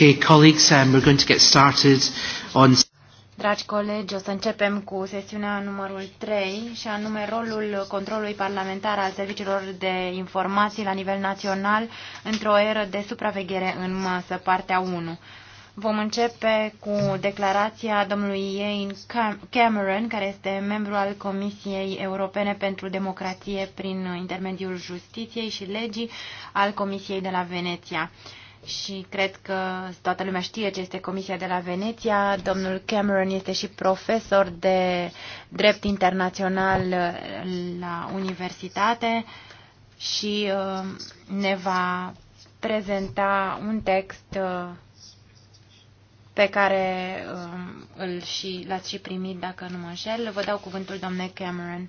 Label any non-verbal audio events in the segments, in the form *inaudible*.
Okay, colleagues, um, we're going to get started on... Dragi colegi, o să începem cu sesiunea numărul 3 și anume rolul controlului parlamentar al serviciilor de informații la nivel național într-o eră de supraveghere în masă, partea 1. Vom începe cu declarația domnului Ian Cameron, care este membru al Comisiei Europene pentru Democrație prin intermediul justiției și legii al Comisiei de la Veneția. Uh, și cred că toată lumea știe ce este Comisia de la Veneția. Domnul Cameron este și profesor de drept internațional uh, la universitate și uh, ne va prezenta un text uh, pe care îl și, l-ați și primit, dacă nu mă înșel. Vă dau cuvântul, domnule Cameron.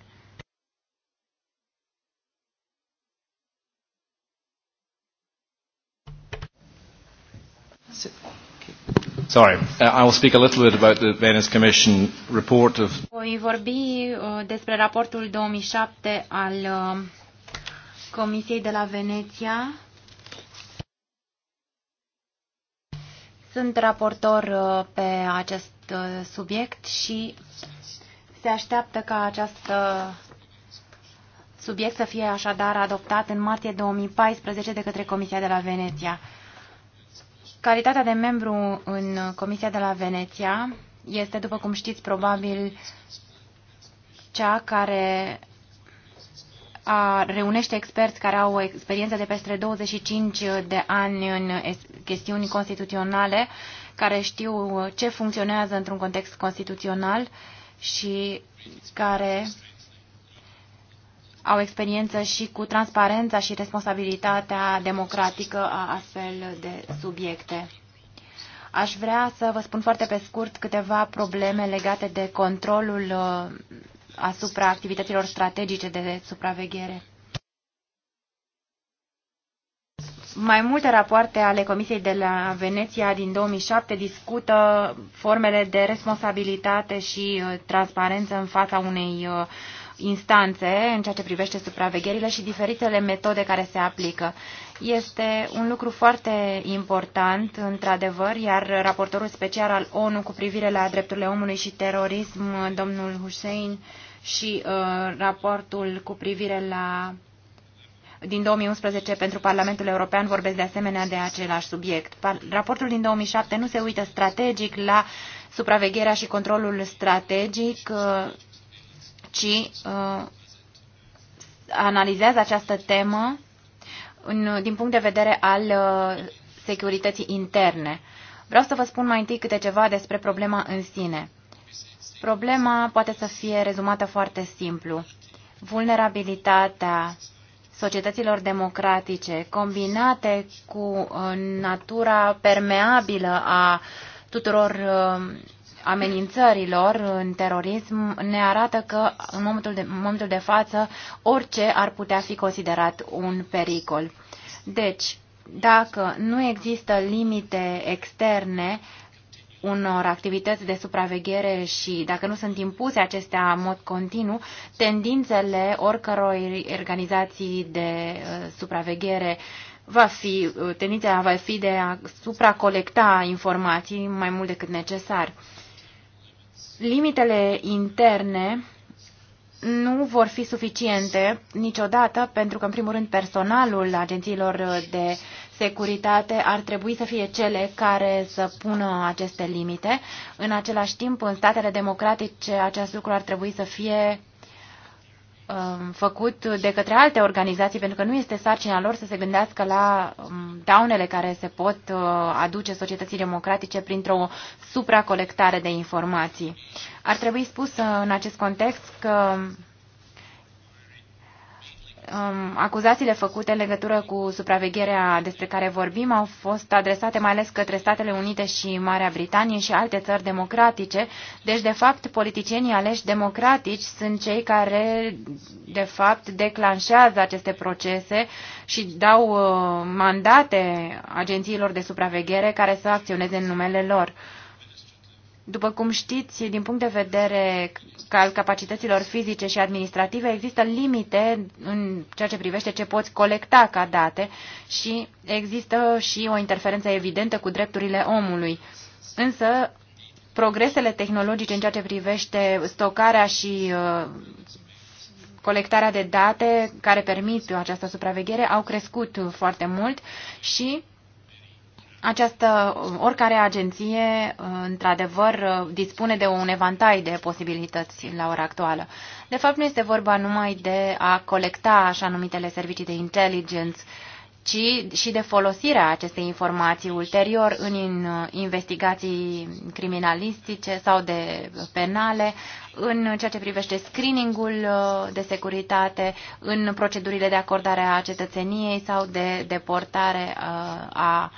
Sorry, uh, I will speak a little bit about the Venice Commission report of. Voi vorbi uh, despre raportul 2007 al uh, Comisiei de la Veneția. Sunt raportor pe acest subiect și se așteaptă ca acest subiect să fie așadar adoptat în martie 2014 de către Comisia de la Veneția. Calitatea de membru în Comisia de la Veneția este, după cum știți, probabil cea care a, reunește experți care au o experiență de peste 25 de ani în chestiuni constituționale, care știu ce funcționează într-un context constituțional și care au experiență și cu transparența și responsabilitatea democratică a astfel de subiecte. Aș vrea să vă spun foarte pe scurt câteva probleme legate de controlul uh, asupra activităților strategice de supraveghere. Mai multe rapoarte ale Comisiei de la Veneția din 2007 discută formele de responsabilitate și uh, transparență în fața unei uh, instanțe în ceea ce privește supravegherile și diferitele metode care se aplică. Este un lucru foarte important, într-adevăr, iar raportorul special al ONU cu privire la drepturile omului și terorism, domnul Hussein, și uh, raportul cu privire la din 2011 pentru Parlamentul European vorbesc de asemenea de același subiect. Raportul din 2007 nu se uită strategic la supravegherea și controlul strategic uh, ci uh, analizează această temă în, din punct de vedere al uh, securității interne. Vreau să vă spun mai întâi câte ceva despre problema în sine. Problema poate să fie rezumată foarte simplu. Vulnerabilitatea societăților democratice, combinate cu uh, natura permeabilă a tuturor uh, amenințărilor în terorism ne arată că în momentul de, în momentul de față orice ar putea fi considerat un pericol. Deci, dacă nu există limite externe unor activități de supraveghere și dacă nu sunt impuse acestea în mod continuu, tendințele oricăror organizații de uh, supraveghere va fi, uh, tendința va fi de a supracolecta informații mai mult decât necesar limitele interne nu vor fi suficiente niciodată, pentru că, în primul rând, personalul agențiilor de securitate ar trebui să fie cele care să pună aceste limite. În același timp, în statele democratice, acest lucru ar trebui să fie Um, făcut de către alte organizații, pentru că nu este sarcina lor să se gândească la um, daunele care se pot uh, aduce societății democratice printr-o supracolectare de informații. Ar trebui spus uh, în acest context că Um, acuzațiile făcute în legătură cu supravegherea despre care vorbim au fost adresate mai ales către Statele Unite și Marea Britanie și alte țări democratice. Deci, de fapt, politicienii aleși democratici sunt cei care, de fapt, declanșează aceste procese și dau uh, mandate agențiilor de supraveghere care să acționeze în numele lor. După cum știți, din punct de vedere al capacităților fizice și administrative, există limite în ceea ce privește ce poți colecta ca date și există și o interferență evidentă cu drepturile omului. Însă, progresele tehnologice în ceea ce privește stocarea și uh, colectarea de date care permit această supraveghere au crescut foarte mult și această, oricare agenție, într-adevăr, dispune de un evantai de posibilități la ora actuală. De fapt, nu este vorba numai de a colecta așa numitele servicii de intelligence, ci și de folosirea acestei informații ulterior în investigații criminalistice sau de penale, în ceea ce privește screeningul uh, de securitate, în procedurile de acordare a cetățeniei sau de deportare uh, a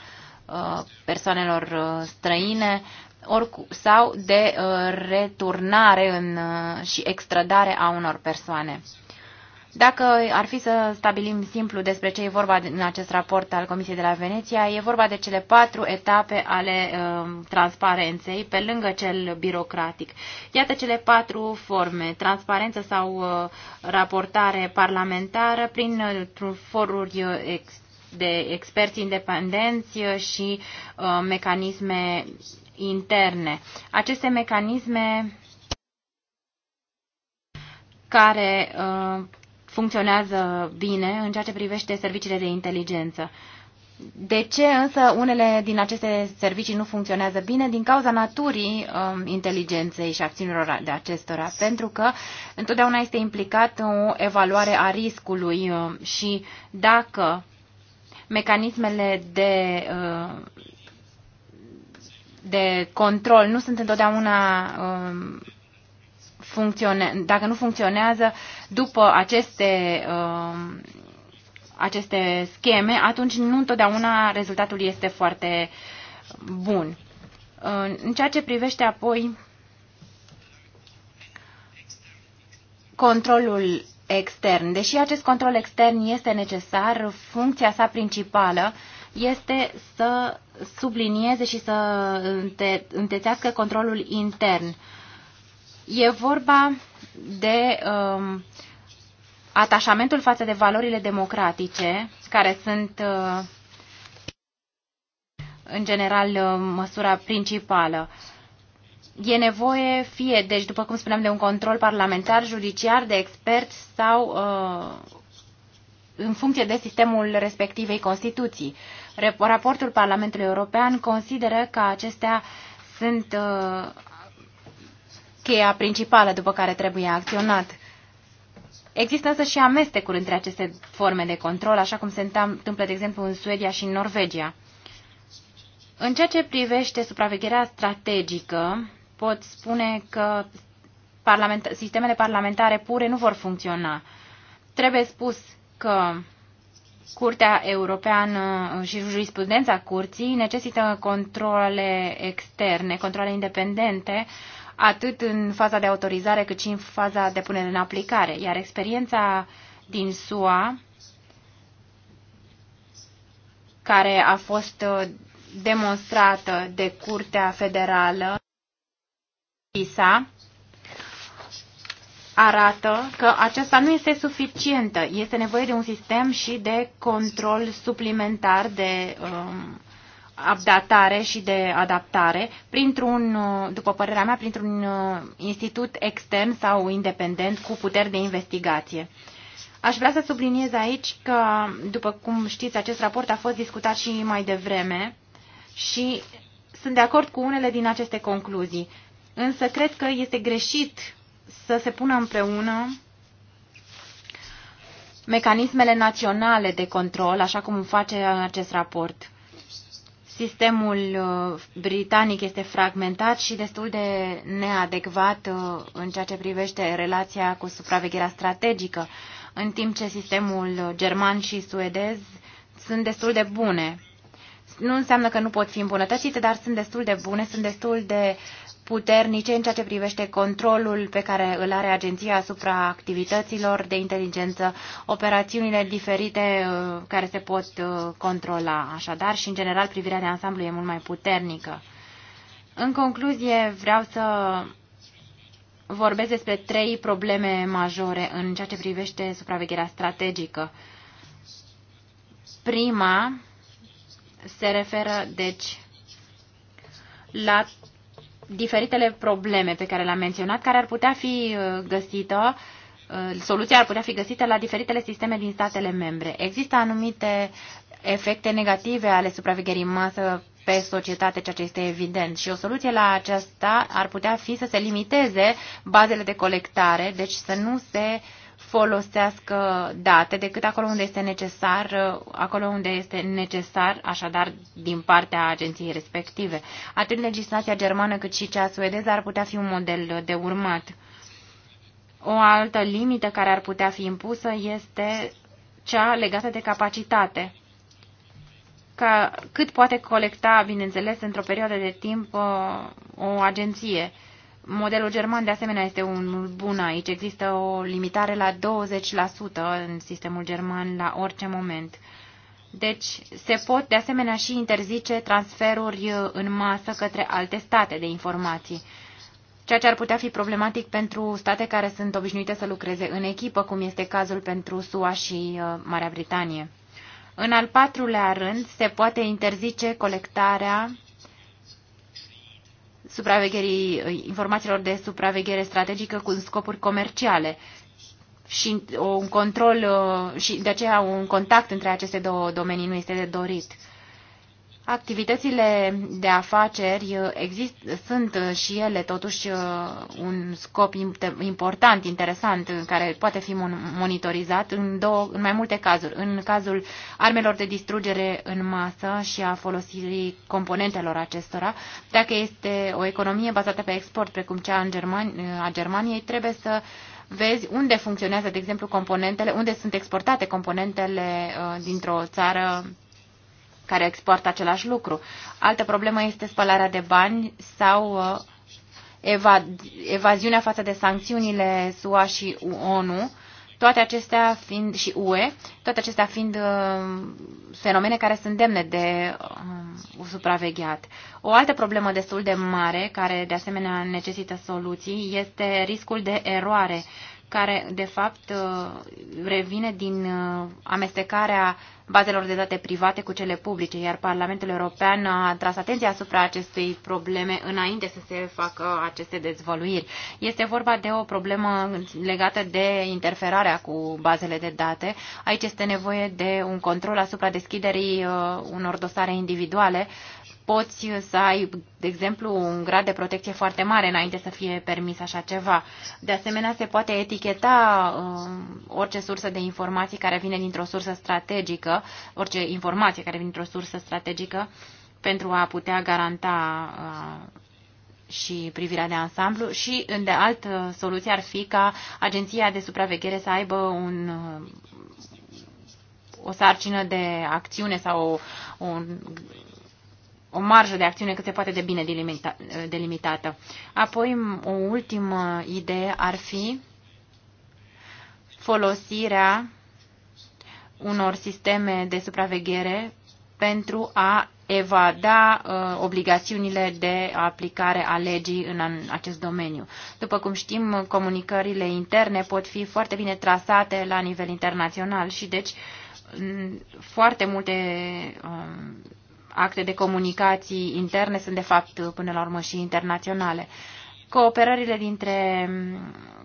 Uh, persoanelor uh, străine sau de uh, returnare în, și extradare a unor persoane. Dacă ar fi să stabilim simplu despre ce e vorba în acest raport al Comisiei de la Veneția, e vorba de cele patru etape ale uh, transparenței, pe lângă cel birocratic. Iată cele patru forme, transparență sau uh, raportare parlamentară prin uh, foruri ex de experți independenți uh, și uh, mecanisme interne. Aceste mecanisme care uh, funcționează bine în ceea ce privește serviciile de inteligență. De ce însă unele din aceste servicii nu funcționează bine? Din cauza naturii um, inteligenței și acțiunilor de acestora, pentru că întotdeauna este implicat o evaluare a riscului um, și dacă mecanismele de, uh, de control nu sunt întotdeauna um, funcționează, dacă nu funcționează după aceste, um, aceste scheme, atunci nu întotdeauna rezultatul este foarte bun. Uh, în ceea ce privește apoi controlul extern. Deși acest control extern este necesar, funcția sa principală este să sublinieze și să înte întețească controlul intern. E vorba de um, atașamentul față de valorile democratice, care sunt uh, în general uh, măsura principală. Uh, E nevoie fie, deci, după cum spuneam, de un control parlamentar, judiciar, de expert sau uh, în funcție de sistemul respectivei Constituții. Raportul Parlamentului European consideră că acestea sunt uh, cheia principală după care trebuie acționat. Există însă și amestecuri între aceste forme de control, așa cum se întâmplă, de exemplu, în Suedia și în Norvegia. În ceea ce privește supravegherea strategică, pot spune că parlament, sistemele parlamentare pure nu vor funcționa. Trebuie spus că Curtea Europeană și jurisprudența curții necesită controle externe, controle independente, atât în faza de autorizare cât și în faza de punere în aplicare. Iar experiența din SUA, care a fost demonstrată de Curtea Federală, PISA arată că aceasta nu este suficientă. Este nevoie de un sistem și de control suplimentar de um, updatare și de adaptare printr-un, după părerea mea, printr-un uh, institut extern sau independent cu puteri de investigație. Aș vrea să subliniez aici că, după cum știți, acest raport a fost discutat și mai devreme și sunt de acord cu unele din aceste concluzii. Însă cred că este greșit să se pună împreună mecanismele naționale de control, așa cum face acest raport. Sistemul uh, britanic este fragmentat și destul de neadecvat uh, în ceea ce privește relația cu supravegherea strategică, în timp ce sistemul german și suedez sunt destul de bune nu înseamnă că nu pot fi îmbunătățite, dar sunt destul de bune, sunt destul de puternice în ceea ce privește controlul pe care îl are agenția asupra activităților de inteligență, operațiunile diferite uh, care se pot uh, controla așadar și, în general, privirea de ansamblu e mult mai puternică. În concluzie, vreau să vorbesc despre trei probleme majore în ceea ce privește supravegherea strategică. Prima se referă, deci, la diferitele probleme pe care le-am menționat, care ar putea fi uh, găsită, uh, soluția ar putea fi găsită la diferitele sisteme din statele membre. Există anumite efecte negative ale supravegherii masă pe societate, ceea ce este evident. Și o soluție la aceasta ar putea fi să se limiteze bazele de colectare, deci să nu se uh, folosească date decât acolo unde este necesar, acolo unde este necesar, așadar, din partea agenției respective. Atât legislația germană cât și cea suedeză ar putea fi un model de urmat. O altă limită care ar putea fi impusă este cea legată de capacitate. Ca cât poate colecta, bineînțeles, într-o perioadă de timp uh, o agenție. Modelul german, de asemenea, este unul bun aici. Există o limitare la 20% în sistemul german la orice moment. Deci se pot, de asemenea, și interzice transferuri uh, în masă către alte state de informații, ceea ce ar putea fi problematic pentru state care sunt obișnuite să lucreze în echipă, cum este cazul pentru SUA și uh, Marea Britanie. În al patrulea rând, se poate interzice colectarea supravegherii, informațiilor de supraveghere strategică cu scopuri comerciale și un control uh, și de aceea un contact între aceste două domenii nu este de dorit. Activitățile de afaceri uh, exist, sunt uh, și ele totuși uh, un scop important, interesant, care poate fi monitorizat în, două, în mai multe cazuri. În cazul armelor de distrugere în masă și a folosirii componentelor acestora, dacă este o economie bazată pe export, precum cea în German, a Germaniei, trebuie să vezi unde funcționează, de exemplu, componentele, unde sunt exportate componentele dintr-o țară care exportă același lucru. Altă problemă este spălarea de bani sau uh, evaziunea față de sancțiunile SUA și ONU, toate acestea fiind și UE, toate acestea fiind uh, fenomene care sunt demne de uh, supravegheat. O altă problemă destul de mare, care de asemenea necesită soluții, este riscul de eroare, care de fapt uh, revine din uh, amestecarea bazelor de date private cu cele publice, iar Parlamentul European a tras atenția asupra acestei probleme înainte să se facă aceste dezvăluiri. Este vorba de o problemă legată de interferarea cu bazele de date. Aici este nevoie de un control asupra deschiderii uh, unor dosare individuale poți să ai, de exemplu, un grad de protecție foarte mare înainte să fie permis așa ceva. De asemenea, se poate eticheta uh, orice sursă de informații care vine dintr-o sursă strategică, orice informație care vine dintr-o sursă strategică, pentru a putea garanta uh, și privirea de ansamblu și, de altă uh, soluție ar fi ca agenția de supraveghere să aibă un, uh, o sarcină de acțiune sau o, un o marjă de acțiune cât se poate de bine delimita, delimitată. Apoi, o ultimă idee ar fi folosirea unor sisteme de supraveghere pentru a evada uh, obligațiunile de aplicare a legii în, acest domeniu. După cum știm, comunicările interne pot fi foarte bine trasate la nivel internațional și deci foarte multe uh, acte de comunicații interne sunt de fapt până la urmă și internaționale. Cooperările dintre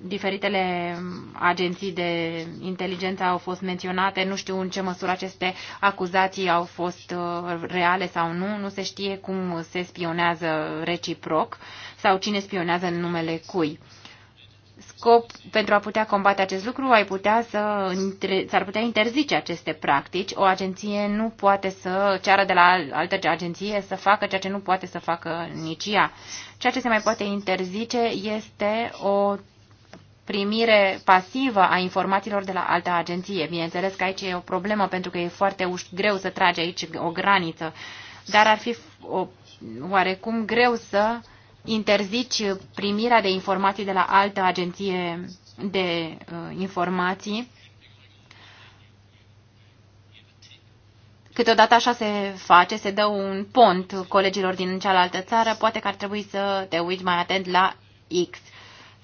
diferitele agenții de inteligență au fost menționate. Nu știu în ce măsură aceste acuzații au fost uh, reale sau nu. Nu se știe cum se spionează reciproc sau cine spionează în numele cui scop, pentru a putea combate acest lucru, ai putea să, s-ar putea interzice aceste practici. O agenție nu poate să ceară de la altă agenție să facă ceea ce nu poate să facă nici ea. Ceea ce se mai poate interzice este o primire pasivă a informațiilor de la altă agenție. Bineînțeles că aici e o problemă pentru că e foarte greu să trage aici o graniță, dar ar fi o, oarecum greu să uh, interzici primirea de informații de la altă agenție de uh, informații. Câteodată așa se face, se dă un pont colegilor din cealaltă țară, poate că ar trebui să te uiți mai atent la X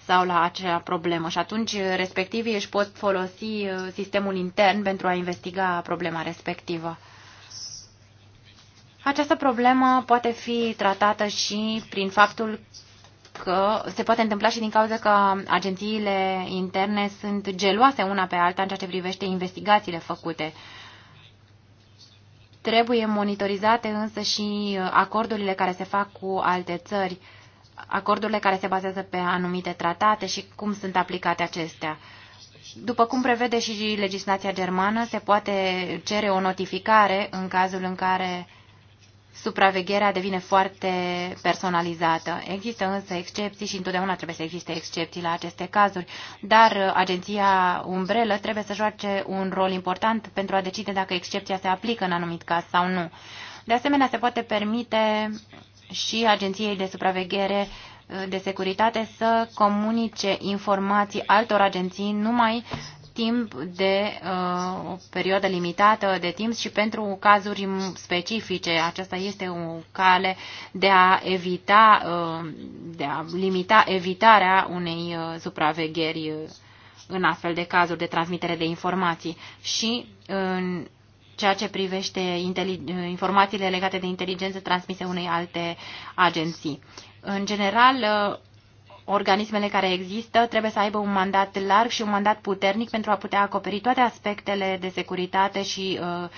sau la acea problemă și atunci respectivii își pot folosi uh, sistemul intern pentru a investiga problema respectivă. Această problemă poate fi tratată și prin faptul că se poate întâmpla și din cauza că agențiile interne sunt geloase una pe alta în ceea ce privește investigațiile făcute. Trebuie monitorizate însă și acordurile care se fac cu alte țări, acordurile care se bazează pe anumite tratate și cum sunt aplicate acestea. După cum prevede și legislația germană, se poate cere o notificare în cazul în care supravegherea devine foarte personalizată. Există însă excepții și întotdeauna trebuie să existe excepții la aceste cazuri, dar uh, agenția umbrelă trebuie să joace un rol important pentru a decide dacă excepția se aplică în anumit caz sau nu. De asemenea, se poate permite și agenției de supraveghere uh, de securitate să comunice informații altor agenții numai timp de uh, o perioadă limitată de timp și pentru cazuri specifice. Aceasta este o cale de a evita, uh, de a limita evitarea unei uh, supravegheri uh, în astfel de cazuri de transmitere de informații. Și în ceea ce privește uh, informațiile legate de inteligență transmise unei alte agenții. În general, uh, organismele care există trebuie să aibă un mandat larg și un mandat puternic pentru a putea acoperi toate aspectele de securitate și uh,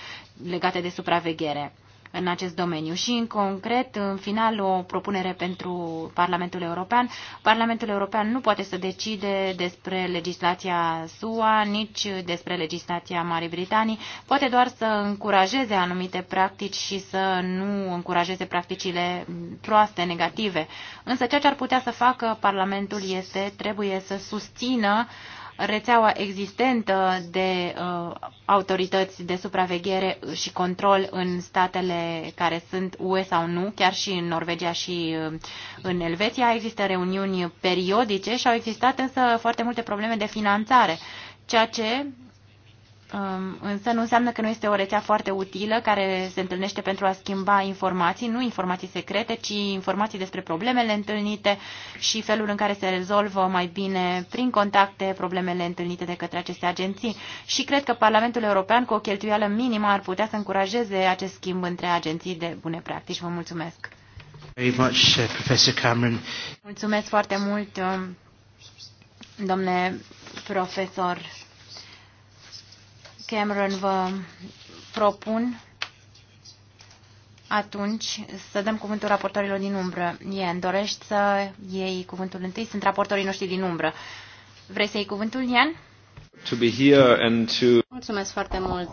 legate de supraveghere în acest domeniu și, în concret, în final, o propunere pentru Parlamentul European. Parlamentul European nu poate să decide despre legislația SUA, nici despre legislația Marii Britanii, poate doar să încurajeze anumite practici și să nu încurajeze practicile proaste, negative. Însă ceea ce ar putea să facă Parlamentul este, trebuie să susțină uh, rețeaua existentă de uh, autorități de supraveghere și control în statele care sunt UE sau nu, chiar și în Norvegia și uh, în Elveția, există reuniuni periodice și au existat însă foarte multe probleme de finanțare, ceea ce Um, însă nu înseamnă că nu este o rețea foarte utilă care se întâlnește pentru a schimba informații, nu informații secrete, ci informații despre problemele întâlnite și felul în care se rezolvă mai bine prin contacte problemele întâlnite de către aceste agenții. Și cred că Parlamentul European, cu o cheltuială minimă, ar putea să încurajeze acest schimb între agenții de bune practici. Vă mulțumesc! Very much, uh, Professor Cameron. Mulțumesc foarte mult, um, domnule profesor Cameron, vă propun atunci să dăm cuvântul raportorilor din umbră. Ian, dorești să iei cuvântul întâi? Sunt raportorii noștri din umbră. Vrei să iei cuvântul, Ian? To be here and to... Mulțumesc foarte mult.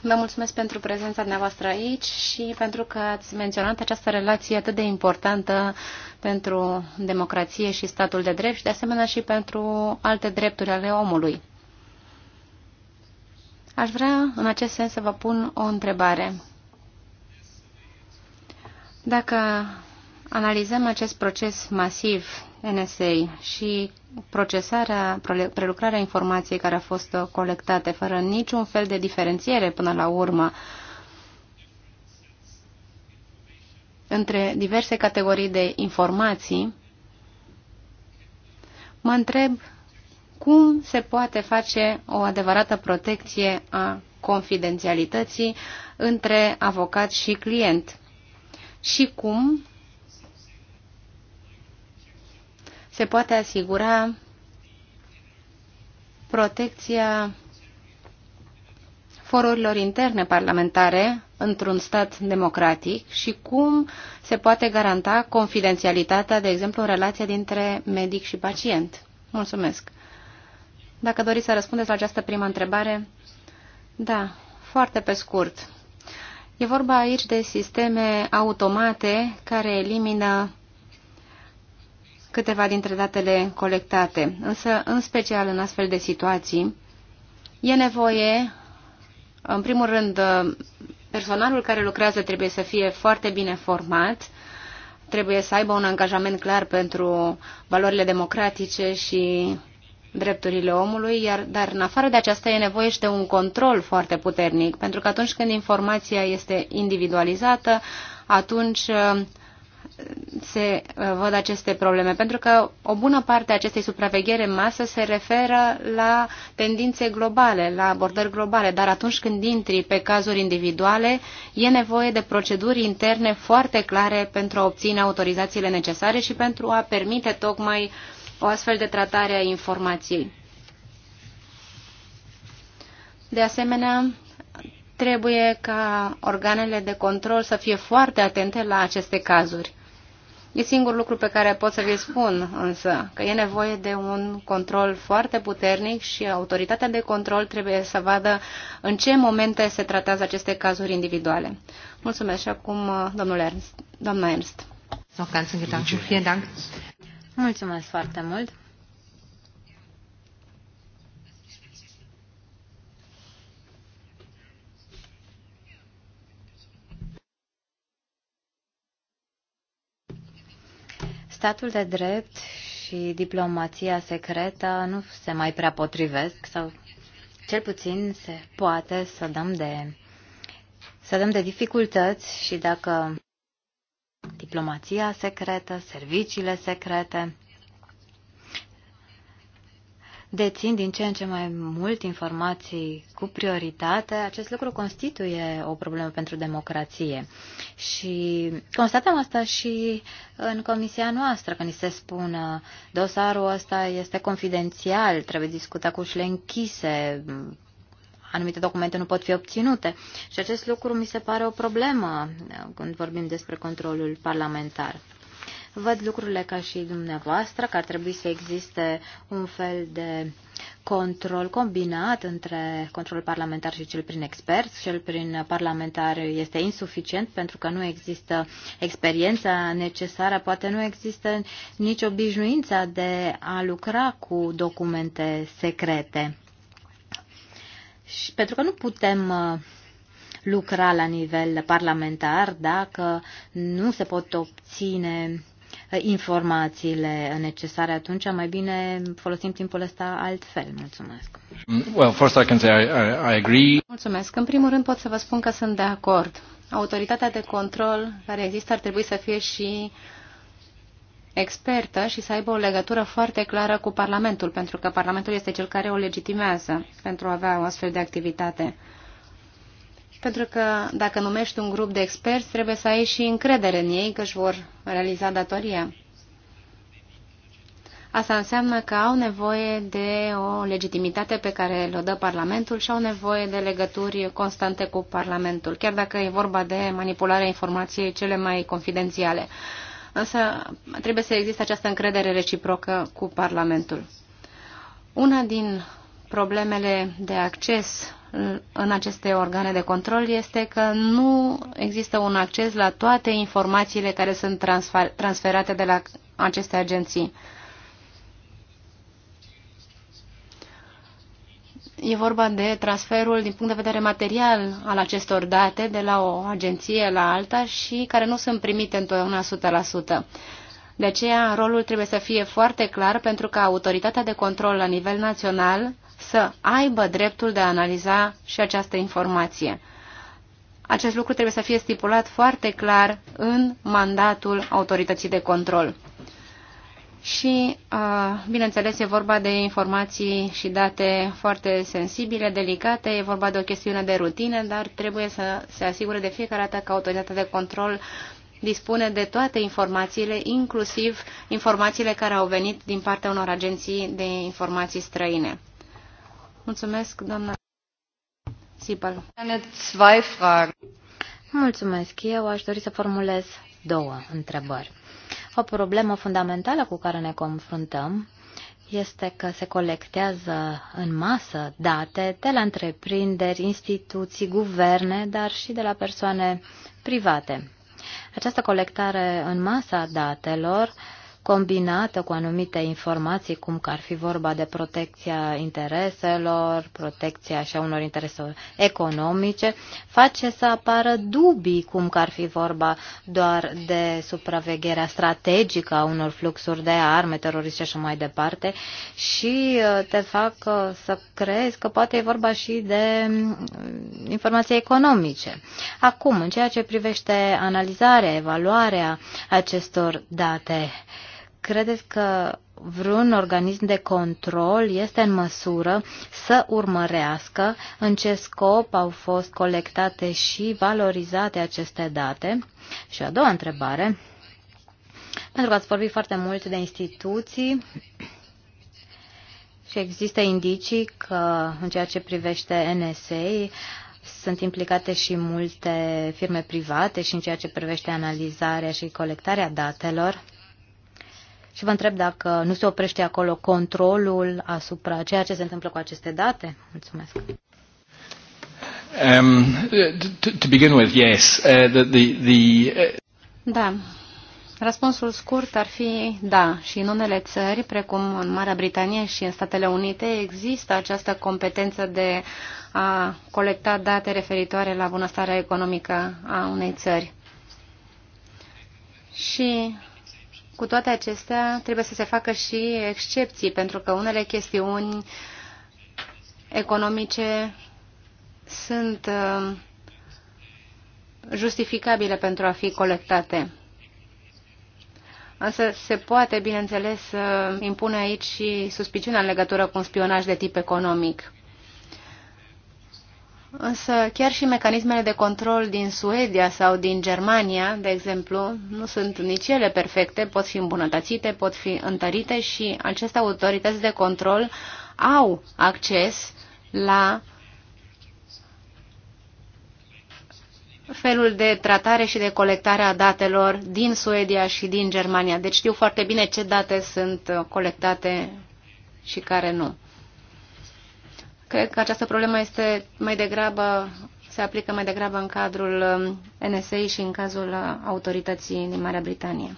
Vă mulțumesc pentru prezența dumneavoastră aici și pentru că ați menționat această relație atât de importantă pentru democrație și statul de drept și de asemenea și pentru alte drepturi ale omului. Aș vrea, în acest sens, să vă pun o întrebare. Dacă analizăm acest proces masiv NSA și procesarea, prelucrarea informației care a fost colectate fără niciun fel de diferențiere până la urmă între diverse categorii de informații, mă întreb cum se poate face o adevărată protecție a confidențialității între avocat și client și cum se poate asigura protecția forurilor interne parlamentare într-un stat democratic și cum se poate garanta confidențialitatea, de exemplu, în relația dintre medic și pacient. Mulțumesc. Dacă doriți să răspundeți la această primă întrebare, da, foarte pe scurt. E vorba aici de sisteme automate care elimină câteva dintre datele colectate. Însă, în special în astfel de situații, e nevoie, în primul rând, personalul care lucrează trebuie să fie foarte bine format, trebuie să aibă un angajament clar pentru valorile democratice și drepturile omului, iar, dar în afară de aceasta e nevoie și de un control foarte puternic, pentru că atunci când informația este individualizată, atunci uh, se uh, văd aceste probleme, pentru că o bună parte a acestei supraveghere în masă se referă la tendințe globale, la abordări globale, dar atunci când intri pe cazuri individuale, e nevoie de proceduri interne foarte clare pentru a obține autorizațiile necesare și pentru a permite tocmai uh, o astfel de tratare a informației. De asemenea, trebuie ca organele de control să fie foarte atente la aceste cazuri. E singurul lucru pe care pot să vi spun, însă, că e nevoie de un control foarte puternic și autoritatea de control trebuie să vadă în ce momente se tratează aceste cazuri individuale. Mulțumesc și acum, domnul Ernst. Doamna Ernst. Mulțumesc foarte mult! Statul de drept și diplomația secretă nu se mai prea potrivesc sau cel puțin se poate să dăm de să dăm de dificultăți și dacă diplomația secretă, serviciile secrete, dețin din ce în ce mai mult informații cu prioritate, acest lucru constituie o problemă pentru democrație. Și constatăm asta și în comisia noastră, când ni se spune dosarul ăsta este confidențial, trebuie discutat cu ușile închise, anumite documente nu pot fi obținute. Și acest lucru mi se pare o problemă eh, când vorbim despre controlul parlamentar. Văd lucrurile ca și dumneavoastră, că ar trebui să existe un fel de control combinat între controlul parlamentar și cel prin experți. Cel prin parlamentar este insuficient pentru că nu există experiența necesară, poate nu există nici obișnuința de a lucra cu documente secrete. Și pentru că nu putem uh, lucra la nivel parlamentar dacă nu se pot obține uh, informațiile necesare atunci, mai bine folosim timpul ăsta altfel. Mulțumesc. Well, first I can say I, I, I agree. Mulțumesc. În primul rând pot să vă spun că sunt de acord. Autoritatea de control care există ar trebui să fie și uh, expertă și să aibă o legătură foarte clară cu Parlamentul, pentru că Parlamentul este cel care o legitimează pentru a avea o astfel de activitate. Pentru că dacă numești un grup de experți, trebuie să ai și încredere în ei că își vor realiza datoria. Asta înseamnă că au nevoie de o legitimitate pe care le-o dă Parlamentul și au nevoie de legături constante cu Parlamentul, chiar dacă e vorba de manipularea informației cele mai confidențiale însă trebuie să existe această încredere reciprocă cu Parlamentul. Una din problemele de acces în aceste organe de control este că nu există un acces la toate informațiile care sunt transferate de la aceste agenții. E vorba de transferul din punct de vedere material al acestor date de la o agenție la alta și care nu sunt primite întotdeauna 100%. De aceea, rolul trebuie să fie foarte clar pentru ca autoritatea de control la nivel național să aibă dreptul de a analiza și această informație. Acest lucru trebuie să fie stipulat foarte clar în mandatul autorității de control și, bineînțeles, e vorba de informații și date foarte sensibile, delicate, e vorba de o chestiune de rutină, dar trebuie să se asigure de fiecare dată că autoritatea de control dispune de toate informațiile, inclusiv informațiile care au venit din partea unor agenții de informații străine. Mulțumesc, doamna Sipal. Mulțumesc. Eu aș dori să formulez două întrebări. O problemă fundamentală cu care ne confruntăm este că se colectează în masă date de la întreprinderi, instituții, guverne, dar și de la persoane private. Această colectare în masă a datelor uh, combinată cu anumite informații, cum că ar fi vorba de protecția intereselor, protecția și a unor interese economice, face să apară dubii, cum că ar fi vorba doar de supravegherea strategică a unor fluxuri de arme teroriste și așa mai departe și uh, te fac uh, să crezi că poate e vorba și de mm, informații economice. Acum, în ceea ce privește analizarea, evaluarea acestor date, credeți că vreun organism de control este în măsură să urmărească în ce scop au fost colectate și valorizate aceste date? Și a doua întrebare, pentru că ați vorbit foarte mult de instituții și există indicii că în ceea ce privește NSA sunt implicate și multe firme private și în ceea ce privește analizarea și colectarea datelor. Și vă întreb dacă nu se oprește acolo controlul asupra ceea ce se întâmplă cu aceste date? Mulțumesc. Um, to, to begin with, yes. Uh, the, the, the, uh... Da. Răspunsul scurt ar fi da. Și în unele țări, precum în Marea Britanie și în Statele Unite, există această competență de a colecta date referitoare la bunăstarea economică a unei țări. Și cu toate acestea, trebuie să se facă și excepții, pentru că unele chestiuni economice sunt uh, justificabile pentru a fi colectate. Însă se poate, bineînțeles, impune aici și suspiciunea în legătură cu un spionaj de tip economic. Însă chiar și mecanismele de control din Suedia sau din Germania, de exemplu, nu sunt nici ele perfecte, pot fi îmbunătățite, pot fi întărite și aceste autorități de control au acces la felul de tratare și de colectare a datelor din Suedia și din Germania. Deci știu foarte bine ce date sunt colectate și care nu. Cred că această problemă este mai degrabă, se aplică mai degrabă în cadrul um, NSA și în cazul uh, autorității din Marea Britanie.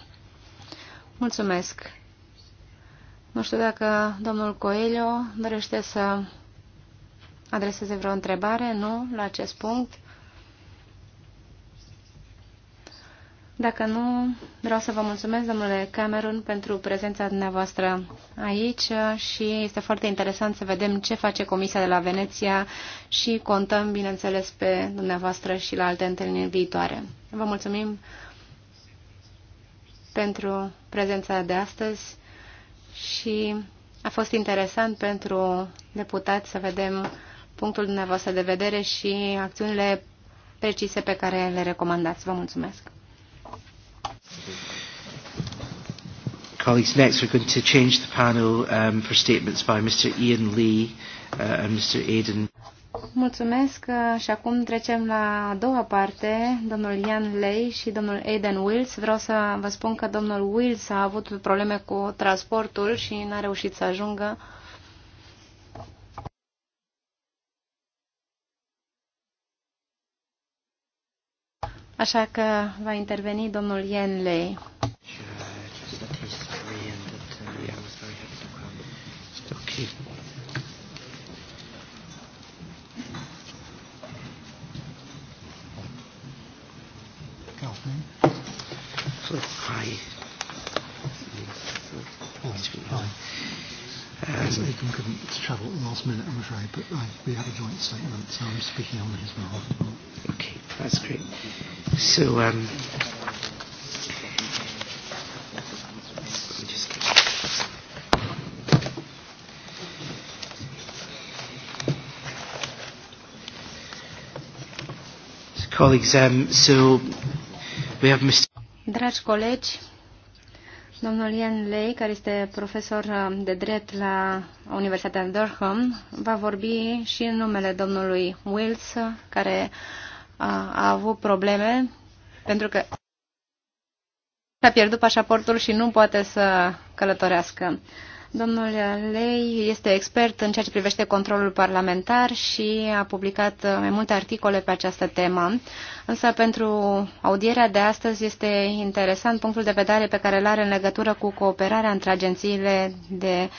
Mulțumesc. Nu știu dacă domnul Coelho dorește să adreseze vreo întrebare, nu, la acest punct. Dacă nu, vreau să vă mulțumesc, domnule Cameron, pentru prezența dumneavoastră aici și este foarte interesant să vedem ce face Comisia de la Veneția și contăm, bineînțeles, pe dumneavoastră și la alte întâlniri viitoare. Vă mulțumim pentru prezența de astăzi și a fost interesant pentru deputați să vedem punctul dumneavoastră de vedere și acțiunile precise pe care le recomandați. Vă mulțumesc! Colleagues, next we're going to change the panel um, for statements by Mr. Ian Lee uh, and Mr. Aidan. Mulțumesc uh, și acum trecem la a doua parte, domnul Ian Lei și domnul Aiden Wills. Vreau să vă spun că domnul Wills a avut probleme cu transportul și n-a reușit să ajungă. Așa că va interveni domnul Yen Lei. Aiken couldn't travel at the last minute, I'm afraid, but I, we have a joint statement, so I'm speaking on his behalf. Okay, that's great. So, um, colleagues, um, so we have Mr. Dragi colegi, domnul Ian Lei, care este profesor um, de drept la Universitatea Durham, va vorbi și în numele domnului Wills, care uh, a, a avut probleme pentru că a pierdut pașaportul și nu poate să călătorească. Domnul Lei este expert în ceea ce privește controlul parlamentar și a publicat mai multe articole pe această temă. Însă pentru audierea de astăzi este interesant punctul de vedere pe care îl are în legătură cu cooperarea între agențiile de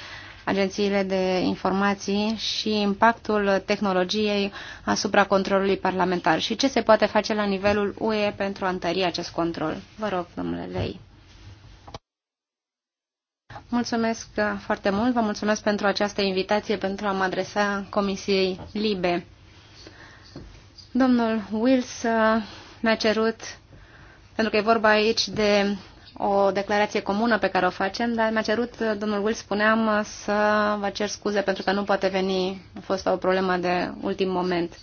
agențiile de informații și impactul tehnologiei asupra controlului parlamentar și ce se poate face la nivelul UE pentru a întări acest control. Vă rog, domnule Lei. Mulțumesc foarte mult, vă mulțumesc pentru această invitație pentru a mă adresa Comisiei Libe. Domnul Wills mi-a cerut, pentru că e vorba aici de o declarație comună pe care o facem, dar mi-a cerut, domnul Will, spuneam, să vă cer scuze pentru că nu poate veni, a fost o problemă de ultim moment.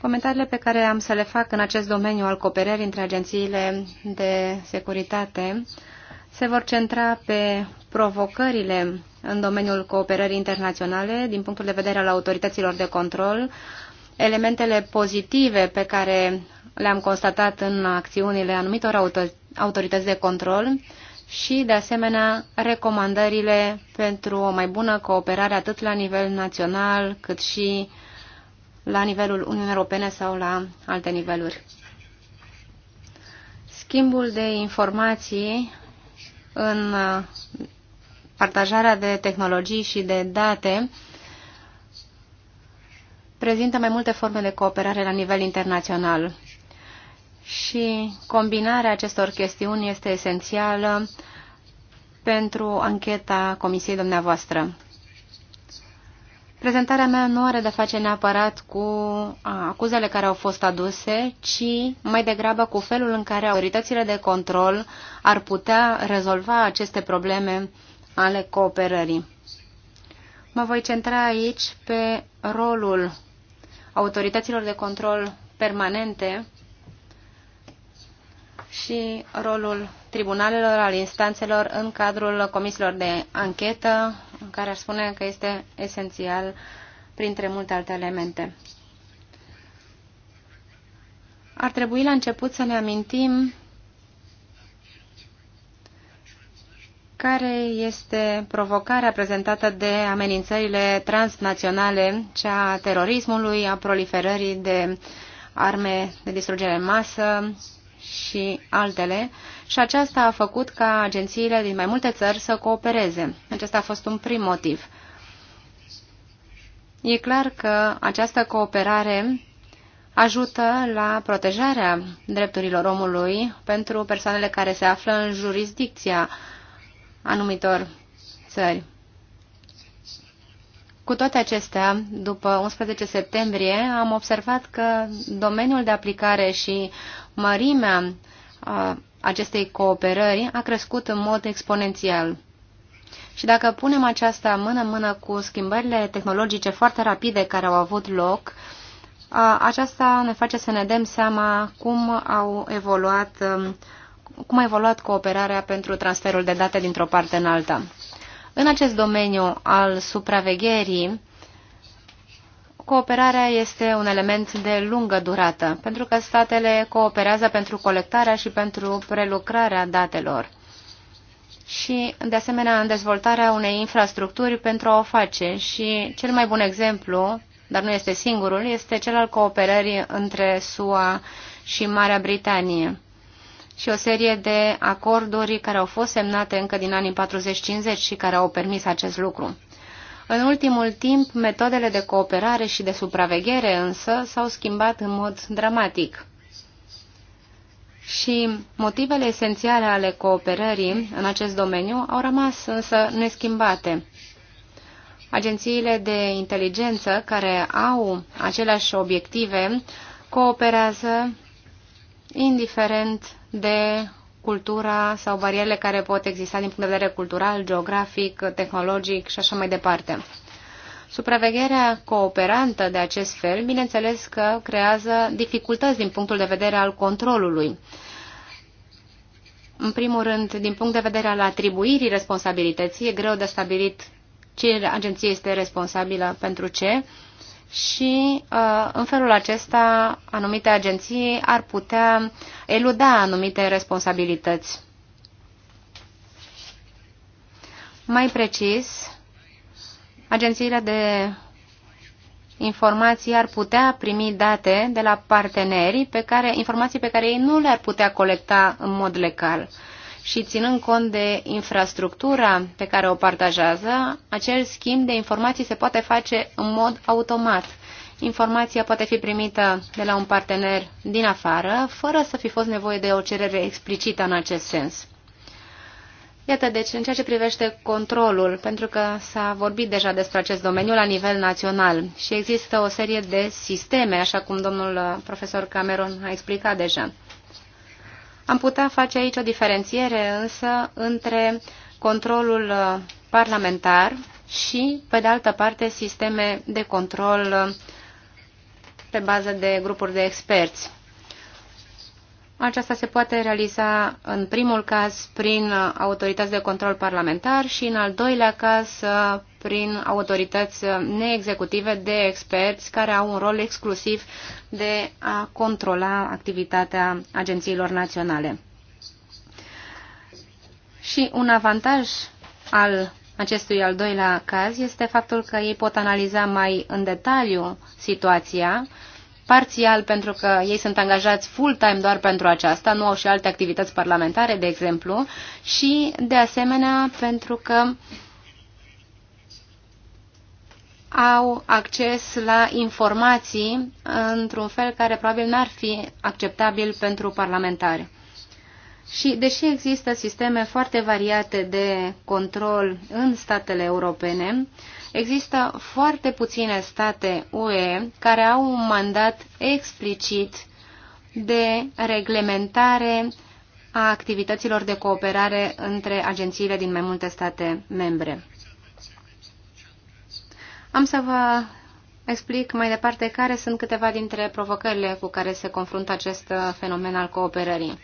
Comentariile pe care am să le fac în acest domeniu al cooperării între agențiile de securitate se vor centra pe provocările în domeniul cooperării internaționale din punctul de vedere al autorităților de control, elementele pozitive pe care le-am constatat în acțiunile anumitor autorități de control și, de asemenea, recomandările pentru o mai bună cooperare atât la nivel național cât și la nivelul Uniunii Europene sau la alte niveluri. Schimbul de informații în uh, partajarea de tehnologii și de date prezintă mai multe forme de cooperare la nivel internațional și combinarea acestor chestiuni este esențială pentru ancheta comisiei dumneavoastră. Prezentarea mea nu are de face neapărat cu acuzele care au fost aduse, ci mai degrabă cu felul în care autoritățile de control ar putea rezolva aceste probleme ale cooperării. Mă voi centra aici pe rolul autorităților de control permanente și rolul tribunalelor, al instanțelor în cadrul comisiilor de anchetă, în care aș spune că este esențial printre multe alte elemente. Ar trebui la început să ne amintim care este provocarea prezentată de amenințările transnaționale, cea a terorismului, a proliferării de arme de distrugere în masă și altele, și aceasta a făcut ca agențiile din mai multe țări să coopereze. Acesta a fost un prim motiv. E clar că această cooperare ajută la protejarea drepturilor omului pentru persoanele care se află în jurisdicția anumitor țări. Cu toate acestea, după 11 septembrie, am observat că domeniul de aplicare și mărimea acestei cooperări a crescut în mod exponențial. Și dacă punem aceasta mână-mână cu schimbările tehnologice foarte rapide care au avut loc, aceasta ne face să ne dăm seama cum au evoluat um, cum a evoluat cooperarea pentru transferul de date dintr-o parte în alta. În acest domeniu al supravegherii, cooperarea este un element de lungă durată, pentru că statele cooperează pentru colectarea și pentru prelucrarea datelor și, de asemenea, în dezvoltarea unei infrastructuri pentru a o face. Și cel mai bun exemplu, dar nu este singurul, este cel al cooperării între SUA și Marea Britanie și o serie de acorduri care au fost semnate încă din anii 40-50 și care au permis acest lucru. În ultimul timp, metodele de cooperare și de supraveghere însă s-au schimbat în mod dramatic. Și motivele esențiale ale cooperării în acest domeniu au rămas însă neschimbate. Agențiile de inteligență care au aceleași obiective cooperează indiferent de cultura sau barierele care pot exista din punct de vedere cultural, geografic, tehnologic și așa mai departe. Supravegherea cooperantă de acest fel, bineînțeles că creează dificultăți din punctul de vedere al controlului. În primul rând, din punct de vedere al atribuirii responsabilității, e greu de stabilit ce agenție este responsabilă pentru ce, și uh, în felul acesta anumite agenții ar putea eluda anumite responsabilități. Mai precis, agențiile de informații ar putea primi date de la parteneri pe care, informații pe care ei nu le-ar putea colecta în mod legal și ținând cont de infrastructura pe care o partajează, acel schimb de informații se poate face în mod automat. Informația poate fi primită de la un partener din afară, fără să fi fost nevoie de o cerere explicită în acest sens. Iată, deci, în ceea ce privește controlul, pentru că s-a vorbit deja despre acest domeniu la nivel național și există o serie de sisteme, așa cum domnul profesor Cameron a explicat deja. Am putea face aici o diferențiere însă între controlul uh, parlamentar și, pe de altă parte, sisteme de control uh, pe bază de grupuri de experți. Aceasta se poate realiza în primul caz prin autorități de control parlamentar și în al doilea caz uh, prin autorități neexecutive de experți care au un rol exclusiv de a controla activitatea agențiilor naționale. Și un avantaj al acestui al doilea caz este faptul că ei pot analiza mai în detaliu situația parțial pentru că ei sunt angajați full-time doar pentru aceasta, nu au și alte activități parlamentare, de exemplu, și de asemenea pentru că au acces la informații într-un fel care probabil n-ar fi acceptabil pentru parlamentari. Și deși există sisteme foarte variate de control în statele europene, uh, Există foarte puține state UE care au un mandat explicit de reglementare a activităților de cooperare între agențiile din mai multe state membre. Am să vă explic mai departe care sunt câteva dintre provocările cu care se confruntă acest fenomen al cooperării.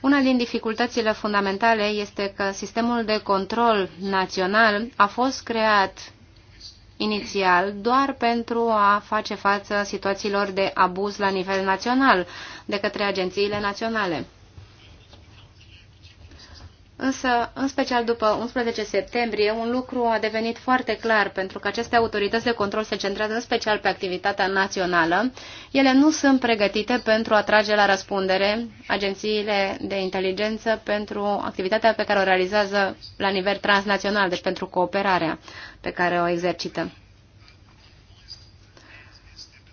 Una din dificultățile fundamentale este că sistemul de control național a fost creat inițial doar pentru a face față situațiilor de abuz la nivel național de către agențiile naționale. Însă, în special după 11 septembrie, un lucru a devenit foarte clar, pentru că aceste autorități de control se centrează în special pe activitatea națională. Ele nu sunt pregătite pentru a trage la răspundere agențiile de inteligență pentru activitatea pe care o realizează la nivel transnațional, deci pentru cooperarea pe care o exercită.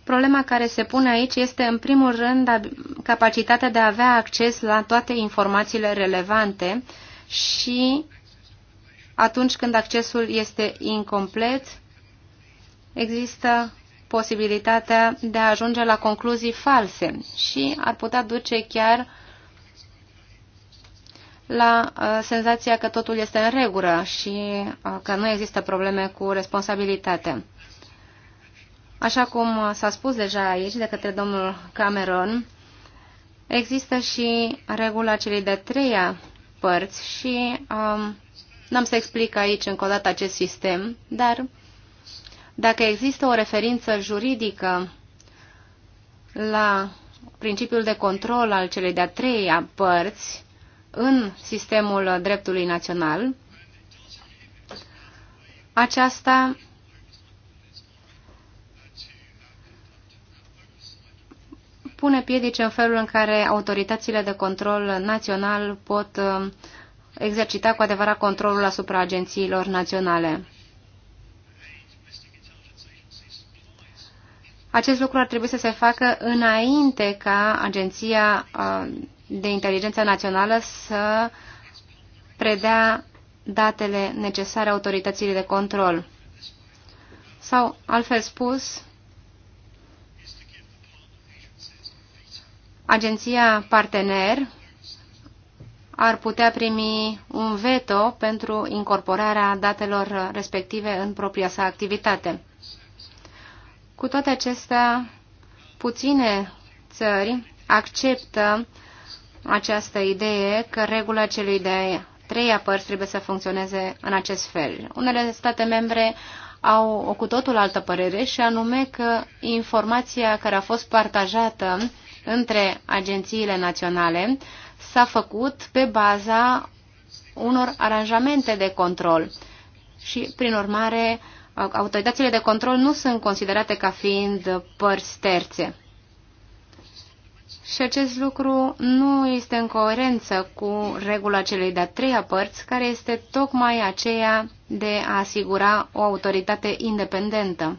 Problema care se pune aici este, în primul rând, capacitatea de a avea acces la toate informațiile relevante, și atunci când accesul este incomplet, există posibilitatea de a ajunge la concluzii false și ar putea duce chiar la uh, senzația că totul este în regulă și uh, că nu există probleme cu responsabilitatea. Așa cum s-a spus deja aici de către domnul Cameron, există și regula celei de treia părți și um, n-am să explic aici încă o dată acest sistem, dar dacă există o referință juridică la principiul de control al celei de-a treia părți în sistemul dreptului național, aceasta pune piedici în felul în care autoritățile de control național pot um, exercita cu adevărat controlul asupra agențiilor naționale. Acest lucru ar trebui să se facă înainte ca Agenția um, de Inteligență Națională să predea datele necesare autorității de control. Sau, altfel spus, agenția partener ar putea primi un veto pentru incorporarea datelor respective în propria sa activitate. Cu toate acestea, puține țări acceptă această idee că regula celui de treia părți trebuie să funcționeze în acest fel. Unele state membre au o cu totul altă părere și anume că informația care a fost partajată între agențiile naționale s-a făcut pe baza unor aranjamente de control și, prin urmare, autoritățile de control nu sunt considerate ca fiind părți terțe. Și acest lucru nu este în coerență cu regula celei de-a treia părți, care este tocmai aceea de a asigura o autoritate independentă.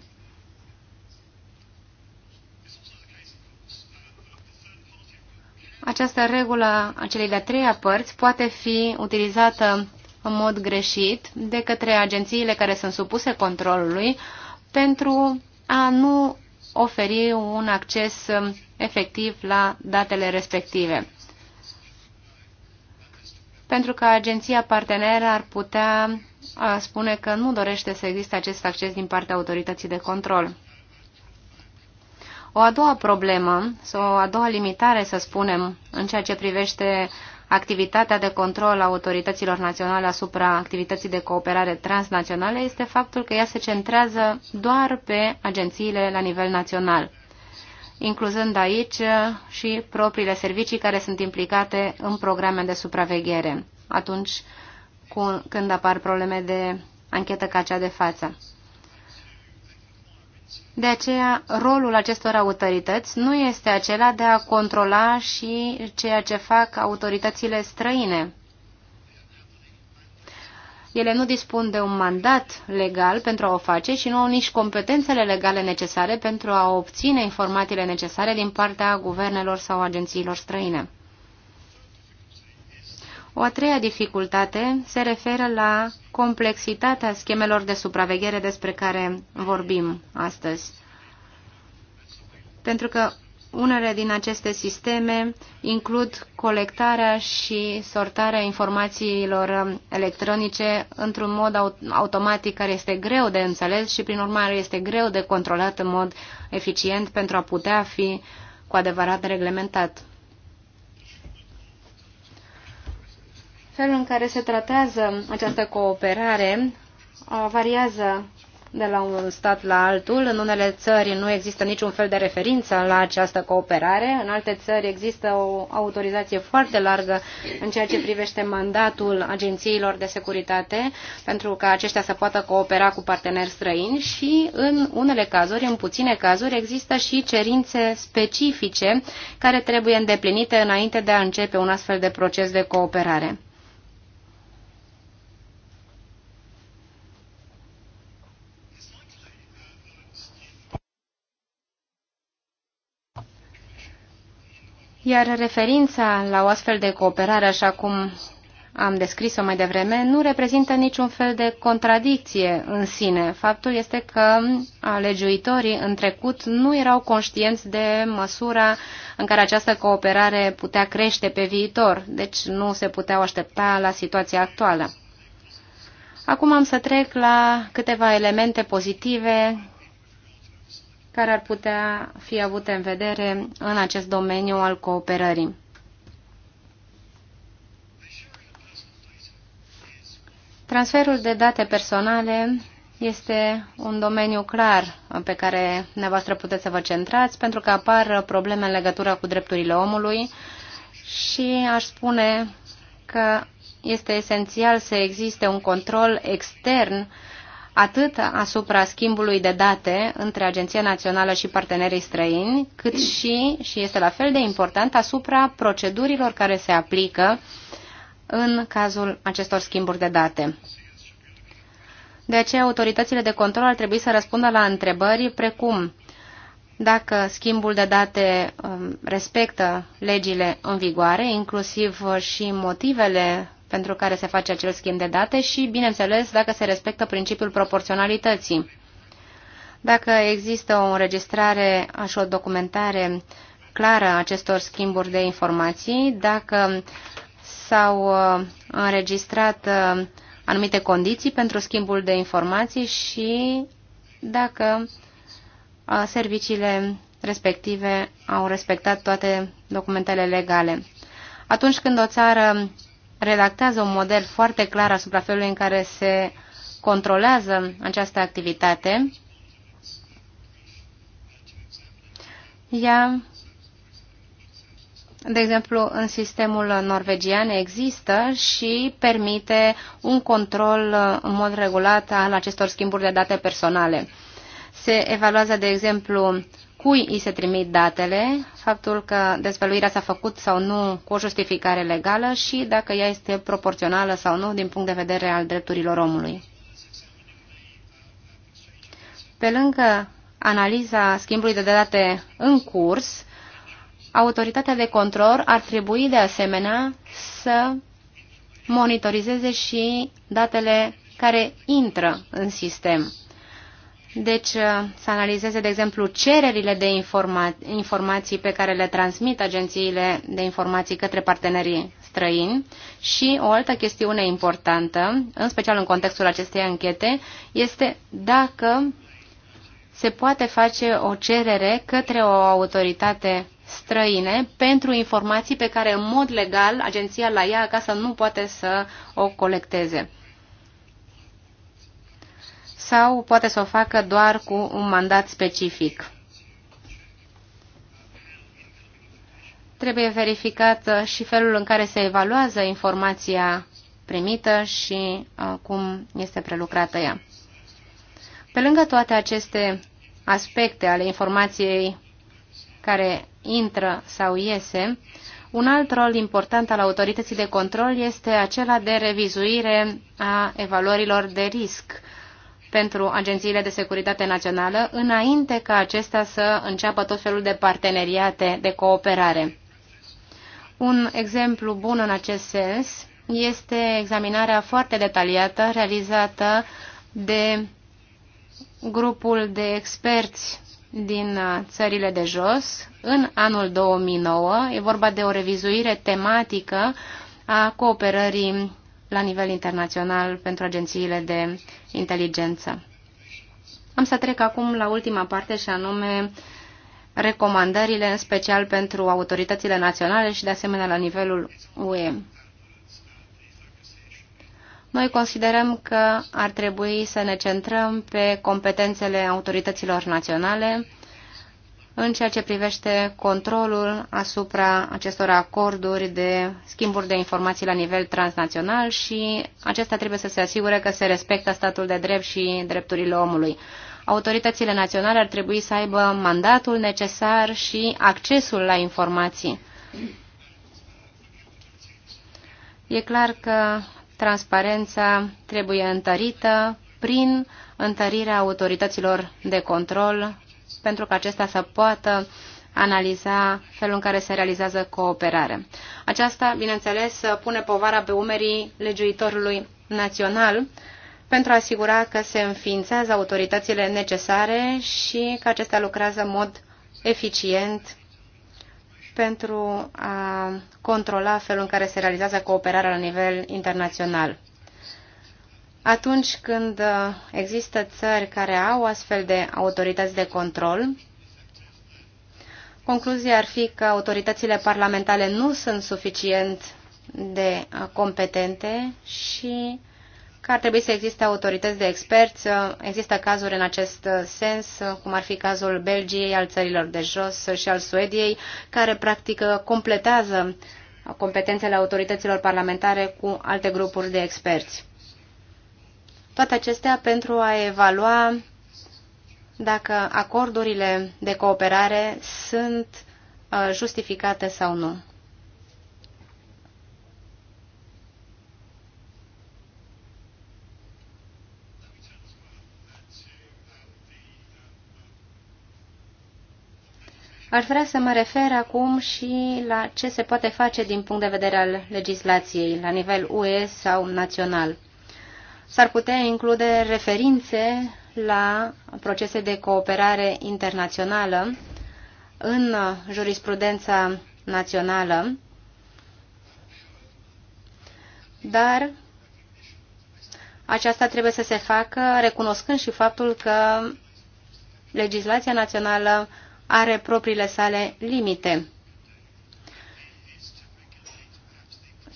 această regulă a celei de-a treia părți poate fi utilizată în mod greșit de către agențiile care sunt supuse controlului pentru a nu oferi un acces efectiv la datele respective. Pentru că agenția parteneră ar putea spune că nu dorește să existe acest acces din partea autorității de control. O a doua problemă, sau o a doua limitare, să spunem, în ceea ce privește activitatea de control a autorităților naționale asupra activității de cooperare transnaționale, este faptul că ea se centrează doar pe agențiile la nivel național, incluzând aici și propriile servicii care sunt implicate în programe de supraveghere, atunci când apar probleme de anchetă ca cea de față. De aceea, rolul acestor autorități nu este acela de a controla și ceea ce fac autoritățile străine. Ele nu dispun de un mandat legal pentru a o face și nu au nici competențele legale necesare pentru a obține informațiile necesare din partea guvernelor sau agențiilor străine. O a treia dificultate se referă la complexitatea schemelor de supraveghere despre care vorbim astăzi. Pentru că unele din aceste sisteme includ colectarea și sortarea informațiilor electronice într-un mod automatic care este greu de înțeles și, prin urmare, este greu de controlat în mod eficient pentru a putea fi cu adevărat reglementat. Felul în care se tratează această cooperare uh, variază de la un stat la altul. În unele țări nu există niciun fel de referință la această cooperare, în alte țări există o autorizație foarte largă în ceea ce privește mandatul agențiilor de securitate pentru ca aceștia să poată coopera cu parteneri străini și în unele cazuri, în puține cazuri, există și cerințe specifice care trebuie îndeplinite înainte de a începe un astfel de proces de cooperare. Iar referința la o astfel de cooperare, așa cum am descris-o mai devreme, nu reprezintă niciun fel de contradicție în sine. Faptul este că alegiuitorii în trecut nu erau conștienți de măsura în care această cooperare putea crește pe viitor, deci nu se puteau aștepta la situația actuală. Acum am să trec la câteva elemente pozitive care ar putea fi avute în vedere în acest domeniu al cooperării. Transferul de date personale este un domeniu clar pe care nevoastră puteți să vă centrați pentru că apar probleme în legătură cu drepturile omului și aș spune că este esențial să existe un control extern atât asupra schimbului de date între Agenția Națională și partenerii străini, cât și, și este la fel de important, asupra procedurilor care se aplică în cazul acestor schimburi de date. De aceea, autoritățile de control ar trebui să răspundă la întrebări precum dacă schimbul de date um, respectă legile în vigoare, inclusiv și motivele pentru care se face acel schimb de date și, bineînțeles, dacă se respectă principiul proporționalității. Dacă există o înregistrare și o documentare clară a acestor schimburi de informații, dacă s-au uh, înregistrat uh, anumite condiții pentru schimbul de informații și dacă uh, serviciile respective au respectat toate documentele legale. Atunci când o țară redactează un model foarte clar asupra felului în care se controlează această activitate. Ea, de exemplu, în sistemul norvegian există și permite un control în mod regulat al acestor schimburi de date personale. Se evaluează, de exemplu, cui îi se trimit datele, faptul că dezvăluirea s-a făcut sau nu cu o justificare legală și dacă ea este proporțională sau nu din punct de vedere al drepturilor omului. Pe lângă analiza schimbului de date în curs, autoritatea de control ar trebui de asemenea să monitorizeze și datele care intră în sistem. Deci uh, să analizeze, de exemplu, cererile de informa informații pe care le transmit agențiile de informații către partenerii străini și o altă chestiune importantă, în special în contextul acestei anchete, este dacă se poate face o cerere către o autoritate străine pentru informații pe care în mod legal agenția la ea acasă nu poate să o colecteze sau poate să o facă doar cu un mandat specific. Trebuie verificat uh, și felul în care se evaluează informația primită și uh, cum este prelucrată ea. Pe lângă toate aceste aspecte ale informației care intră sau iese, un alt rol important al autorității de control este acela de revizuire a evaluărilor de risc pentru agențiile de securitate națională, înainte ca acestea să înceapă tot felul de parteneriate de cooperare. Un exemplu bun în acest sens este examinarea foarte detaliată realizată de grupul de experți din țările de jos în anul 2009. E vorba de o revizuire tematică a cooperării la nivel internațional pentru agențiile de inteligență. Am să trec acum la ultima parte și anume recomandările, în special pentru autoritățile naționale și de asemenea la nivelul UE. Noi considerăm că ar trebui să ne centrăm pe competențele autorităților naționale, în ceea ce privește controlul asupra acestor acorduri de schimburi de informații la nivel transnațional și acesta trebuie să se asigure că se respectă statul de drept și drepturile omului. Autoritățile naționale ar trebui să aibă mandatul necesar și accesul la informații. E clar că transparența trebuie întărită prin întărirea autorităților de control pentru că acesta să poată analiza felul în care se realizează cooperarea. Aceasta, bineînțeles, pune povara pe umerii legiuitorului național pentru a asigura că se înființează autoritățile necesare și că acestea lucrează în mod eficient pentru a controla felul în care se realizează cooperarea la nivel internațional. Atunci când uh, există țări care au astfel de autorități de control, concluzia ar fi că autoritățile parlamentare nu sunt suficient de uh, competente și că ar trebui să existe autorități de experți. Uh, există cazuri în acest sens, cum ar fi cazul Belgiei, al țărilor de jos și al Suediei, care practic completează competențele autorităților parlamentare cu alte grupuri de experți. Toate acestea pentru a evalua dacă acordurile de cooperare sunt uh, justificate sau nu. Aș vrea să mă refer acum și la ce se poate face din punct de vedere al legislației, la nivel UE sau național s-ar putea include referințe la procese de cooperare internațională în jurisprudența națională, dar aceasta trebuie să se facă recunoscând și faptul că legislația națională are propriile sale limite.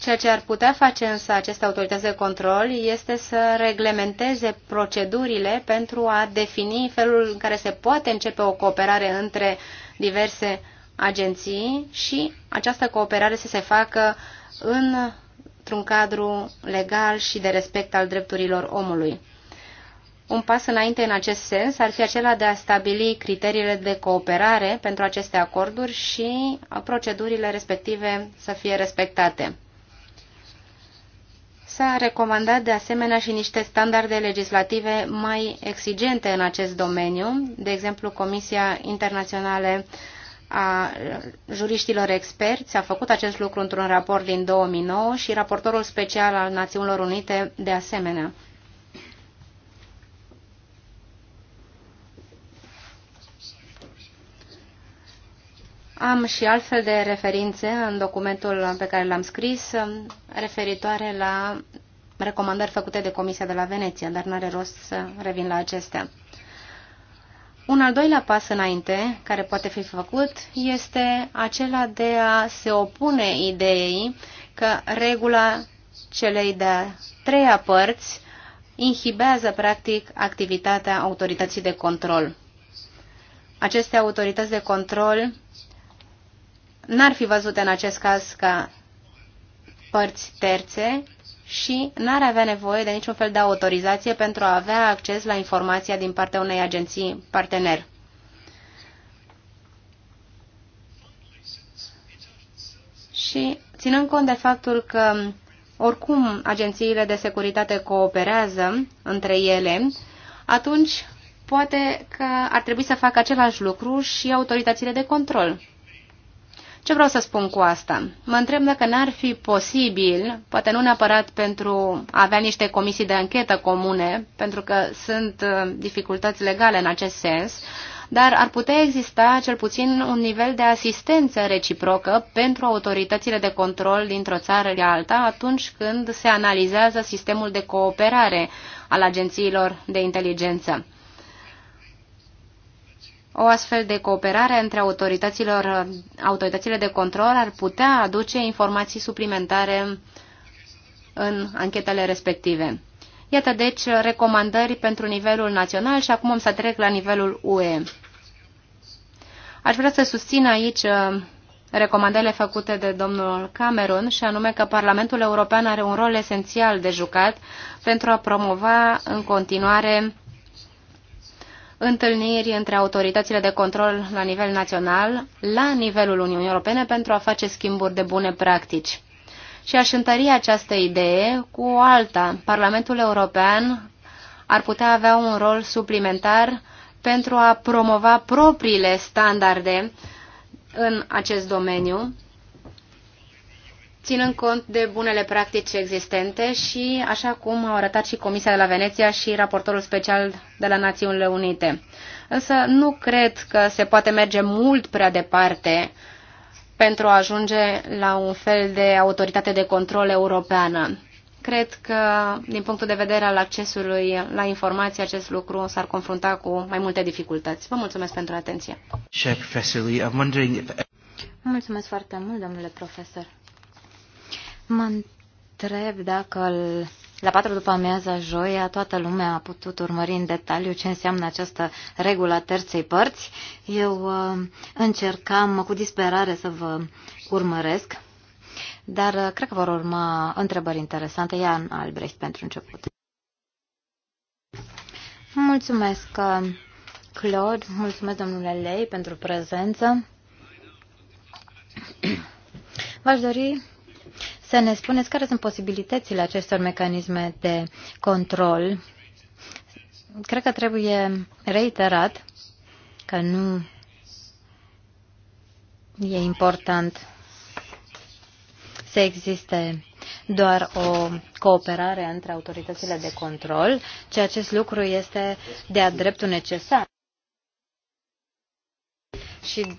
Ceea ce ar putea face însă aceste autorități de control este să reglementeze procedurile pentru a defini felul în care se poate începe o cooperare între diverse agenții și această cooperare să se facă într-un cadru legal și de respect al drepturilor omului. Un pas înainte în acest sens ar fi acela de a stabili criteriile de cooperare pentru aceste acorduri și procedurile respective să fie respectate. S-a recomandat de asemenea și niște standarde legislative mai exigente în acest domeniu, de exemplu Comisia Internațională a juriștilor experți a făcut acest lucru într-un raport din 2009 și raportorul special al Națiunilor Unite de asemenea. Am și altfel de referințe în documentul pe care l-am scris referitoare la recomandări făcute de Comisia de la Veneția, dar n-are rost să revin la acestea. Un al doilea pas înainte, care poate fi făcut, este acela de a se opune ideii că regula celei de-a treia părți inhibează practic activitatea autorității de control. Aceste autorități de control n-ar fi văzut în acest caz ca părți terțe și n-ar avea nevoie de niciun fel de autorizație pentru a avea acces la informația din partea unei agenții partener. Și ținând cont de faptul că oricum agențiile de securitate cooperează între ele, atunci poate că ar trebui să facă același lucru și autoritățile de control. Ce vreau să spun cu asta? Mă întreb dacă n-ar fi posibil, poate nu neapărat pentru a avea niște comisii de anchetă comune, pentru că sunt uh, dificultăți legale în acest sens, dar ar putea exista cel puțin un nivel de asistență reciprocă pentru autoritățile de control dintr-o țară de alta atunci când se analizează sistemul de cooperare al agențiilor de inteligență. O astfel de cooperare între autorităților, autoritățile de control ar putea aduce informații suplimentare în anchetele respective. Iată deci recomandări pentru nivelul național și acum am să trec la nivelul UE. Aș vrea să susțin aici uh, recomandările făcute de domnul Cameron și anume că Parlamentul European are un rol esențial de jucat pentru a promova în continuare întâlniri între autoritățile de control la nivel național, la nivelul Uniunii Europene, pentru a face schimburi de bune practici. Și aș întări această idee cu o alta. Parlamentul European ar putea avea un rol suplimentar pentru a promova propriile standarde în acest domeniu ținând cont de bunele practici existente și așa cum au arătat și Comisia de la Veneția și raportorul special de la Națiunile Unite. Însă nu cred că se poate merge mult prea departe pentru a ajunge la un fel de autoritate de control europeană. Cred că, din punctul de vedere al accesului la informații, acest lucru s-ar confrunta cu mai multe dificultăți. Vă mulțumesc pentru atenție. Mulțumesc foarte mult, domnule profesor. Mă întreb dacă la patru după amiaza joia toată lumea a putut urmări în detaliu ce înseamnă această regulă a terței părți. Eu uh, încercam cu disperare să vă urmăresc, dar uh, cred că vor urma întrebări interesante. Ian Albrecht pentru început. Mulțumesc, uh, Claude, mulțumesc domnule Lei pentru prezență. *clears throat* V-aș dori să ne spuneți care sunt posibilitățile acestor mecanisme de control. Cred că trebuie reiterat că nu e important să existe doar o cooperare între autoritățile de control, ci acest lucru este de-a dreptul necesar. Și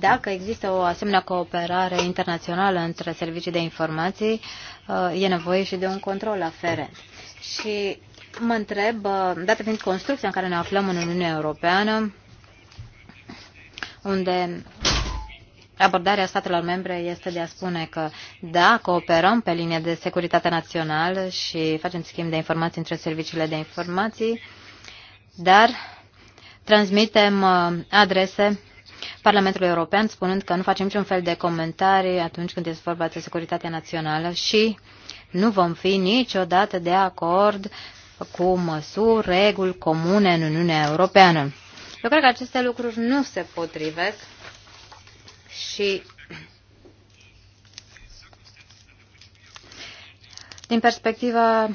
dacă există o asemenea cooperare internațională între servicii de informații, uh, e nevoie și de un control aferent. Și mă întreb, uh, dată fiind construcția în care ne aflăm în Uniunea Europeană, unde abordarea statelor membre este de a spune că da, cooperăm pe linie de securitate națională și facem schimb de informații între serviciile de informații, dar transmitem uh, adrese Parlamentul European, spunând că nu facem niciun fel de comentarii atunci când este vorba de securitatea națională și nu vom fi niciodată de acord cu măsuri, reguli comune în Uniunea Europeană. Eu cred că aceste lucruri nu se potrivesc și din perspectiva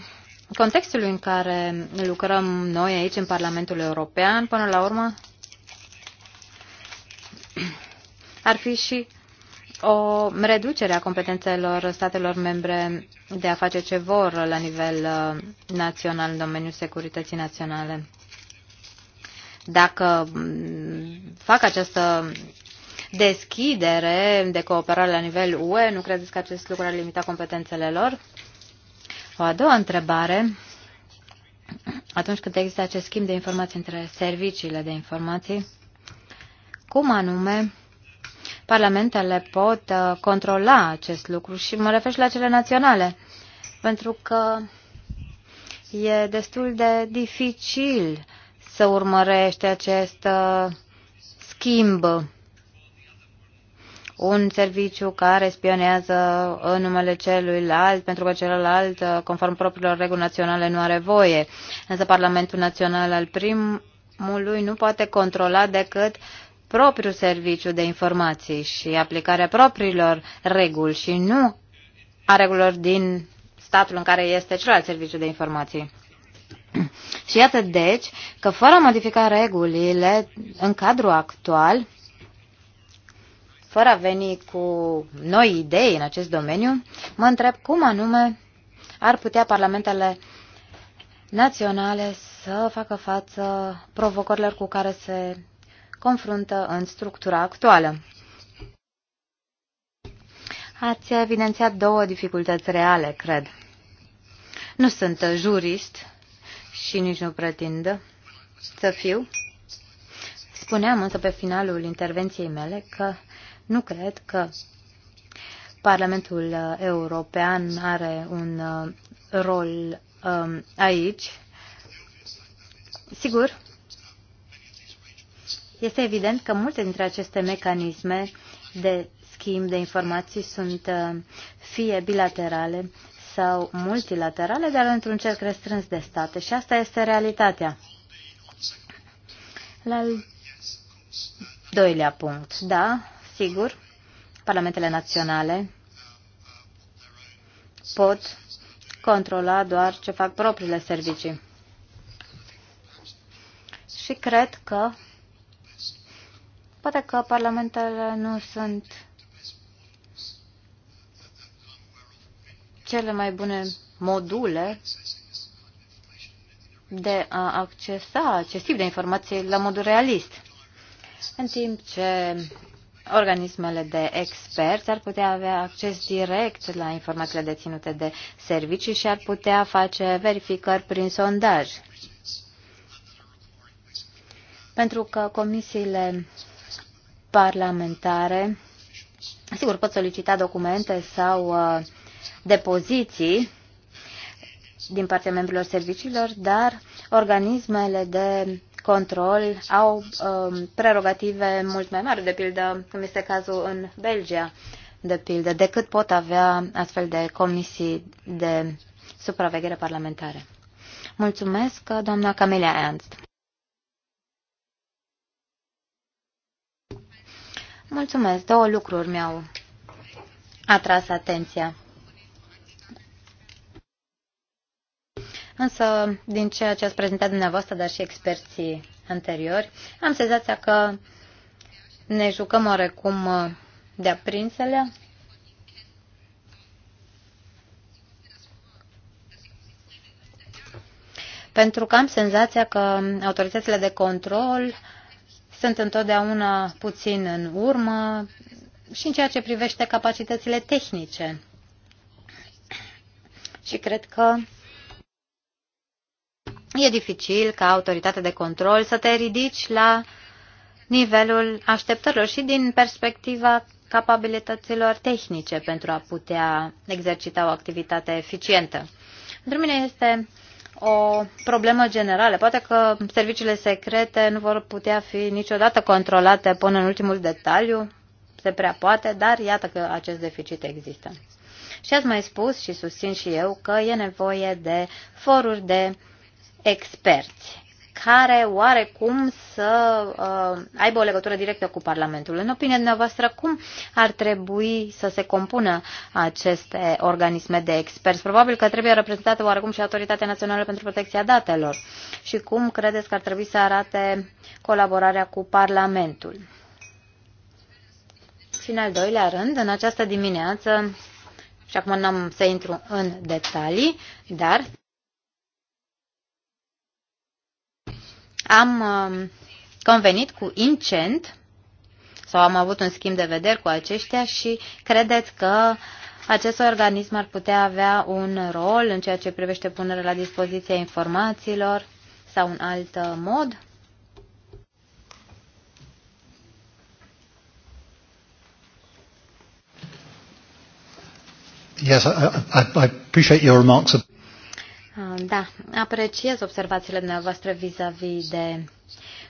contextului în care lucrăm noi aici în Parlamentul European, până la urmă ar fi și o reducere a competențelor statelor membre de a face ce vor la nivel uh, național în domeniul securității naționale. Dacă mm, fac această deschidere de cooperare la nivel UE, nu credeți că acest lucru ar limita competențele lor? O a doua întrebare, atunci când există acest schimb de informații între serviciile de informații, cum anume parlamentele pot uh, controla acest lucru și mă refer și la cele naționale, pentru că e destul de dificil să urmărești acest uh, schimb un serviciu care spionează în numele celuilalt, pentru că celălalt, uh, conform propriilor reguli naționale, nu are voie. Însă Parlamentul Național al primului nu poate controla decât propriul serviciu de informații și aplicarea propriilor reguli și nu a regulilor din statul în care este celălalt serviciu de informații. Și iată deci că fără a modifica regulile în cadrul actual, fără a veni cu noi idei în acest domeniu, mă întreb cum anume ar putea parlamentele naționale să facă față provocărilor cu care se confruntă în structura actuală. Ați evidențiat două dificultăți reale, cred. Nu sunt jurist și nici nu pretind să fiu. Spuneam însă pe finalul intervenției mele că nu cred că Parlamentul European are un uh, rol um, aici. Sigur, este evident că multe dintre aceste mecanisme de schimb de informații sunt uh, fie bilaterale sau multilaterale, dar într-un cerc restrâns de state și asta este realitatea. La al doilea punct, da, sigur, parlamentele naționale pot controla doar ce fac propriile servicii. Și cred că Poate că parlamentele nu sunt cele mai bune module de a accesa acest tip de informații la modul realist, în timp ce organismele de experți ar putea avea acces direct la informațiile deținute de servicii și ar putea face verificări prin sondaj. Pentru că comisiile parlamentare, sigur, pot solicita documente sau uh, depoziții din partea membrilor serviciilor, dar organismele de control au uh, prerogative mult mai mari, de pildă, cum este cazul în Belgia, de pildă, decât pot avea astfel de comisii de supraveghere parlamentare. Mulțumesc, doamna Camelia Ernst. Mulțumesc. Două lucruri mi-au atras atenția. Însă, din ceea ce ați prezentat dumneavoastră, dar și experții anteriori, am senzația că ne jucăm oarecum uh, de-a Pentru că am senzația că autoritățile de control uh, sunt întotdeauna puțin în urmă și în ceea ce privește capacitățile tehnice. Și cred că e dificil ca autoritatea de control să te ridici la nivelul așteptărilor și din perspectiva capabilităților tehnice pentru a putea exercita o activitate eficientă. Pentru mine este o problemă generală. Poate că serviciile secrete nu vor putea fi niciodată controlate până în ultimul detaliu, se prea poate, dar iată că acest deficit există. Și ați mai spus și susțin și eu că e nevoie de foruri de experți care oarecum să uh, aibă o legătură directă cu Parlamentul. În opinia dumneavoastră, cum ar trebui să se compună aceste organisme de experți? Probabil că trebuie reprezentată oarecum și Autoritatea Națională pentru Protecția Datelor. Și cum credeți că ar trebui să arate colaborarea cu Parlamentul? Și în al doilea rând, în această dimineață, și acum n-am să intru în detalii, dar Am um, convenit cu Incent sau am avut un schimb de vederi cu aceștia și credeți că acest organism ar putea avea un rol în ceea ce privește punerea la dispoziție informațiilor sau un alt uh, mod? Yes, I, I, I appreciate your remarks. Ah, da, apreciez observațiile dumneavoastră vis-a-vis -vis de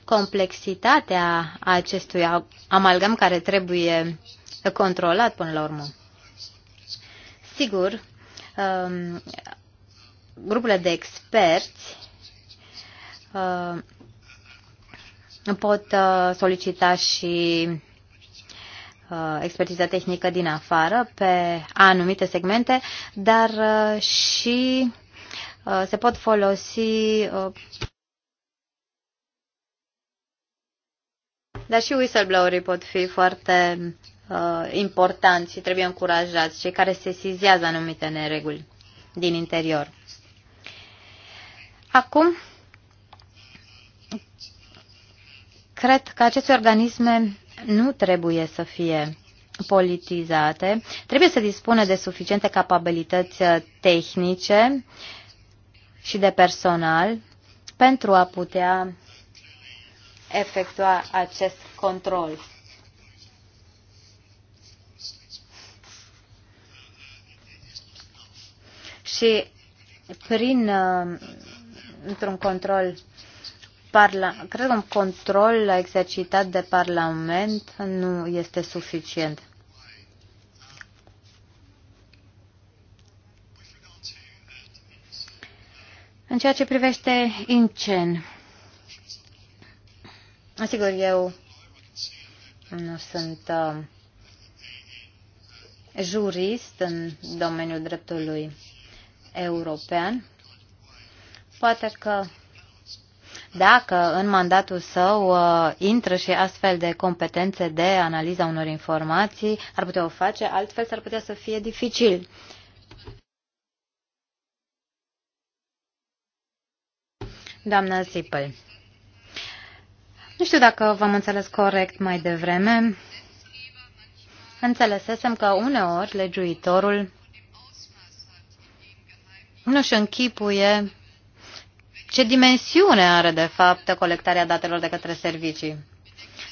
complexitatea acestui amalgam care trebuie controlat până la urmă. Sigur, um, grupurile de experți uh, pot uh, solicita și uh, expertiza tehnică din afară pe anumite segmente, dar și Uh, se pot folosi uh, dar și whistleblowerii pot fi foarte uh, importanți și trebuie încurajați, cei care se sizează anumite nereguli din interior. Acum, cred că aceste organisme nu trebuie să fie politizate, trebuie să dispună de suficiente capabilități uh, tehnice și de personal pentru a putea efectua acest control. Și prin uh, într-un control parla, cred că un control exercitat de Parlament nu este suficient. În ceea ce privește incen, asigur, eu nu sunt uh, jurist în domeniul dreptului european. Poate că dacă în mandatul său uh, intră și astfel de competențe de analiza unor informații, ar putea o face, altfel s-ar putea să fie dificil. Uh, Doamna Zipel, nu știu dacă v-am înțeles corect mai devreme. Înțelesesem că uneori legiuitorul nu-și închipuie ce dimensiune are de fapt colectarea datelor de către servicii.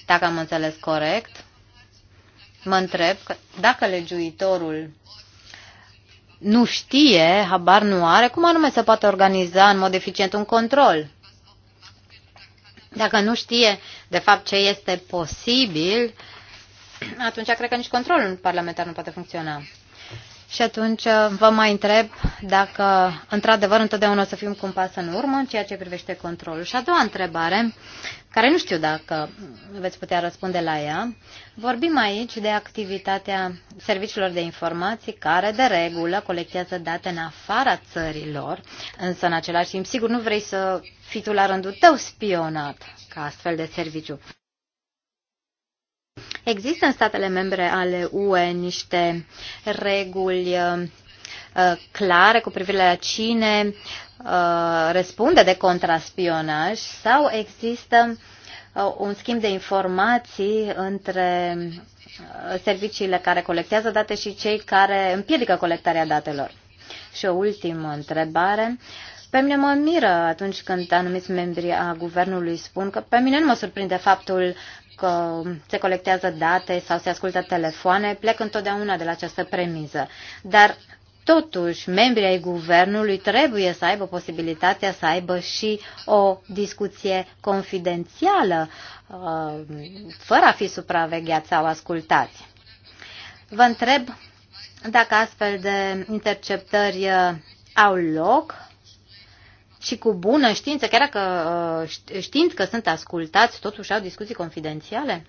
Dacă am înțeles corect, mă întreb dacă legiuitorul nu știe, habar nu are, cum anume se poate organiza în mod eficient un control? Dacă nu știe, de fapt, ce este posibil, atunci cred că nici controlul parlamentar nu poate funcționa. Și atunci uh, vă mai întreb dacă, într-adevăr, întotdeauna o să fim cu un pas în urmă în ceea ce privește controlul. Și a doua întrebare, care nu știu dacă veți putea răspunde la ea, vorbim aici de activitatea serviciilor de informații care, de regulă, colectează date în afara țărilor, însă, în același timp, sigur, nu vrei să fii tu la rândul tău spionat ca astfel de serviciu. Există în statele membre ale UE niște reguli uh, uh, clare cu privire la cine uh, răspunde de contraspionaj sau există un schimb de informații între serviciile care colectează date și cei care împiedică colectarea datelor. Și o ultimă întrebare. Pe mine mă miră atunci când anumiți membri a guvernului spun că pe mine nu mă surprinde faptul că se colectează date sau se ascultă telefoane, plec întotdeauna de la această premiză. Dar Totuși, membrii ai guvernului trebuie să aibă posibilitatea să aibă și o discuție confidențială, uh, fără a fi supravegheați sau ascultați. Vă întreb dacă astfel de interceptări uh, au loc și cu bună știință, chiar dacă uh, știind că sunt ascultați, totuși au discuții confidențiale?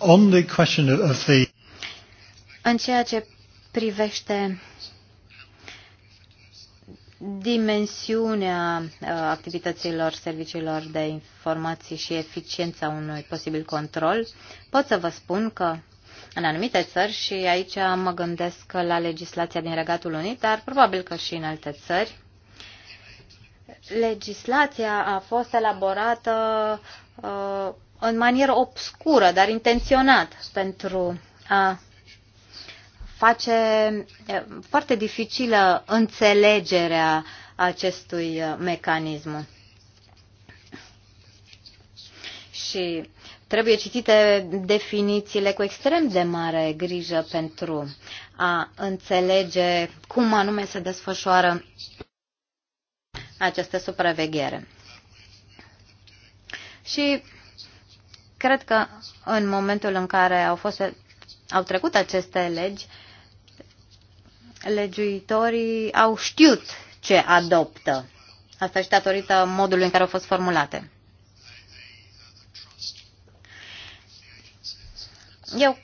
On the question of the... În ceea ce privește dimensiunea uh, activităților serviciilor de informații și eficiența unui posibil control, pot să vă spun că în anumite țări și aici mă gândesc la legislația din Regatul Unit, dar probabil că și în alte țări. Legislația a fost elaborată uh, în manieră obscură, dar intenționat pentru a face uh, foarte dificilă înțelegerea acestui mecanism. Și Trebuie citite definițiile cu extrem de mare grijă pentru a înțelege cum anume se desfășoară această supraveghere. Și cred că în momentul în care au, fost, au trecut aceste legi, legiuitorii au știut ce adoptă. Asta și datorită modului în care au fost formulate. Eu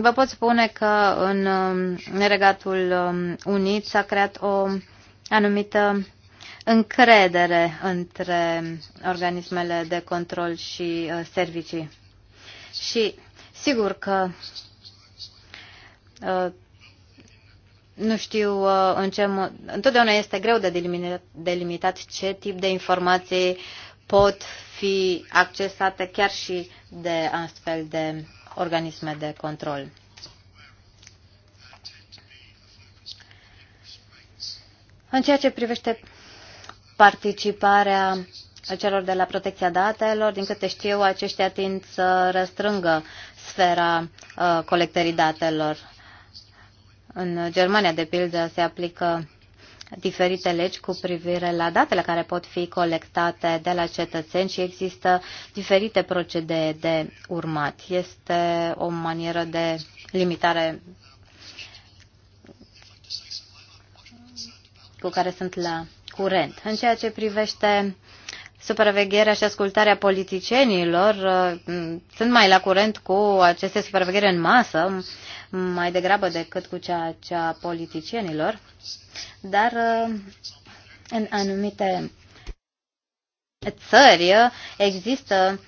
vă pot spune că în um, Regatul um, Unit s-a creat o anumită încredere între organismele de control și uh, servicii. Și sigur că uh, nu știu uh, în ce mod. Întotdeauna este greu de delimitat, ce tip de informații pot fi accesate chiar și de astfel de organisme de control. În ceea ce privește participarea celor de la protecția datelor, din câte știu, aceștia tind să răstrângă sfera uh, colectării datelor. În Germania, de pildă, se aplică diferite legi cu privire la datele care pot fi colectate de la cetățeni și există diferite procedee de urmat. Este o manieră de limitare cu care sunt la curent. În ceea ce privește supravegherea și ascultarea politicienilor uh, sunt mai la curent cu aceste supraveghere în masă, mai degrabă decât cu cea, cea politicienilor, dar uh, în anumite țări există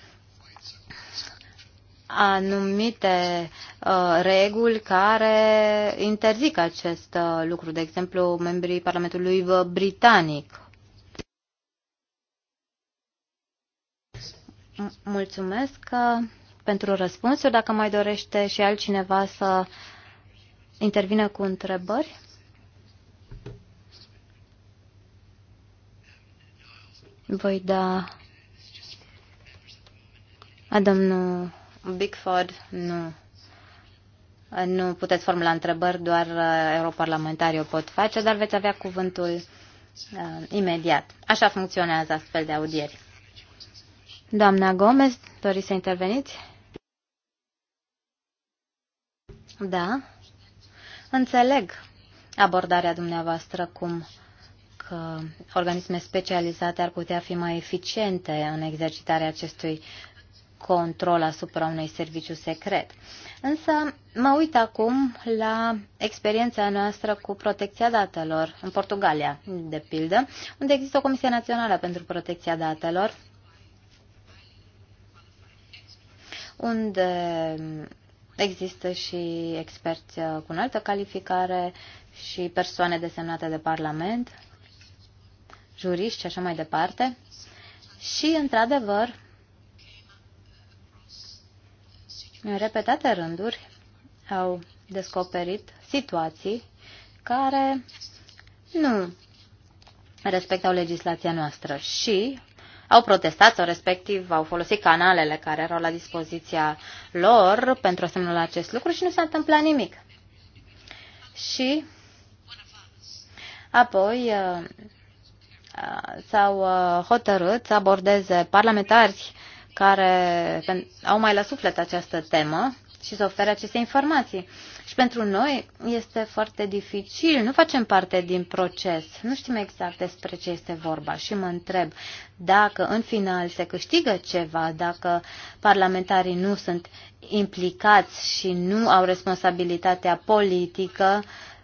anumite uh, reguli care interzic acest lucru. De exemplu, membrii Parlamentului Britanic mulțumesc uh, pentru răspunsuri. Dacă mai dorește și altcineva să intervină cu întrebări. Voi da a domnul Bigford, nu. Nu puteți formula întrebări, doar uh, europarlamentarii o pot face, dar veți avea cuvântul uh, imediat. Așa funcționează astfel de audieri. Doamna Gomez, doriți să interveniți? Da. Înțeleg abordarea dumneavoastră cum că organisme specializate ar putea fi mai eficiente în exercitarea acestui control asupra unui serviciu secret. Însă mă uit acum la experiența noastră cu protecția datelor în Portugalia, de pildă, unde există o Comisie Națională pentru Protecția Datelor, unde există și experți uh, cu înaltă calificare și persoane desemnate de Parlament, juriști și așa mai departe. Și, într-adevăr, în repetate rânduri au descoperit situații care nu respectau legislația noastră și au protestat sau respectiv au folosit canalele care erau la dispoziția lor pentru a semnala acest lucru și nu s-a întâmplat nimic. Și apoi uh, uh, s-au uh, hotărât să abordeze parlamentari care au mai la suflet această temă și să ofere aceste informații. Și pentru noi este foarte dificil, nu facem parte din proces, nu știm exact despre ce este vorba și mă întreb dacă în final se câștigă ceva, dacă parlamentarii nu sunt implicați și nu au responsabilitatea politică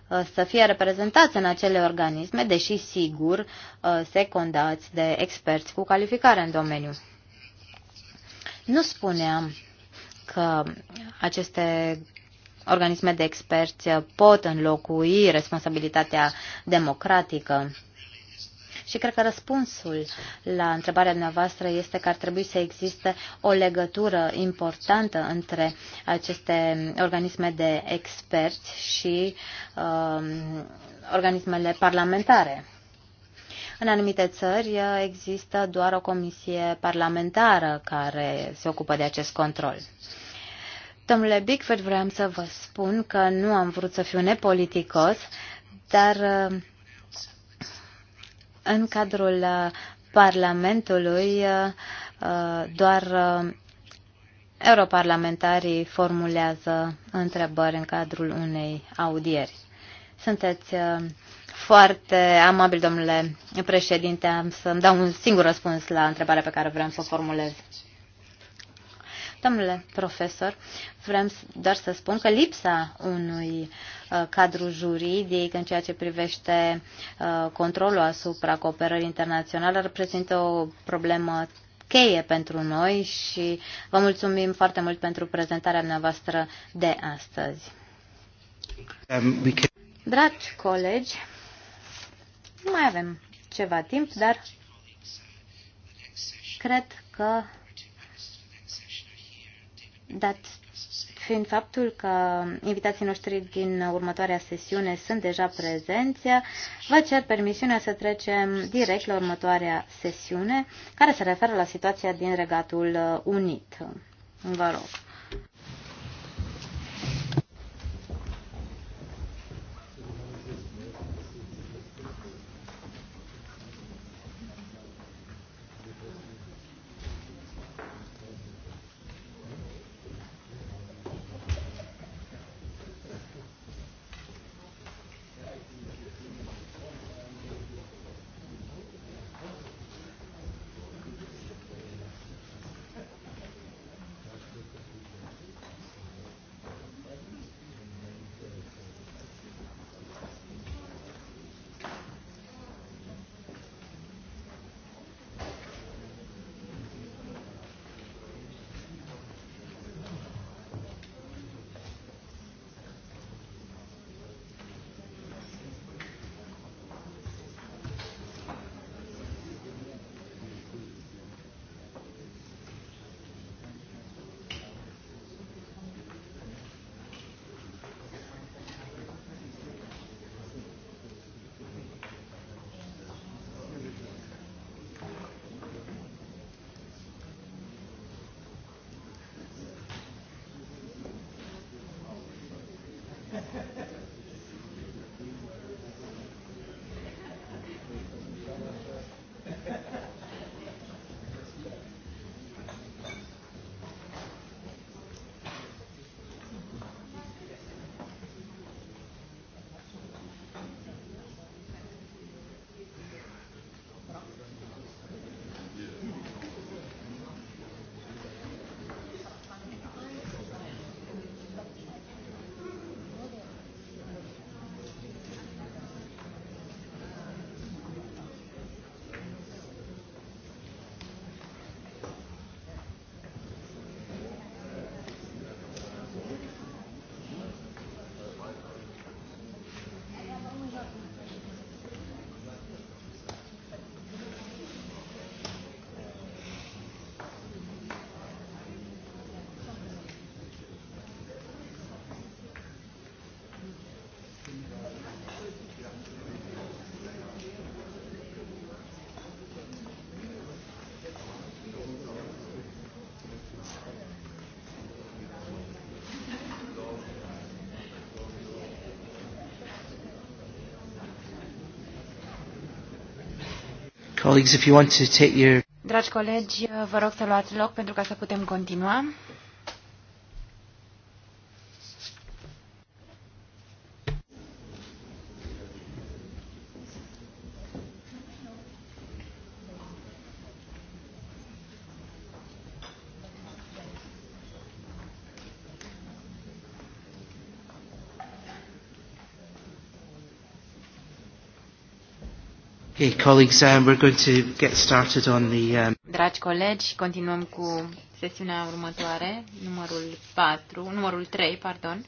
uh, să fie reprezentați în acele organisme, deși sigur uh, secundați de experți cu calificare în domeniu. Nu spuneam că aceste organisme de experți pot înlocui responsabilitatea democratică. Și cred că răspunsul la întrebarea dumneavoastră este că ar trebui să existe o legătură importantă între aceste organisme de experți și uh, organismele parlamentare. În anumite țări uh, există doar o comisie parlamentară care se ocupă de acest control. Domnule Bigford, vreau să vă spun că nu am vrut să fiu nepoliticos, dar uh, în cadrul uh, Parlamentului uh, doar europarlamentarii formulează întrebări în cadrul unei audieri. Sunteți foarte amabil, domnule președinte, am să-mi dau un singur răspuns la întrebarea pe care vreau să o formulez. Domnule profesor, vrem doar să spun că lipsa unui uh, cadru juridic în ceea ce privește uh, controlul asupra cooperării internaționale reprezintă o problemă cheie pentru noi și vă mulțumim foarte mult pentru prezentarea noastră de astăzi. Um, Dragi colegi, nu mai avem ceva timp, dar cred că dat fiind faptul că invitații noștri din următoarea sesiune sunt deja prezenți, vă cer permisiunea să trecem direct la următoarea sesiune, care se referă la situația din Regatul Unit. Vă rog. Colleagues, if you want to take your... Dragi colegi, vă rog să luați loc pentru ca să putem continua. Okay, colleagues, um, we're going to get started on the, um... Dragi colegi, continuăm cu sesiunea următoare, numărul 4, numărul 3, pardon,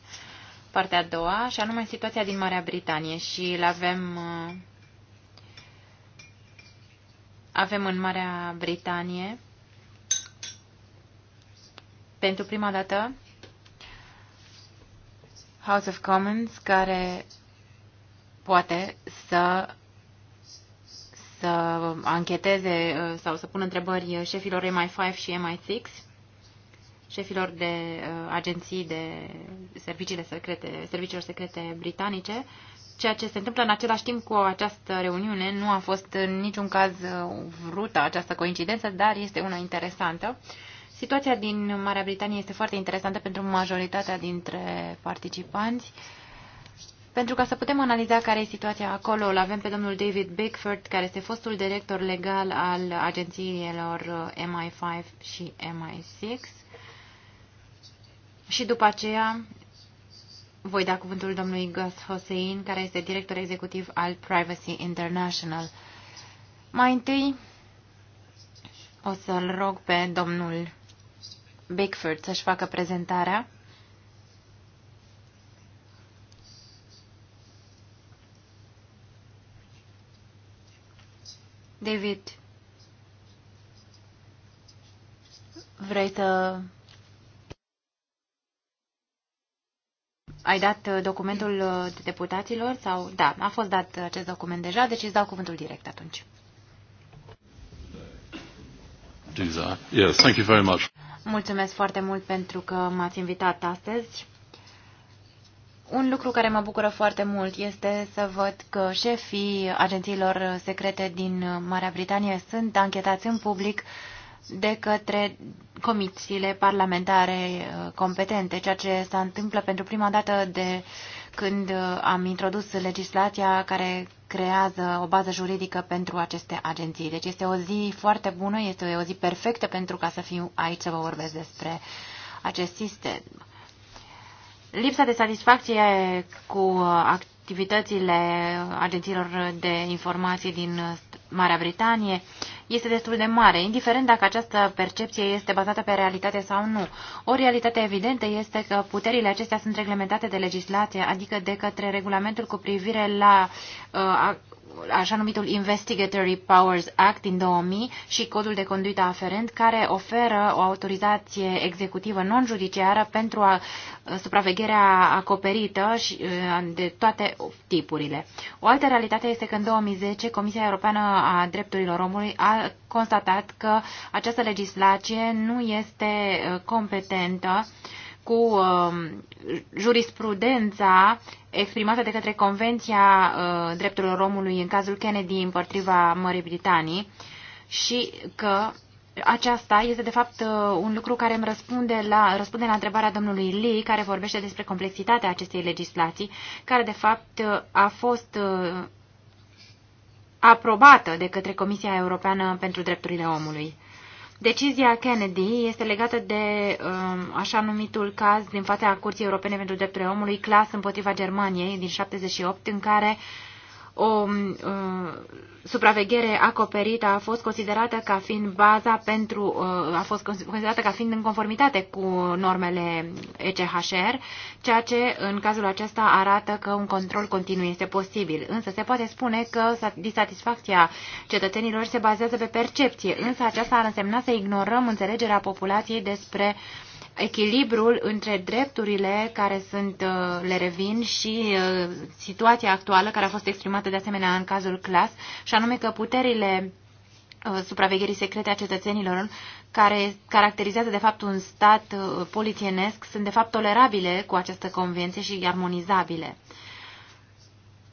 partea a doua, și anume situația din Marea Britanie și îl avem uh, avem în Marea Britanie pentru prima dată House of Commons care poate să să ancheteze uh, sau să pună întrebări șefilor MI5 și MI6, șefilor de uh, agenții de serviciile secrete, serviciilor secrete britanice, ceea ce se întâmplă în același timp cu această reuniune nu a fost în niciun caz vrută uh, această coincidență, dar este una interesantă. Situația din Marea Britanie este foarte interesantă pentru majoritatea dintre participanți. Uh, pentru ca să putem analiza care e situația acolo, îl avem pe domnul David Bickford, care este fostul director legal al agențiilor uh, MI5 și MI6. Și după aceea voi da cuvântul domnului Gus Hossein, care este director executiv al Privacy International. Mai întâi o să-l rog pe domnul Bickford să-și facă prezentarea David, vrei să... Ai dat uh, documentul de uh, deputaților sau... Da, a fost dat acest document deja, deci îți dau cuvântul direct atunci. Yes, thank you very much. Mulțumesc foarte mult pentru că m-ați invitat astăzi. Un lucru care mă bucură foarte mult este să văd că șefii agențiilor secrete din Marea Britanie sunt anchetați în public de către comisiile parlamentare uh, competente, ceea ce s-a întâmplat pentru prima dată de când uh, am introdus legislația care creează o bază juridică pentru aceste agenții. Deci este o zi foarte bună, este o zi perfectă pentru ca să fiu aici să vă vorbesc despre acest sistem. Lipsa de satisfacție cu activitățile agențiilor de informații din Marea Britanie este destul de mare, indiferent dacă această percepție este bazată pe realitate sau nu. O realitate evidentă este că puterile acestea sunt reglementate de legislație, adică de către regulamentul cu privire la uh, așa numitul Investigatory Powers Act din 2000 și codul de conduită aferent care oferă o autorizație executivă non-judiciară pentru a, supravegherea acoperită și, de toate tipurile. O altă realitate este că în 2010 Comisia Europeană a Drepturilor Omului a constatat că această legislație nu este competentă uh, cu um, jurisprudența exprimată de către Convenția uh, Drepturilor Omului în cazul Kennedy împotriva Mării Britanii și că aceasta este de fapt uh, un lucru care îmi răspunde la, răspunde la întrebarea domnului Lee, care vorbește despre complexitatea acestei legislații, care de fapt uh, a fost aprobată de către Comisia Europeană pentru Drepturile Omului. Decizia Kennedy este legată de um, așa numitul caz din fața Curții Europene pentru Drepturile Omului, clas împotriva Germaniei din 78, în care uh, o uh, supraveghere acoperită a fost considerată ca fiind baza pentru, uh, a fost considerată ca fiind în conformitate cu normele ECHR, ceea ce în cazul acesta arată că un control continuu este posibil. Însă se poate spune că disatisfacția cetățenilor se bazează pe percepție, însă aceasta ar însemna să ignorăm înțelegerea populației despre uh, echilibrul între drepturile care sunt, uh, le revin și uh, situația actuală care a fost exprimată de asemenea în cazul clas, și anume că puterile uh, supravegherii secrete a cetățenilor care caracterizează de fapt un stat polițienesc sunt de fapt tolerabile cu această convenție și armonizabile.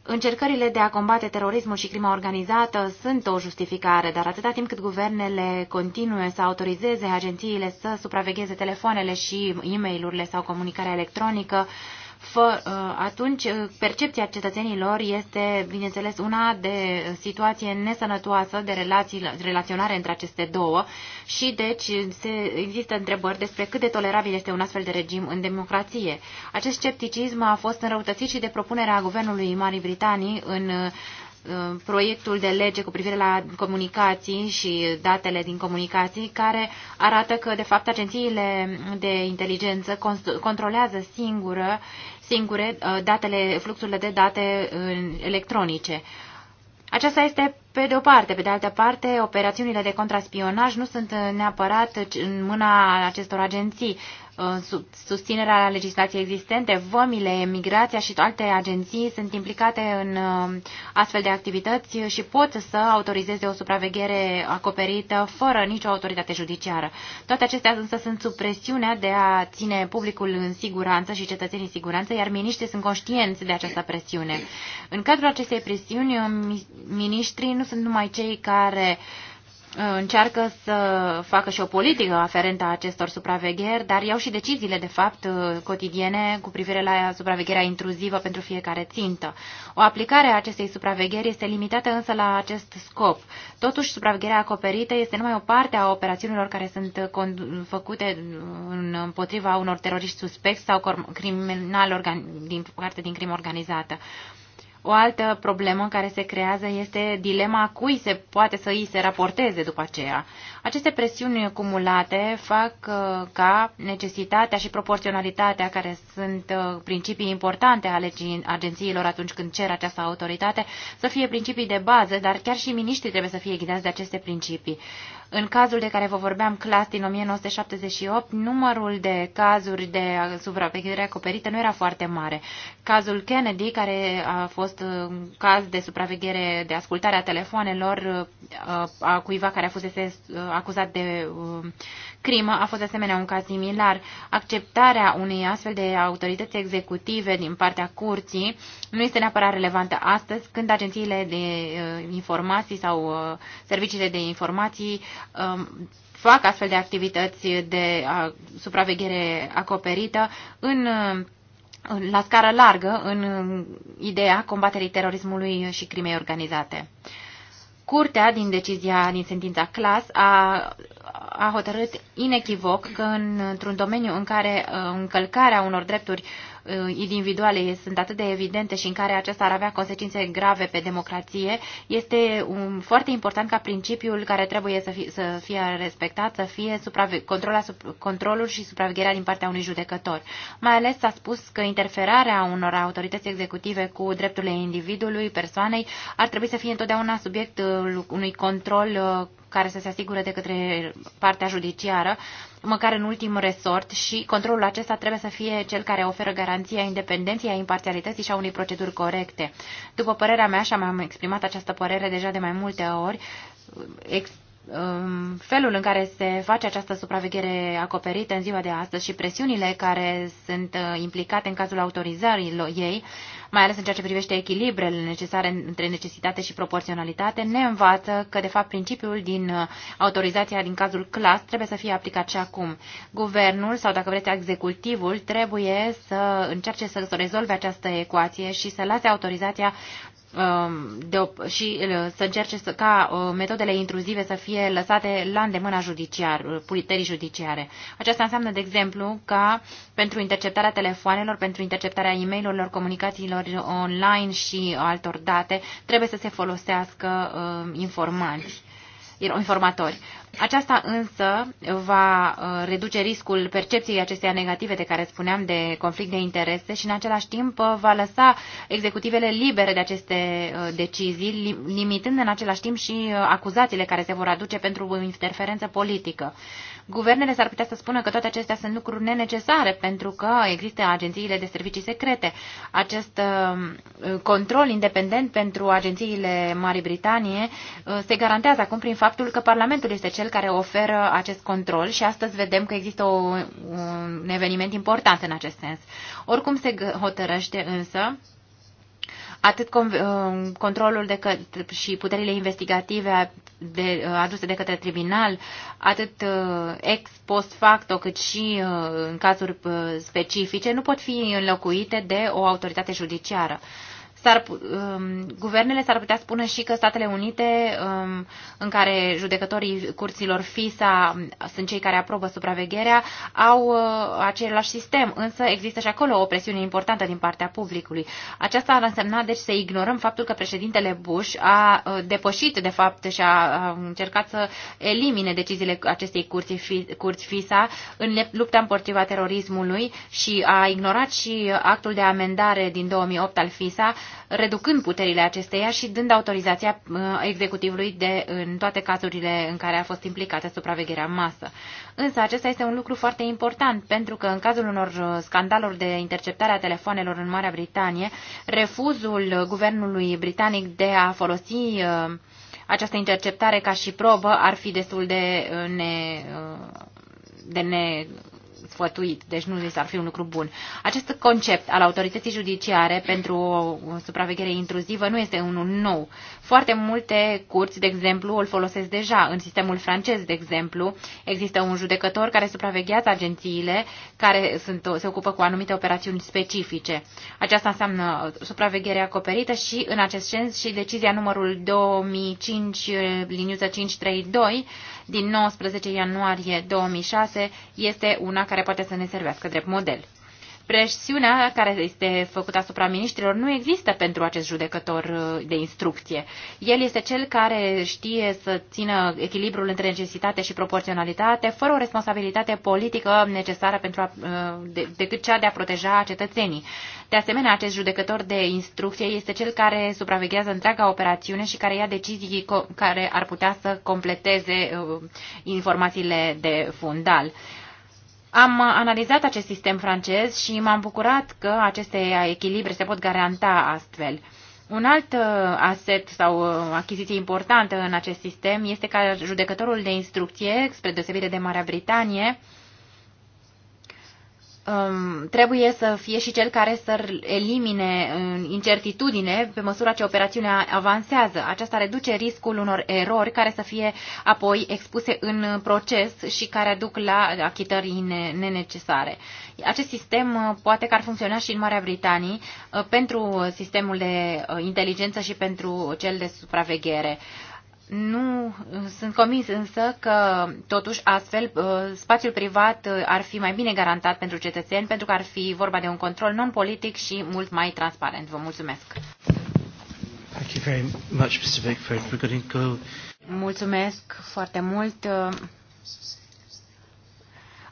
Încercările de a combate terorismul și crima organizată sunt o justificare, dar atâta timp cât guvernele continuă să autorizeze agențiile să supravegheze telefoanele și e-mail-urile sau comunicarea electronică, fă, uh, atunci uh, percepția cetățenilor este, bineînțeles, una de situație nesănătoasă, de relații, relaționare între aceste două și, deci, se, există întrebări despre cât de tolerabil este un astfel de regim în democrație. Acest scepticism a fost înrăutățit și de propunerea guvernului Marii Britanii în uh, proiectul de lege cu privire la comunicații și datele din comunicații, care arată că, de fapt, agențiile de inteligență controlează singură singure uh, datele, fluxurile de date uh, electronice. Aceasta este pe de o parte. Pe de altă parte, operațiunile de contraspionaj nu sunt neapărat în mâna acestor agenții. Uh, susținerea legislației existente, vămile, migrația și alte agenții sunt implicate în uh, astfel de activități și pot să autorizeze o supraveghere acoperită fără nicio autoritate judiciară. Toate acestea însă sunt sub presiunea de a ține publicul în siguranță și cetățenii în siguranță, iar miniștrii sunt conștienți de această presiune. În cadrul acestei presiuni, uh, miniștrii nu sunt numai cei care Uh, încearcă să facă și o politică aferentă a acestor supravegheri, dar iau și deciziile, de fapt, uh, cotidiene cu privire la supravegherea intruzivă pentru fiecare țintă. O aplicare a acestei supravegheri este limitată însă la acest scop. Totuși, supravegherea acoperită este numai o parte a operațiunilor care sunt făcute împotriva unor teroriști suspecți sau criminali din parte din crimă organizată. O altă problemă care se creează este dilema cui se poate să îi se raporteze după aceea. Aceste presiuni acumulate fac uh, ca necesitatea și proporționalitatea, care sunt uh, principii importante ale agențiilor atunci când cer această autoritate, să fie principii de bază, dar chiar și miniștrii trebuie să fie ghidați de aceste principii. În cazul de care vă vorbeam, clas din 1978, numărul de cazuri de supraveghere acoperită nu era foarte mare. Cazul Kennedy, care a fost uh, un caz de supraveghere de ascultare a telefoanelor uh, a cuiva care a fost uh, acuzat de crimă, a fost de asemenea un caz similar. Acceptarea unei astfel de autorități executive din partea curții nu este neapărat relevantă astăzi, când agențiile de informații sau serviciile de informații Um, fac astfel de activități de uh, supraveghere acoperită în uh, la scară largă în um, ideea combaterii terorismului și crimei organizate. Curtea, din decizia din sentința clas, a, a hotărât inechivoc că în, într-un domeniu în care uh, încălcarea unor drepturi Uh, individuale sunt atât de evidente și în care acesta ar avea consecințe grave pe democrație, este un, foarte important ca principiul care trebuie să, fi, să fie respectat, să fie controla, controlul și supravegherea din partea unui judecător. Mai ales s-a spus că interferarea unor autorități executive cu drepturile individului, persoanei, ar trebui să fie întotdeauna subiectul unui control uh, care să se asigure de către partea judiciară, măcar în ultim resort și controlul acesta trebuie să fie cel care oferă garanția independenței, a imparțialității și a unei proceduri corecte. După părerea mea, și am exprimat această părere deja de mai multe ori, Um, felul în care se face această supraveghere acoperită în ziua de astăzi și presiunile care sunt uh, implicate în cazul autorizărilor ei, mai ales în ceea ce privește echilibrele necesare între necesitate și proporționalitate, ne învață că, de fapt, principiul din uh, autorizația din cazul CLAS trebuie să fie aplicat și acum. Guvernul sau, dacă vreți, executivul trebuie să încerce să, să rezolve această ecuație și să lase autorizația Um, de, și uh, să încerce să, ca uh, metodele intruzive să fie lăsate la îndemâna judiciar, uh, puterii judiciare. Aceasta înseamnă, de exemplu, ca pentru interceptarea telefoanelor, pentru interceptarea e mail comunicațiilor online și altor date, trebuie să se folosească informanți informatori. Aceasta însă va uh, reduce riscul percepției acesteia negative de care spuneam de conflict de interese și în același timp uh, va lăsa executivele libere de aceste uh, decizii, limitând în același timp și acuzațiile care se vor aduce pentru interferență politică. Guvernele s-ar putea să spună că toate acestea sunt lucruri nenecesare pentru că există agențiile de servicii secrete. Acest um, control independent pentru agențiile Marii Britanie uh, se garantează acum prin faptul că Parlamentul este cel care oferă acest control și astăzi vedem că există o, un eveniment important în acest sens. Oricum se hotărăște însă atât uh, controlul de și puterile investigative de, uh, aduse de către tribunal, atât uh, ex post facto, cât și în cazuri specifice, nu pot fi înlocuite de o autoritate judiciară s-ar, um, guvernele s-ar putea spune și că Statele Unite, um, în care judecătorii curților FISA sunt cei care aprobă supravegherea, au uh, același sistem, însă există și acolo o presiune importantă din partea publicului. Aceasta ar însemna, deci, să ignorăm faptul că președintele Bush a uh, depășit, de fapt, și a, a încercat să elimine deciziile acestei curți, fi, curți FISA în lupta împotriva terorismului și a ignorat și actul de amendare din 2008 al FISA, reducând puterile acesteia și dând autorizația uh, executivului de, în toate cazurile în care a fost implicată supravegherea în masă. Însă acesta este un lucru foarte important, pentru că în cazul unor uh, scandaluri de interceptare a telefoanelor în Marea Britanie, refuzul guvernului britanic de a folosi uh, această interceptare ca și probă ar fi destul de ne de ne sfătuit, deci nu li s-ar fi un lucru bun. Acest concept al autorității judiciare pentru o supraveghere intruzivă nu este unul nou. Foarte multe curți, de exemplu, îl folosesc deja. În sistemul francez, de exemplu, există un judecător care supraveghează agențiile care sunt, se ocupă cu anumite operațiuni specifice. Aceasta înseamnă supraveghere acoperită și, în acest sens, și decizia numărul 2005, liniuță 532, din 19 ianuarie 2006 este una care poate să ne servească drept model presiunea care este făcută asupra miniștrilor nu există pentru acest judecător uh, de instrucție. El este cel care știe să țină echilibrul între necesitate și proporționalitate, fără o responsabilitate politică necesară pentru a, uh, de, decât cea de a proteja cetățenii. De asemenea, acest judecător de instrucție este cel care supraveghează întreaga operațiune și care ia decizii care ar putea să completeze uh, informațiile de fundal. Am analizat acest sistem francez și m-am bucurat că aceste echilibre se pot garanta astfel. Un alt uh, aset sau uh, achiziție importantă în acest sistem este ca judecătorul de instrucție, spre deosebire de Marea Britanie, um, trebuie să fie și cel care să elimine incertitudine pe măsura ce operațiunea avansează. Aceasta reduce riscul unor erori care să fie apoi expuse în proces și care aduc la achitări nenecesare. Acest sistem uh, poate că ar funcționa și în Marea Britanie uh, pentru sistemul de uh, inteligență și pentru cel de supraveghere. Uh, nu sunt convins însă că, totuși, astfel, uh, spațiul privat uh, ar fi mai bine garantat pentru cetățeni, pentru că ar fi vorba de un control non-politic și mult mai transparent. Vă mulțumesc! Thank you very much, Mr. Bickford. We're going to go... Mulțumesc foarte mult.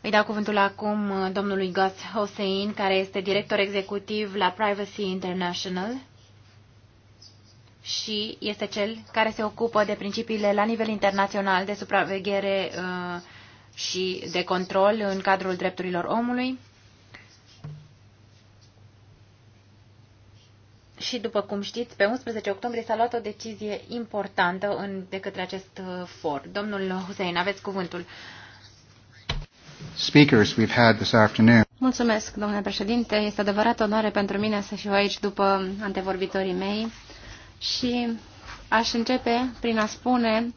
Îi dau cuvântul acum uh, domnului Gus Hossein, care este director executiv la Privacy International și este cel care se ocupă de principiile la nivel internațional de supraveghere uh, și de control în cadrul drepturilor omului. Și după cum știți, pe 11 octombrie s-a luat o decizie importantă în, de către acest uh, for. Domnul Hussein, aveți cuvântul. Speakers we've had this afternoon. Mulțumesc, domnule președinte. Este adevărat onoare pentru mine să fiu aici după antevorbitorii mei și aș începe prin a spune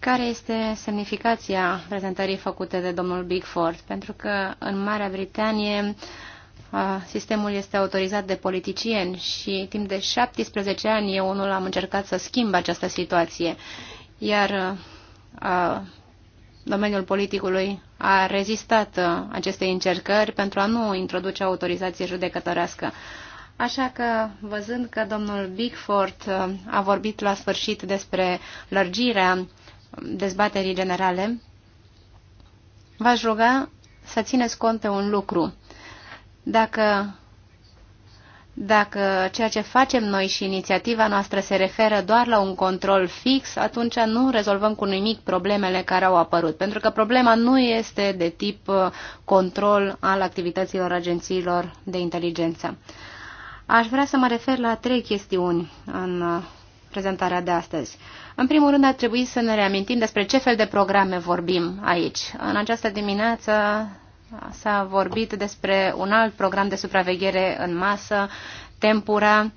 care este semnificația prezentării făcute de domnul Bigford, pentru că în Marea Britanie sistemul este autorizat de politicieni și timp de 17 ani eu unul am încercat să schimb această situație, iar a, domeniul politicului a rezistat acestei încercări pentru a nu introduce autorizație judecătorească. Așa că, văzând că domnul Bigford uh, a vorbit la sfârșit despre lărgirea dezbaterii generale, v-aș ruga să țineți cont de un lucru. Dacă, dacă ceea ce facem noi și inițiativa noastră se referă doar la un control fix, atunci nu rezolvăm cu nimic problemele care au apărut, pentru că problema nu este de tip uh, control al activităților agențiilor de inteligență. Aș vrea să mă refer la trei chestiuni în uh, prezentarea de astăzi. În primul rând, ar trebui să ne reamintim despre ce fel de programe vorbim aici. În această dimineață uh, s-a vorbit despre un alt program de supraveghere în masă, Tempura.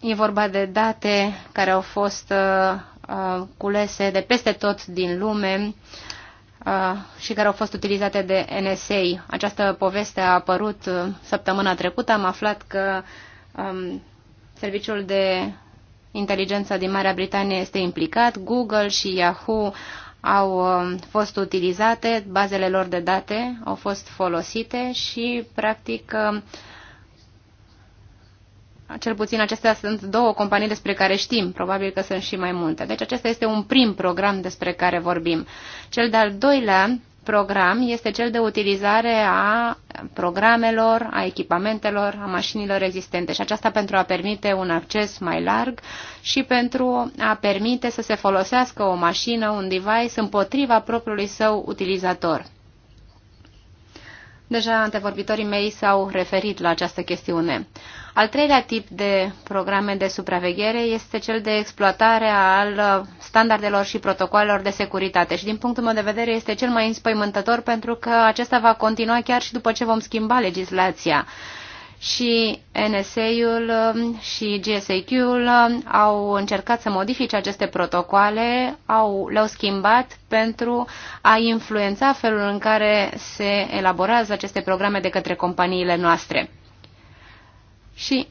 E vorba de date care au fost uh, uh culese de peste tot din lume. Uh, Uh, și care au fost utilizate de NSA. Această poveste a apărut uh, săptămâna trecută. Am aflat că um, serviciul de inteligență din Marea Britanie este implicat. Google și Yahoo au um, fost utilizate, bazele lor de date au fost folosite și, practic, um, cel puțin acestea sunt două companii despre care știm, probabil că sunt și mai multe. Deci acesta este un prim program despre care vorbim. Cel de-al doilea program este cel de utilizare a programelor, a echipamentelor, a mașinilor existente și aceasta pentru a permite un acces mai larg și pentru a permite să se folosească o mașină, un device împotriva propriului său utilizator. Deja antevorbitorii mei s-au referit la această chestiune. Al treilea tip de programe de supraveghere este cel de exploatare al standardelor și protocolelor de securitate și din punctul meu de vedere este cel mai înspăimântător pentru că acesta va continua chiar și după ce vom schimba legislația și NSA-ul um, și GSAQ-ul um, au încercat să modifice aceste protocoale, au, le-au schimbat pentru a influența felul în care se elaborează aceste programe de către companiile noastre. Și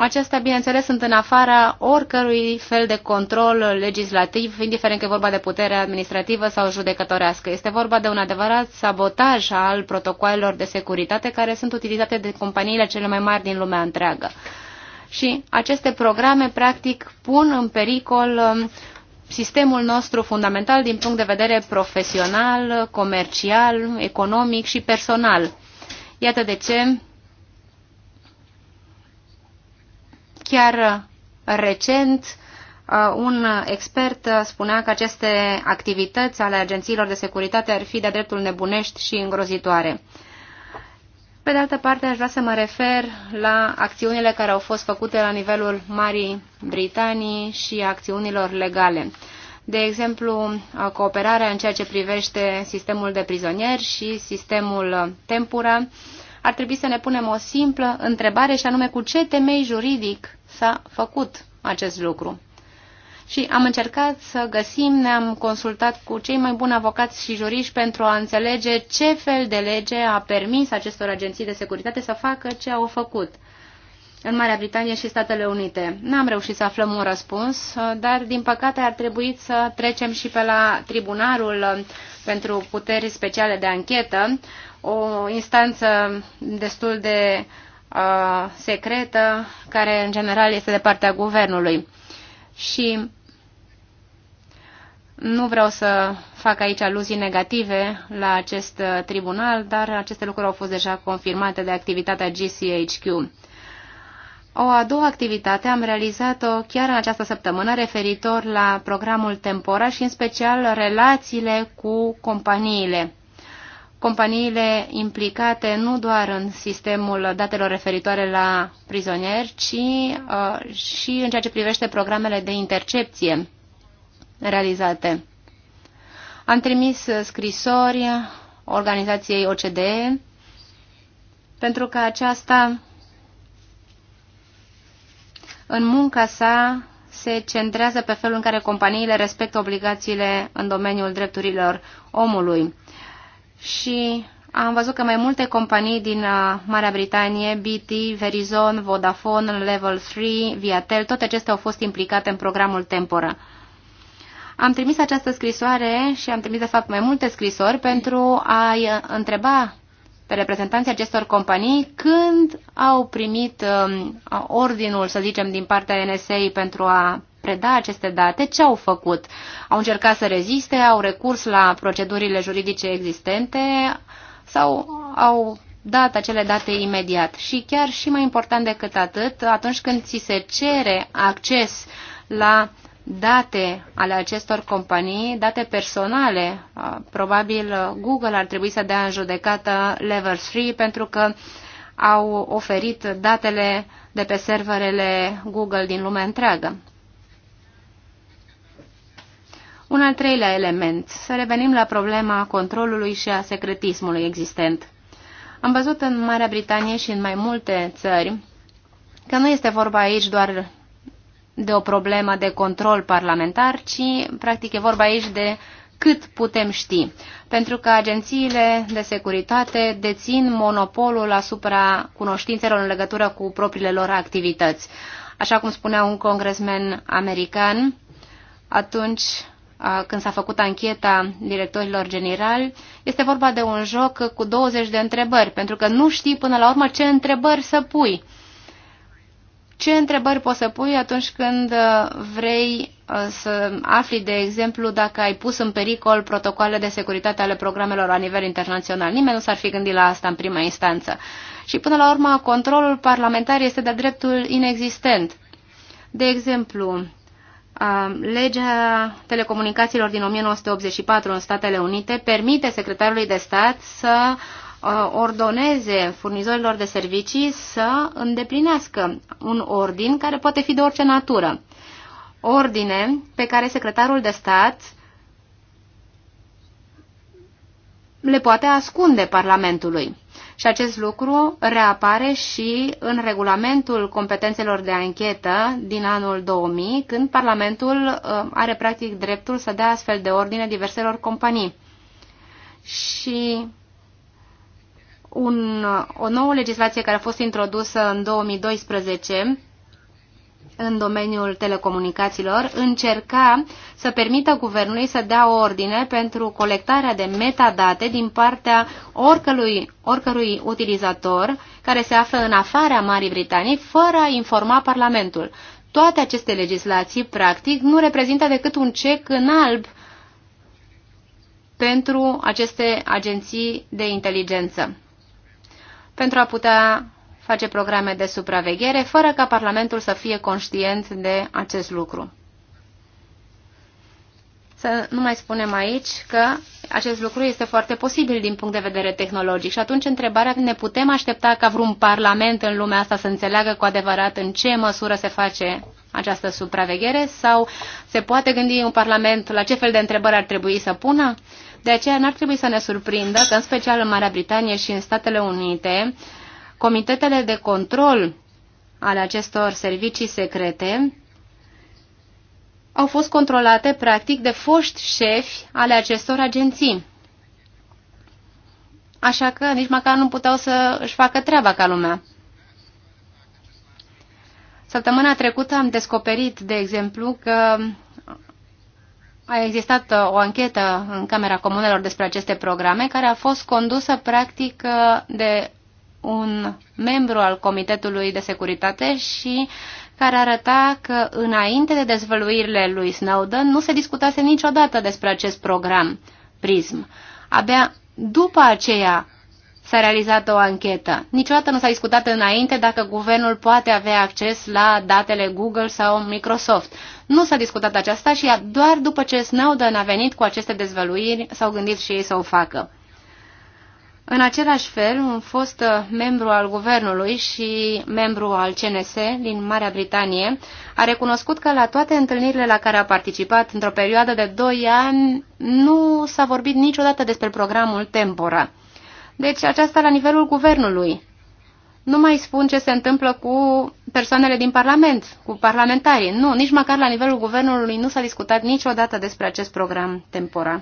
Acestea, bineînțeles, sunt în afara oricărui fel de control legislativ, indiferent că e vorba de putere administrativă sau judecătorească. Este vorba de un adevărat sabotaj al protocoalelor de securitate care sunt utilizate de companiile cele mai mari din lumea întreagă. Și aceste programe, practic, pun în pericol um, sistemul nostru fundamental din punct de vedere profesional, comercial, economic și personal. Iată de ce Chiar uh, recent, uh, un expert uh, spunea că aceste activități ale agențiilor de securitate ar fi de dreptul nebunești și îngrozitoare. Pe de altă parte, aș vrea să mă refer la acțiunile care au fost făcute la nivelul Marii Britanii și acțiunilor legale. De exemplu, cooperarea în ceea ce privește sistemul de prizonieri și sistemul Tempura, ar trebui să ne punem o simplă întrebare și anume cu ce temei juridic s-a făcut acest lucru. Și am încercat să găsim, ne-am consultat cu cei mai buni avocați și juriști pentru a înțelege ce fel de lege a permis acestor agenții de securitate să facă ce au făcut în Marea Britanie și Statele Unite. N-am reușit să aflăm un răspuns, dar din păcate ar trebui să trecem și pe la Tribunalul pentru Puteri Speciale de Anchetă, o instanță destul de uh, secretă, care în general este de partea guvernului. Și nu vreau să fac aici aluzii negative la acest tribunal, dar aceste lucruri au fost deja confirmate de activitatea GCHQ. O a doua activitate am realizat-o chiar în această săptămână referitor la programul temporar și în special relațiile cu companiile companiile implicate nu doar în sistemul datelor referitoare la prizonieri, ci uh, și în ceea ce privește programele de intercepție realizate. Am trimis scrisori organizației OCDE pentru că aceasta în munca sa se centrează pe felul în care companiile respectă obligațiile în domeniul drepturilor omului și am văzut că mai multe companii din uh, Marea Britanie, BT, Verizon, Vodafone, Level 3, Viatel, toate acestea au fost implicate în programul Tempora. Am trimis această scrisoare și am trimis, de fapt, mai multe scrisori pentru a uh, întreba pe reprezentanții acestor companii când au primit um, ordinul, să zicem, din partea NSA pentru a preda aceste date, ce au făcut? Au încercat să reziste, au recurs la procedurile juridice existente sau au dat acele date imediat. Și chiar și mai important decât atât, atunci când ți se cere acces la date ale acestor companii, date personale. Probabil Google ar trebui să dea în judecată Level 3 pentru că au oferit datele de pe serverele Google din lumea întreagă. Un al treilea element, să revenim la problema controlului și a secretismului existent. Am văzut în Marea Britanie și în mai multe țări că nu este vorba aici doar de o problemă de control parlamentar, ci practic e vorba aici de cât putem ști. Pentru că agențiile de securitate dețin monopolul asupra cunoștințelor în legătură cu propriile lor activități. Așa cum spunea un congresmen american, atunci când s-a făcut ancheta directorilor generali, este vorba de un joc cu 20 de întrebări, pentru că nu știi până la urmă ce întrebări să pui. Ce întrebări poți să pui atunci când uh, vrei uh, să afli, de exemplu, dacă ai pus în pericol protocoalele de securitate ale programelor la nivel internațional? Nimeni nu s-ar fi gândit la asta în prima instanță. Și până la urmă, controlul parlamentar este de dreptul inexistent. De exemplu, uh, legea telecomunicațiilor din 1984 în Statele Unite permite secretarului de stat să Uh, ordoneze furnizorilor de servicii să îndeplinească un ordin care poate fi de orice natură. Ordine pe care secretarul de stat le poate ascunde Parlamentului. Și acest lucru reapare și în regulamentul competențelor de anchetă din anul 2000, când Parlamentul uh, are practic dreptul să dea astfel de ordine diverselor companii. Și un, o nouă legislație care a fost introdusă în 2012 în domeniul telecomunicațiilor încerca să permită guvernului să dea ordine pentru colectarea de metadate din partea oricălui, oricărui utilizator care se află în afara Marii Britanii fără a informa Parlamentul. Toate aceste legislații, practic, nu reprezintă decât un cec în alb pentru aceste agenții de inteligență pentru a putea face programe de supraveghere, fără ca Parlamentul să fie conștient de acest lucru. Să nu mai spunem aici că acest lucru este foarte posibil din punct de vedere tehnologic și atunci întrebarea ne putem aștepta ca vreun parlament în lumea asta să înțeleagă cu adevărat în ce măsură se face această supraveghere sau se poate gândi un parlament la ce fel de întrebări ar trebui să pună? De aceea n-ar trebui să ne surprindă că, în special în Marea Britanie și în Statele Unite, comitetele de control ale acestor servicii secrete au fost controlate, practic, de foști șefi ale acestor agenții. Așa că nici măcar nu puteau să își facă treaba ca lumea. Săptămâna trecută am descoperit, de exemplu, că a existat uh, o anchetă în Camera Comunelor despre aceste programe, care a fost condusă practic uh, de un membru al Comitetului de Securitate și care arăta că înainte de dezvăluirile lui Snowden nu se discutase niciodată despre acest program PRISM. Abia după aceea s-a realizat o anchetă. Niciodată nu s-a discutat înainte dacă guvernul poate avea acces la datele Google sau Microsoft. Nu s-a discutat aceasta și doar după ce Snowden a venit cu aceste dezvăluiri s-au gândit și ei să o facă. În același fel, un fost uh, membru al guvernului și membru al CNS din Marea Britanie a recunoscut că la toate întâlnirile la care a participat într-o perioadă de 2 ani nu s-a vorbit niciodată despre programul Tempora. Deci aceasta la nivelul guvernului. Nu mai spun ce se întâmplă cu persoanele din Parlament, cu parlamentarii. Nu, nici măcar la nivelul guvernului nu s-a discutat niciodată despre acest program temporar.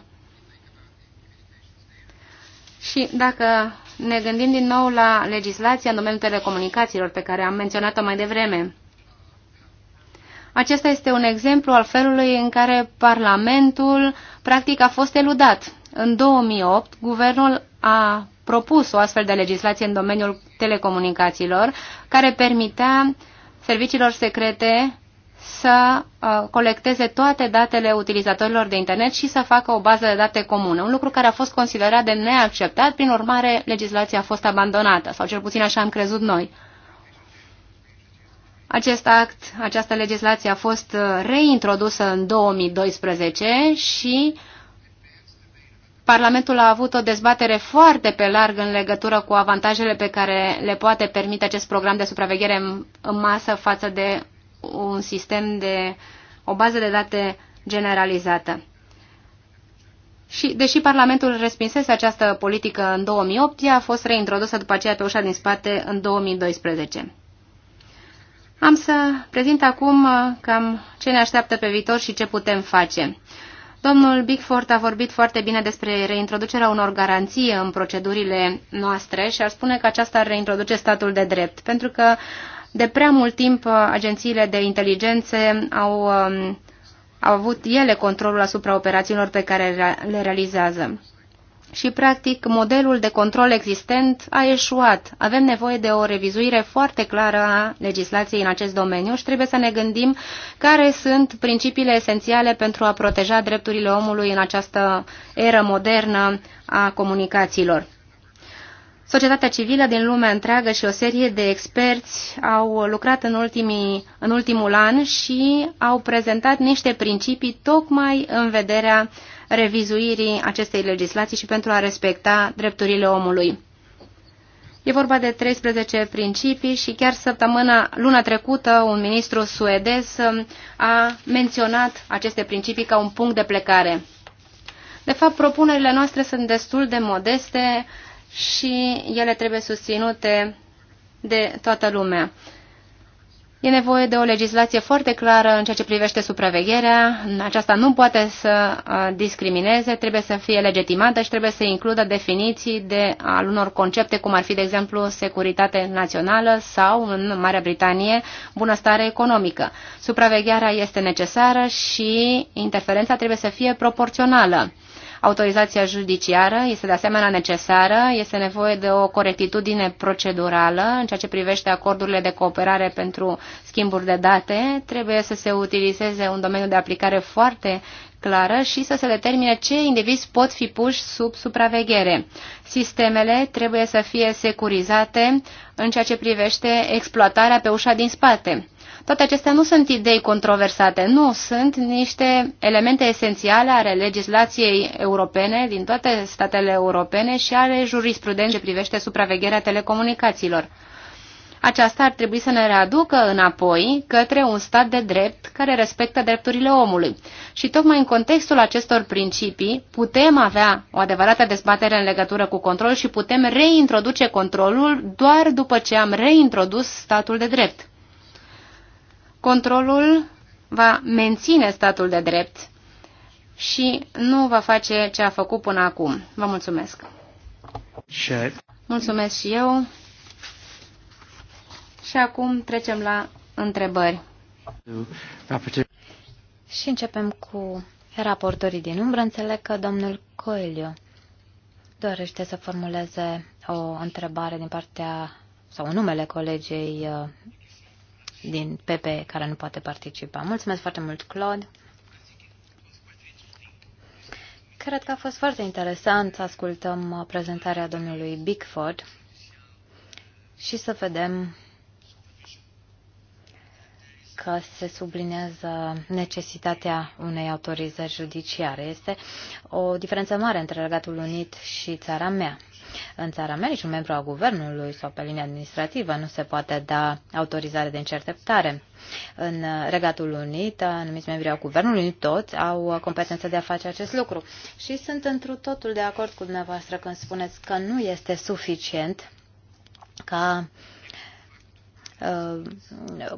Și dacă ne gândim din nou la legislația în domeniul telecomunicațiilor pe care am menționat-o mai devreme, acesta este un exemplu al felului în care Parlamentul practic a fost eludat. În 2008, guvernul a propus o astfel de legislație în domeniul telecomunicațiilor, care permitea serviciilor secrete să uh, colecteze toate datele utilizatorilor de internet și să facă o bază de date comună, un lucru care a fost considerat de neacceptat, prin urmare legislația a fost abandonată, sau cel puțin așa am crezut noi. Acest act, această legislație a fost uh, reintrodusă în 2012 și uh, Parlamentul a avut o dezbatere foarte pe larg în legătură cu avantajele pe care le poate permite acest program de supraveghere în masă față de un sistem de o bază de date generalizată. Și, deși Parlamentul respinsese această politică în 2008, ea a fost reintrodusă după aceea pe ușa din spate în 2012. Am să prezint acum uh, cam ce ne așteaptă pe viitor și ce putem face. Domnul Bigford a vorbit foarte bine despre reintroducerea unor garanții în procedurile noastre și ar spune că aceasta ar reintroduce statul de drept, pentru că de prea mult timp uh, agențiile de inteligență au, um, au avut ele controlul asupra operațiunilor pe care le realizează și, practic, modelul de control existent a eșuat. Avem nevoie de o revizuire foarte clară a legislației în acest domeniu și trebuie să ne gândim care sunt principiile esențiale pentru a proteja drepturile omului în această eră modernă a comunicațiilor. Societatea civilă din lumea întreagă și o serie de experți au lucrat în, ultimii, în ultimul an și au prezentat niște principii tocmai în vederea uh, revizuirii acestei legislații și pentru a respecta drepturile omului. E vorba de 13 principii și chiar săptămâna, luna trecută, un ministru suedez um, a menționat aceste principii ca un punct de plecare. De fapt, propunerile noastre sunt destul de modeste și ele trebuie susținute de toată lumea. E nevoie de o legislație foarte clară în ceea ce privește supravegherea. Aceasta nu poate să uh, discrimineze, trebuie să fie legitimată și trebuie să includă definiții de al unor concepte, cum ar fi, de exemplu, securitate națională sau, în Marea Britanie, bunăstare economică. Supravegherea este necesară și interferența trebuie să fie proporțională. Autorizația judiciară este de asemenea necesară, este nevoie de o corectitudine procedurală în ceea ce privește acordurile de cooperare pentru schimburi de date, trebuie să se utilizeze un domeniu de aplicare foarte clară și să se determine ce indivizi pot fi puși sub supraveghere. Sistemele trebuie să fie securizate în ceea ce privește exploatarea pe ușa din spate. Toate acestea nu sunt idei controversate, nu sunt niște elemente esențiale ale legislației europene din toate statele europene și ale jurisprudenței privește supravegherea telecomunicațiilor. Aceasta ar trebui să ne readucă înapoi către un stat de drept care respectă drepturile omului. Și tocmai în contextul acestor principii putem avea o adevărată dezbatere în legătură cu control și putem reintroduce controlul doar după ce am reintrodus statul de drept. Controlul va menține statul de drept și nu va face ce a făcut până acum. Vă mulțumesc! Mulțumesc și eu! Și acum trecem la întrebări. Și începem cu raportorii din umbră. Înțeleg că domnul Coelho dorește să formuleze o întrebare din partea sau numele colegei uh, din Pepe care nu poate participa. Mulțumesc foarte mult, Claude! Cred că a fost foarte interesant să ascultăm uh, prezentarea domnului Bigford și să vedem că se sublinează necesitatea unei autorizări judiciare. Este o diferență mare între Regatul Unit și țara mea în țara mea, niciun membru al guvernului sau pe linia administrativă nu se poate da autorizare de încerteptare. În Regatul Unit, anumiți membri al guvernului, toți au competența de a face acest lucru. Și sunt întru totul de acord cu dumneavoastră când spuneți că nu este suficient ca uh,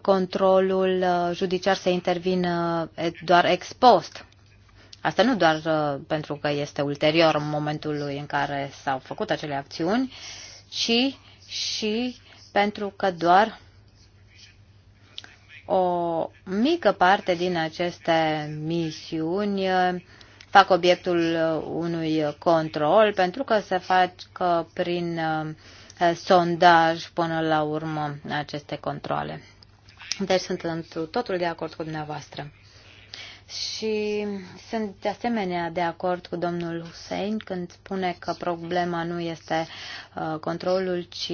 controlul uh, judiciar să intervină uh, doar ex post. Asta nu doar uh, pentru că este ulterior momentului în care s-au făcut acele acțiuni, ci și pentru că doar o mică parte din aceste misiuni uh, fac obiectul uh, unui control pentru că se fac că prin sondaj până la urmă aceste controle. Deci sunt totul de acord cu dumneavoastră și sunt de asemenea de acord cu domnul Hussein când spune că problema nu este uh, controlul, ci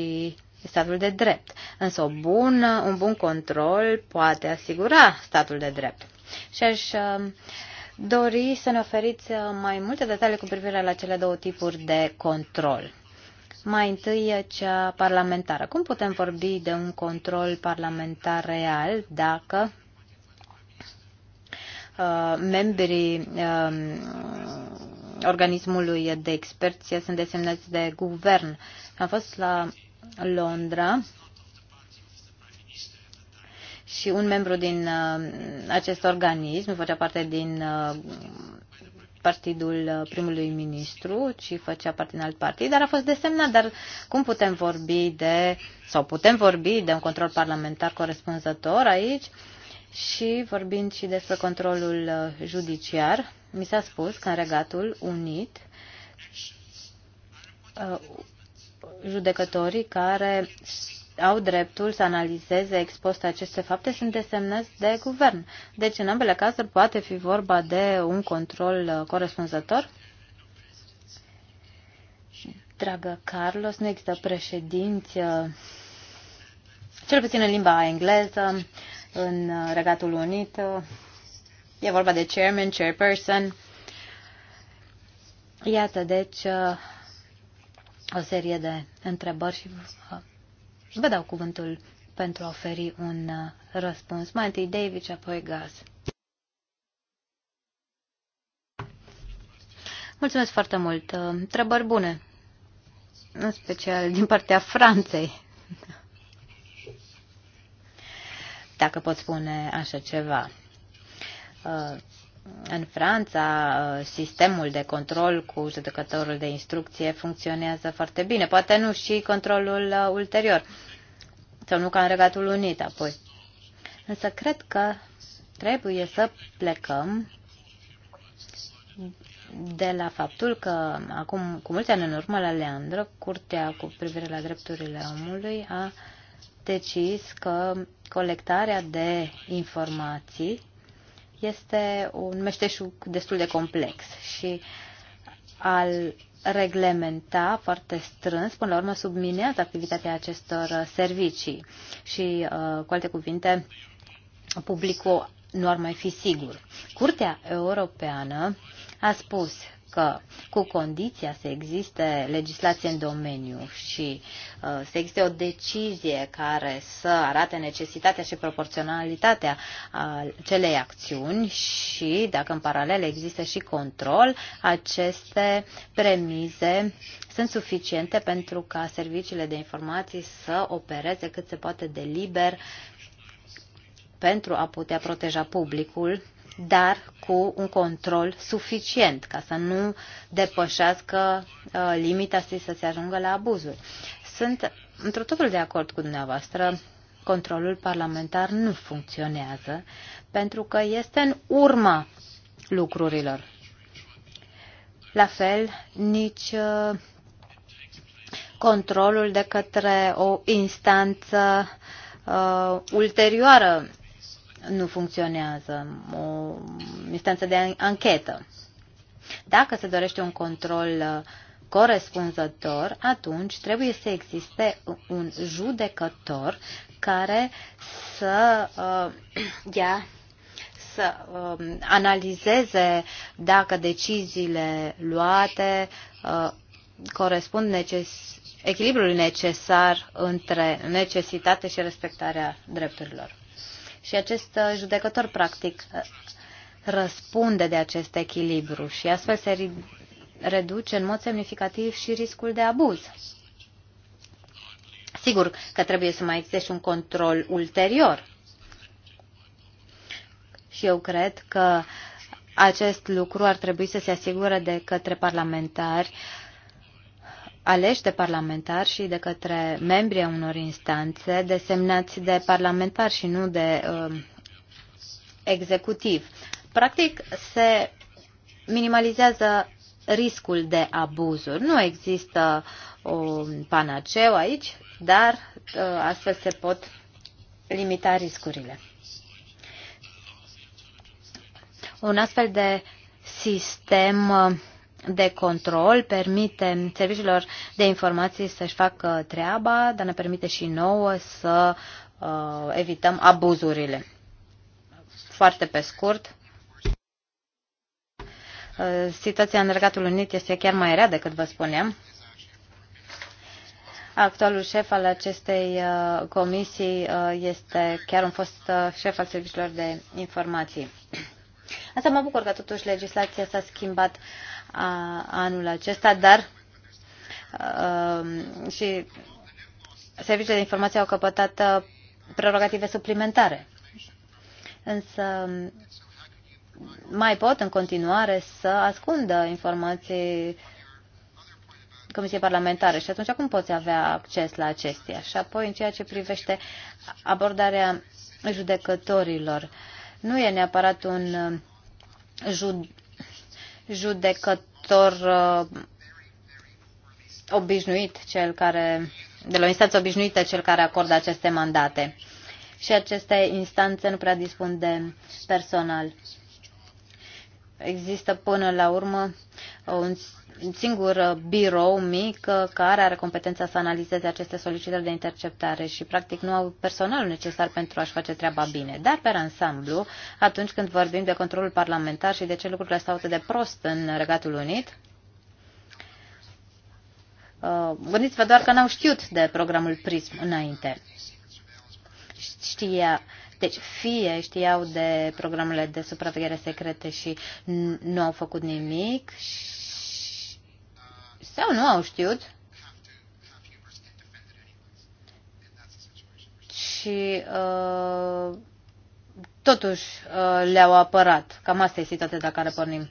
statul de drept. Însă o bună, un bun control poate asigura statul de drept. Și aș uh, dori să ne oferiți uh, mai multe detalii cu privire la cele două tipuri de control. Mai întâi cea parlamentară. Cum putem vorbi de un control parlamentar real dacă Uh, membrii um, organismului de experți sunt desemnați de guvern. Am fost la Londra și un membru din uh, acest organism făcea parte din uh, partidul primului ministru, ci făcea parte din alt partid, dar a fost desemnat. Dar cum putem vorbi de, sau putem vorbi de un control parlamentar corespunzător aici? Uh, și vorbind și despre controlul uh, judiciar, mi s-a spus că în Regatul Unit uh, judecătorii care au dreptul să analizeze expost aceste fapte sunt desemnați de guvern. Deci, în ambele cazuri, poate fi vorba de un control uh, corespunzător? Dragă Carlos, nu există președinți, cel puțin în limba engleză, în Regatul Unit. E vorba de chairman, chairperson. Iată, deci, o serie de întrebări și uh, vă dau cuvântul pentru a oferi un uh, răspuns. Mai întâi David și apoi Gaz. Mulțumesc foarte mult. Uh, întrebări bune, în special din partea Franței dacă pot spune așa ceva. Uh, în Franța, uh, sistemul de control cu judecătorul de instrucție funcționează foarte bine, poate nu și controlul uh, ulterior, sau nu ca în Regatul Unit apoi. Însă cred că trebuie să plecăm de la faptul că acum, cu mulți ani în urmă, la Leandră, Curtea cu privire la drepturile omului a uh, decis că colectarea de informații este un meșteșug destul de complex și al reglementa foarte strâns, până la urmă subminează activitatea acestor servicii și, uh, cu alte cuvinte, publicul nu ar mai fi sigur. Curtea Europeană a spus că cu condiția să existe legislație în domeniu și uh, să existe o decizie care să arate necesitatea și proporționalitatea uh, celei acțiuni și dacă în paralel există și control, aceste premize sunt suficiente pentru ca serviciile de informații să opereze cât se poate de liber pentru a putea proteja publicul dar cu un control suficient ca să nu depășească uh, limita și să se ajungă la abuzuri. Sunt într totul de acord cu dumneavoastră, controlul parlamentar nu funcționează pentru că este în urma lucrurilor. La fel, nici uh, controlul de către o instanță uh, ulterioară nu funcționează, o instanță de anchetă. Dacă se dorește un control uh, corespunzător, atunci trebuie să existe un judecător care să uh, *clears throat* ia să uh, analizeze dacă deciziile luate uh, corespund neces- echilibrului necesar între necesitate și respectarea drepturilor și acest uh, judecător practic uh, răspunde de acest echilibru și astfel se reduce în mod semnificativ și riscul de abuz. Sigur că trebuie să mai existe și un control ulterior. Și eu cred că acest lucru ar trebui să se asigure de către parlamentari uh, aleși de parlamentari și de către membrii unor instanțe desemnați de parlamentari și nu de uh, executiv. Practic, se minimalizează riscul de abuzuri. Nu există un panaceu aici, dar uh, astfel se pot limita riscurile. Un astfel de sistem uh, de control, permite serviciilor de informații să-și facă treaba, dar ne permite și nouă să uh, evităm abuzurile. Foarte pe scurt, uh, situația în Regatul Unit este chiar mai rea decât vă spuneam. Actualul șef al acestei uh, comisii uh, este chiar un fost șef al serviciilor de informații. *clears throat* Asta mă bucur că totuși legislația s-a schimbat a, anul acesta, dar uh, și serviciile de informație au căpătat prerogative suplimentare. Însă mai pot în continuare să ascundă informații Comisiei Parlamentare și atunci cum poți avea acces la acestea? Și apoi în ceea ce privește abordarea judecătorilor, nu e neapărat un jud judecător uh, obișnuit, cel care, de la o instanță obișnuită, cel care acordă aceste mandate. Și aceste instanțe nu prea dispun de personal există până la urmă un singur birou mic uh, care are competența să analizeze aceste solicitări de interceptare și practic nu au personalul necesar pentru a-și face treaba bine. Dar pe ansamblu, atunci când vorbim de controlul parlamentar și de ce lucrurile stau atât de prost în Regatul Unit, uh, gândiți-vă doar că n-au știut de programul PRISM înainte. Știa deci fie știau de programele de supraveghere secrete și nu au făcut nimic și... sau nu au știut și uh, totuși uh, le-au apărat. Cam asta e situația de la care pornim.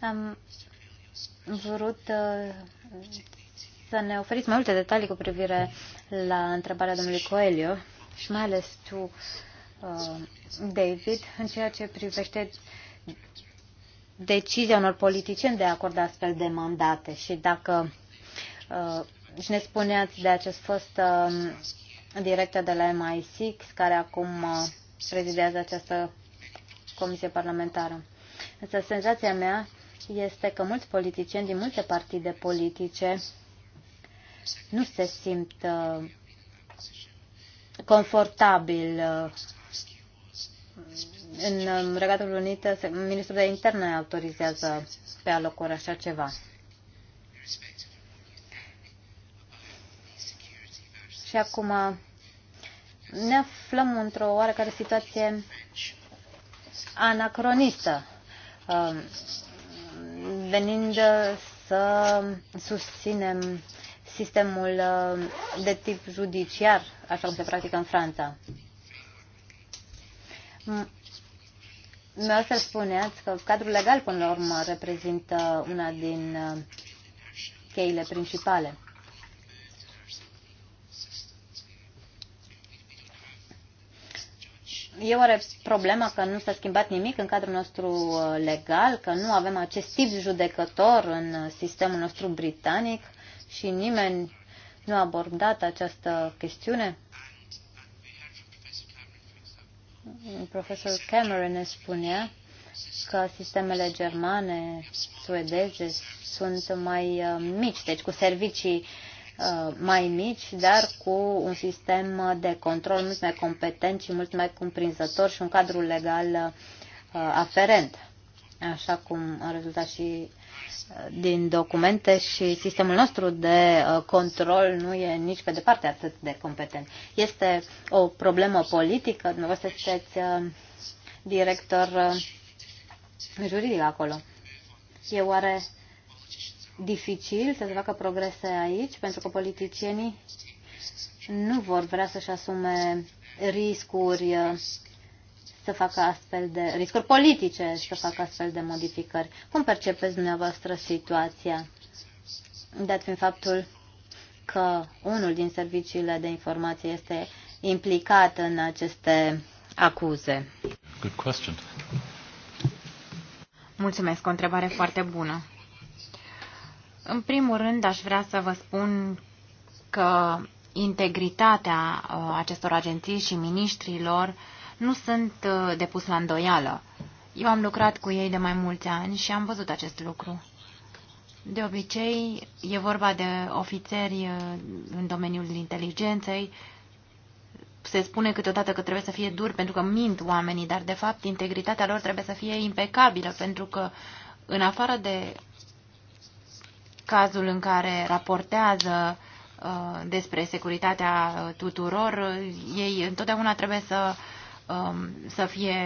Am vrut uh, să ne oferiți mai multe detalii cu privire la întrebarea domnului Coelho și mai ales tu, uh, David, în ceea ce privește decizia unor politicieni de a acorda astfel de mandate și dacă uh, și ne spuneați de acest fost uh, director de la MI6 care acum prezidează această comisie parlamentară. Însă senzația mea este că mulți politicieni din multe partide politice nu se simt uh, confortabil uh, în um, Regatul Unit, uh, ministrul de interne autorizează pe alocuri așa ceva. Și acum ne aflăm într-o oarecare situație anacronistă, venind să susținem sistemul uh, de tip judiciar, așa cum se practică în Franța. Mi-o să spuneați că cadrul legal, până la urmă, reprezintă una din uh, cheile principale. E oare problema că nu s-a schimbat nimic în cadrul nostru uh, legal, că nu avem acest tip judecător în sistemul nostru britanic? și nimeni nu a abordat această chestiune? Profesor Cameron ne spunea că sistemele germane, suedeze sunt mai uh, mici, deci cu servicii uh, mai mici, dar cu un sistem de control mult mai competent și mult mai cumprinzător și un cadru legal uh, aferent, așa cum a rezultat și din documente și sistemul nostru de uh, control nu e nici pe departe atât de competent. Este o problemă politică, dumneavoastră sunteți uh, director uh, juridic acolo. E oare dificil să se facă progrese aici, pentru că politicienii nu vor vrea să-și asume riscuri să facă astfel de riscuri politice, să facă astfel de modificări. Cum percepeți dumneavoastră situația, dat fiind faptul că unul din serviciile de informație este implicat în aceste acuze? Good question. Mulțumesc, o întrebare foarte bună. În primul rând, aș vrea să vă spun că integritatea uh, acestor agenții și miniștrilor nu sunt uh, depus la îndoială. Eu am lucrat cu ei de mai mulți ani și am văzut acest lucru. De obicei, e vorba de ofițeri uh, în domeniul inteligenței. Se spune câteodată că trebuie să fie dur pentru că mint oamenii, dar de fapt integritatea lor trebuie să fie impecabilă pentru că în afară de cazul în care raportează uh, despre securitatea uh, tuturor, ei întotdeauna trebuie să uh, um, să fie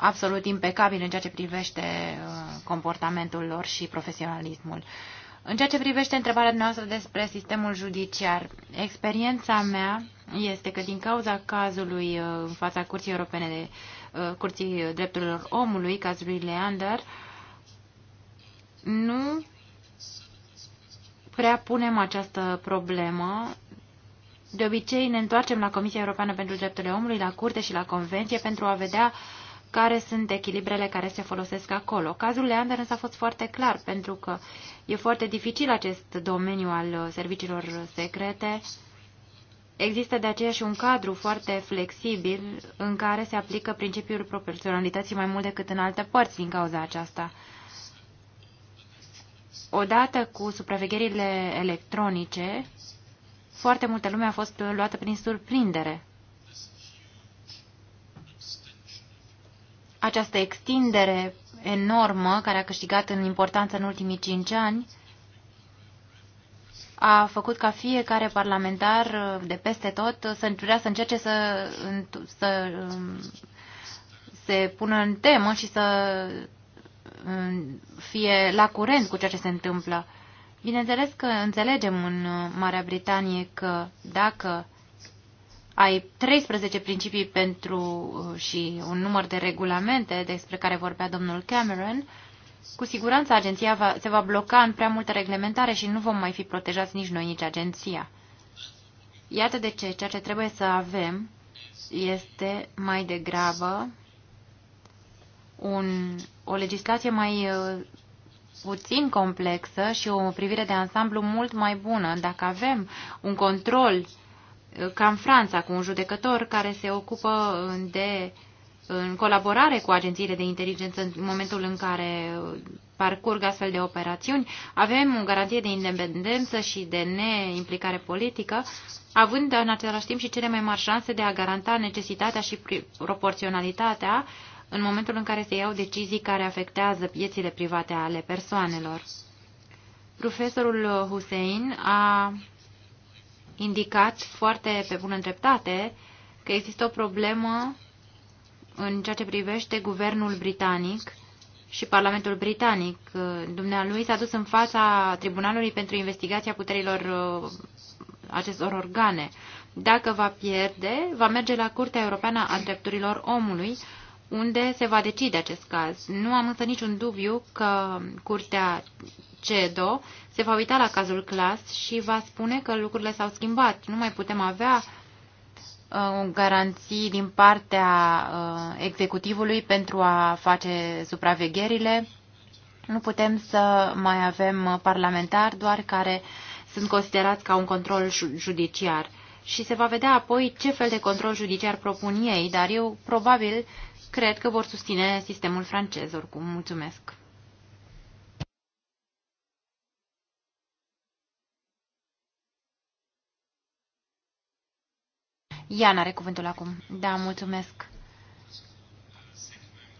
absolut impecabil în ceea ce privește uh, comportamentul lor și profesionalismul. În ceea ce privește întrebarea noastră despre sistemul judiciar, experiența mea este că din cauza cazului uh, în fața Curții Europene de uh, Curții Drepturilor Omului, cazului Leander, nu prea punem această problemă de obicei ne întoarcem la Comisia Europeană pentru Drepturile Omului, la Curte și la Convenție pentru a vedea care sunt echilibrele care se folosesc acolo. Cazul Leander însă a fost foarte clar, pentru că e foarte dificil acest domeniu al serviciilor secrete. Există de aceea și un cadru foarte flexibil în care se aplică principiul proporționalității mai mult decât în alte părți din cauza aceasta. Odată cu supravegherile electronice, foarte multă lume a fost uh, luată prin surprindere. Această extindere enormă, care a câștigat în importanță în ultimii cinci ani, a făcut ca fiecare parlamentar uh, de peste tot să vrea să încerce să, să um, se pună în temă și să um, fie la curent cu ceea ce se întâmplă. Bineînțeles că înțelegem în uh, Marea Britanie că dacă ai 13 principii pentru uh, și un număr de regulamente despre care vorbea domnul Cameron, cu siguranță agenția va, se va bloca în prea multă reglementare și nu vom mai fi protejați nici noi, nici agenția. Iată de ce ceea ce trebuie să avem este mai degrabă un, o legislație mai uh, puțin complexă și o privire de ansamblu mult mai bună. Dacă avem un control eh, ca în Franța, cu un judecător care se ocupă de, în colaborare cu agențiile de inteligență în momentul în care eh, parcurg astfel de operațiuni, avem o garanție de independență și de neimplicare politică, având în același timp și cele mai mari șanse de a garanta necesitatea și proporționalitatea uh, în momentul în care se iau decizii care afectează piețile private ale persoanelor. Profesorul Hussein a indicat foarte pe bună dreptate că există o problemă în ceea ce privește guvernul britanic și Parlamentul britanic. Dumnealui s-a dus în fața Tribunalului pentru investigația puterilor uh, acestor organe. Dacă va pierde, va merge la Curtea Europeană a Drepturilor Omului, unde se va decide acest caz. Nu am însă niciun dubiu că Curtea CEDO se va uita la cazul clas și va spune că lucrurile s-au schimbat. Nu mai putem avea uh, garanții din partea uh, executivului pentru a face supravegherile. Nu putem să mai avem uh, parlamentari doar care sunt considerați ca un control judiciar. Și se va vedea apoi ce fel de control judiciar propun ei, dar eu probabil cred că vor susține sistemul francez oricum. Mulțumesc! Iana are cuvântul acum. Da, mulțumesc.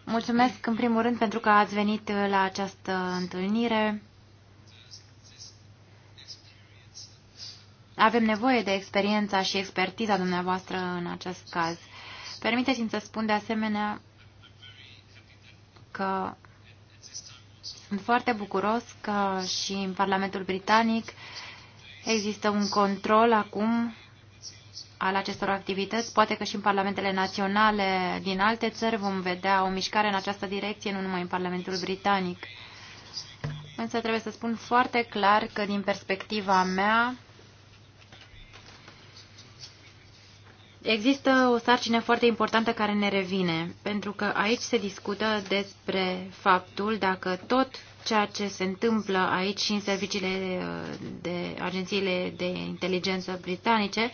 Mulțumesc în primul rând pentru că ați venit la această întâlnire. Avem nevoie de experiența și expertiza dumneavoastră în acest caz. Permiteți-mi să spun de asemenea că sunt foarte bucuros că și în Parlamentul Britanic există un control acum al acestor activități. Poate că și în parlamentele naționale din alte țări vom vedea o mișcare în această direcție, nu numai în Parlamentul Britanic. Însă trebuie să spun foarte clar că din perspectiva mea, Există o sarcină foarte importantă care ne revine, pentru că aici se discută despre faptul dacă tot ceea ce se întâmplă aici și în serviciile uh, de agențiile de inteligență britanice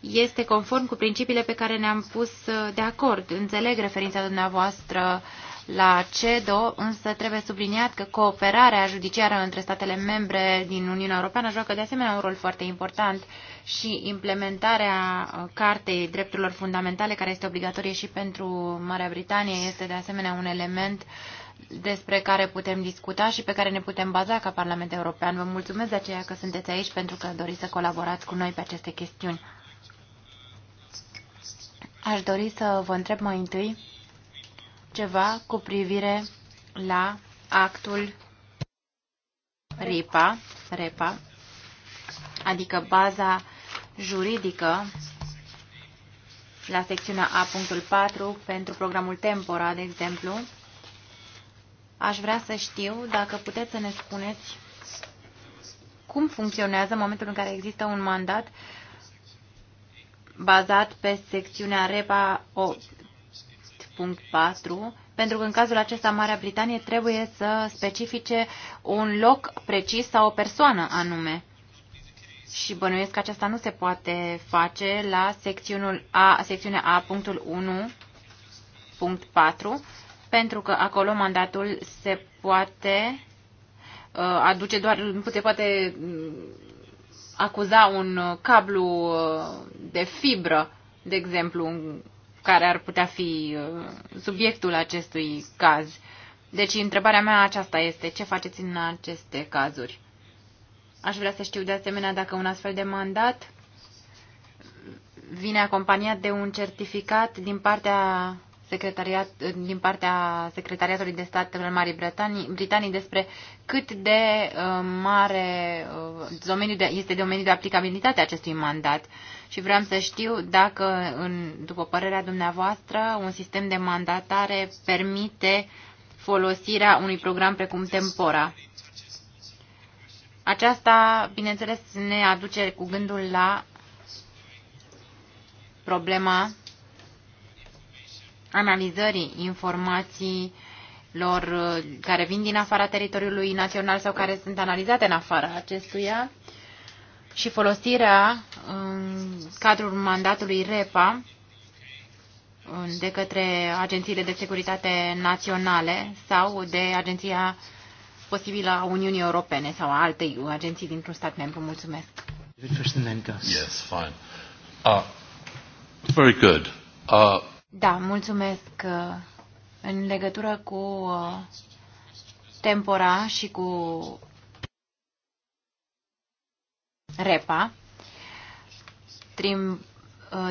este conform cu principiile pe care ne-am pus uh, de acord. Înțeleg referința dumneavoastră uh, la CEDO, însă trebuie subliniat că cooperarea judiciară între statele membre din Uniunea Europeană joacă de asemenea un rol foarte important și implementarea uh, Cartei Drepturilor Fundamentale, care este obligatorie și pentru Marea Britanie, este de asemenea un element despre care putem discuta și pe care ne putem baza ca Parlament European. Vă mulțumesc de aceea că sunteți aici pentru că doriți să colaborați cu noi pe aceste chestiuni. Aș dori să vă întreb mai întâi ceva cu privire la actul RIPA, REPA, adică baza juridică la secțiunea A.4 pentru programul Tempora, de exemplu. Aș vrea să știu dacă puteți să ne spuneți cum funcționează în momentul în care există un mandat bazat pe secțiunea REPA punct 4, pentru că în cazul acesta Marea Britanie trebuie să specifice un loc precis sau o persoană anume. Și bănuiesc că aceasta nu se poate face la secțiunul A, secțiunea A, punctul 1, punct 4, pentru că acolo mandatul se poate uh, aduce doar, se poate uh, acuza un uh, cablu de fibră, de exemplu, care ar putea fi uh, subiectul acestui caz. Deci întrebarea mea aceasta este, ce faceți în aceste cazuri? Aș vrea să știu de asemenea dacă un astfel de mandat vine acompaniat de un certificat din partea secretariat, din partea Secretariatului de Stat al Marii Britanii, Britanii despre cât de uh, mare uh, domeniu de, este domeniul de aplicabilitate a acestui mandat. Și vreau să știu dacă, în, după părerea dumneavoastră, un sistem de mandatare permite folosirea unui program precum Tempora. Aceasta, bineînțeles, ne aduce cu gândul la problema analizării informații lor uh, care vin din afara teritoriului național sau care sunt analizate în afara acestuia și folosirea în um, cadrul mandatului REPA um, de către agențiile de securitate naționale sau de agenția posibilă a Uniunii Europene sau a altei agenții dintr-un stat membru. Mulțumesc. Yes, fine. Uh, very good. Uh, da, mulțumesc. Uh, în legătură cu uh, tempora și cu repa, uh,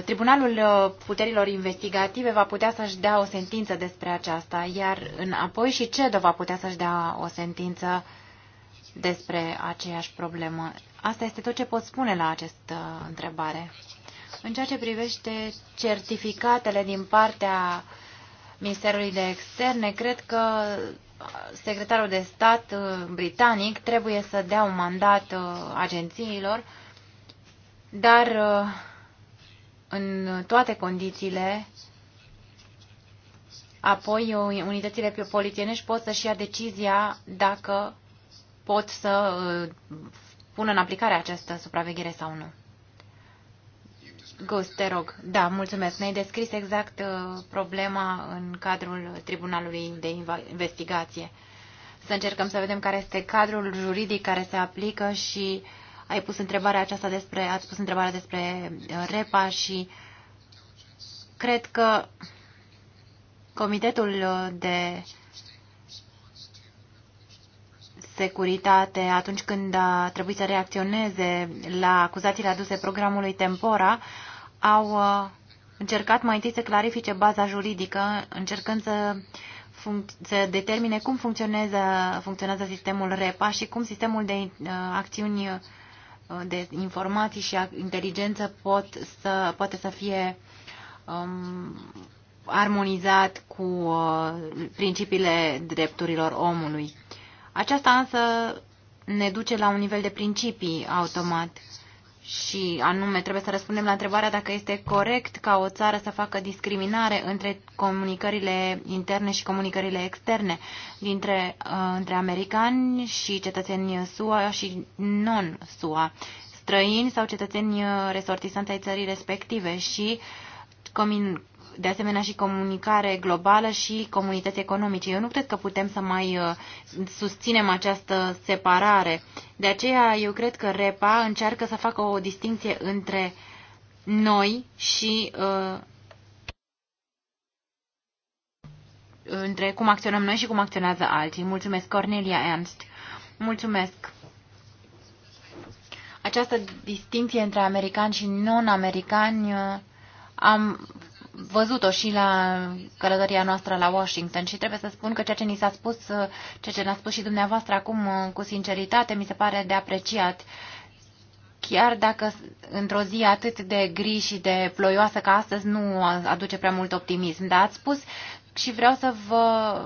Tribunalul Puterilor Investigative va putea să-și dea o sentință despre aceasta, iar înapoi și CEDO va putea să-și dea o sentință despre aceeași problemă. Asta este tot ce pot spune la această întrebare. În ceea ce privește certificatele din partea Ministerului de Externe, cred că secretarul de stat uh, britanic trebuie să dea un mandat uh, agențiilor, dar uh, în toate condițiile, apoi unitățile polițienești pot să-și ia decizia dacă pot să pună în aplicare această supraveghere sau nu. Gus, te rog. Da, mulțumesc. Ne-ai descris exact uh, problema în cadrul Tribunalului de Investigație. Să încercăm să vedem care este cadrul juridic care se aplică și ai pus întrebarea aceasta despre, ați pus întrebarea despre uh, REPA și cred că Comitetul uh, de securitate atunci când a trebuit să reacționeze la acuzațiile aduse programului Tempora, au uh, încercat mai întâi să clarifice baza juridică, încercând să, să determine cum funcționează, funcționează sistemul REPA și cum sistemul de uh, acțiuni uh, de informații și inteligență pot să, poate să fie um, armonizat cu uh, principiile drepturilor omului. Aceasta însă ne duce la un nivel de principii automat și anume trebuie să răspundem la întrebarea dacă este corect ca o țară să facă discriminare între comunicările interne și comunicările externe dintre uh, între americani și cetățeni SUA și non-SUA, străini sau cetățeni resortisanți ai țării respective și de asemenea și comunicare globală și comunități economice. Eu nu cred că putem să mai uh, susținem această separare. De aceea eu cred că REPA încearcă să facă o distinție între noi și uh, între cum acționăm noi și cum acționează alții. Mulțumesc, Cornelia Ernst. Mulțumesc. Această distinție între americani și non-americani uh, am văzut-o și la călătoria noastră la Washington și trebuie să spun că ceea ce ni s-a spus, ceea ce ne-a spus și dumneavoastră acum cu sinceritate, mi se pare de apreciat. Chiar dacă într-o zi atât de gri și de ploioasă ca astăzi nu aduce prea mult optimism, dar ați spus și vreau să vă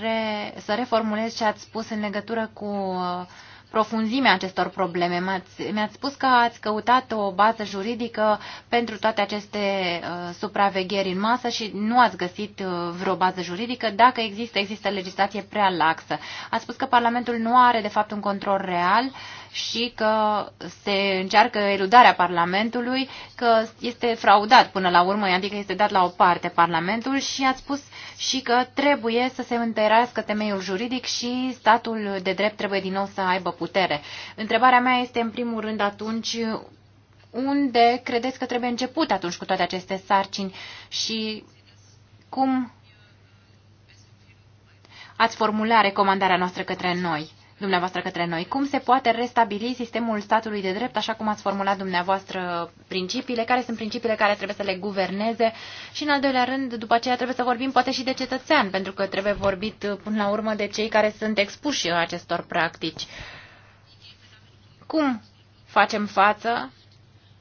re, să reformulez ce ați spus în legătură cu uh, profunzimea acestor probleme. Mi-ați, spus că ați căutat o bază juridică pentru toate aceste uh, supravegheri în masă și nu ați găsit uh, vreo bază juridică. Dacă există, există legislație prea laxă. Ați spus că Parlamentul nu are, de fapt, un control real uh, și că se încearcă eludarea Parlamentului, că este fraudat până la urmă, adică este dat la o parte Parlamentul și ați spus și că trebuie să se întărească temeiul juridic și statul de drept trebuie din nou să aibă putere. Întrebarea mea este în primul rând atunci unde credeți că trebuie început atunci cu toate aceste sarcini și cum ați formula recomandarea noastră către noi dumneavoastră către noi. Cum se poate restabili sistemul statului de drept, așa cum ați formulat dumneavoastră principiile, care sunt principiile care trebuie să le guverneze și, în al doilea rând, după aceea trebuie să vorbim poate și de cetățean, pentru că trebuie vorbit uh, până la urmă de cei care sunt expuși acestor practici. Cum facem față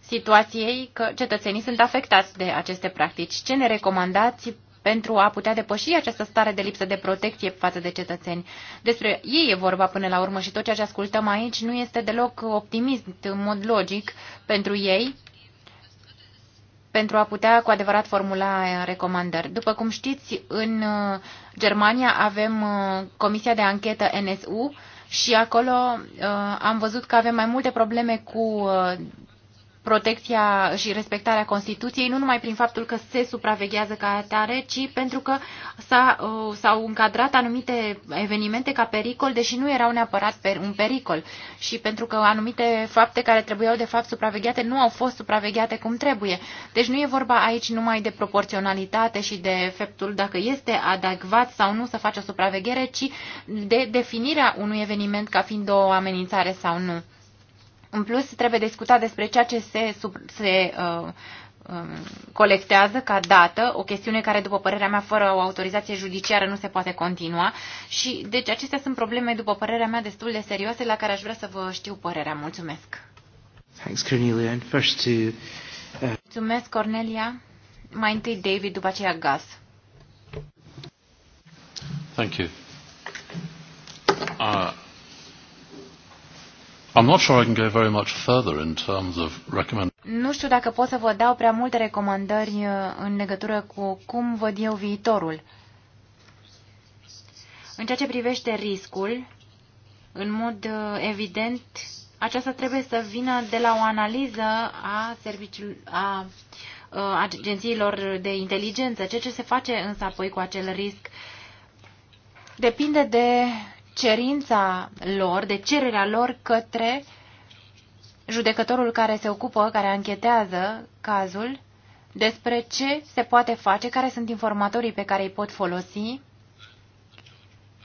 situației că cetățenii sunt afectați de aceste practici? Ce ne recomandați pentru a putea depăși această stare de lipsă de protecție față de cetățeni. Despre ei e vorba până la urmă și tot ceea ce ascultăm aici nu este deloc optimist în mod logic pentru ei pentru a putea cu adevărat formula recomandări. După cum știți, în uh, Germania avem uh, Comisia de Anchetă NSU și acolo uh, am văzut că avem mai multe probleme cu protecția și respectarea Constituției, nu numai prin faptul că se supraveghează ca atare, ci pentru că uh, s-au încadrat anumite evenimente ca pericol, deși nu erau neapărat un pericol și pentru că anumite fapte care trebuiau de fapt supravegheate nu au fost supravegheate cum trebuie. Deci nu e vorba aici numai de proporționalitate și de efectul dacă este adecvat sau nu să faci o supraveghere, ci de definirea unui eveniment ca fiind o amenințare sau nu. În plus, trebuie discutat despre ceea ce se, sub, se uh, um, colectează ca dată, o chestiune care, după părerea mea, fără o autorizație judiciară nu se poate continua. Și, deci, acestea sunt probleme, după părerea mea, destul de serioase, la care aș vrea să vă știu părerea. Mulțumesc! Thanks, Cornelia. And first to, uh... Mulțumesc, Cornelia. Mai întâi David, după aceea Gaz. Thank you. Uh, nu știu dacă pot să vă dau prea multe recomandări uh, în legătură cu cum văd eu viitorul. În ceea ce privește riscul, în mod uh, evident, aceasta trebuie să vină de la o analiză a, serviciului a uh, agențiilor de inteligență. Ceea ce se face însă apoi cu acel risc depinde de cerința lor, de cererea lor către judecătorul care se ocupă, care anchetează cazul, despre ce se poate face, care sunt informatorii pe care îi pot folosi,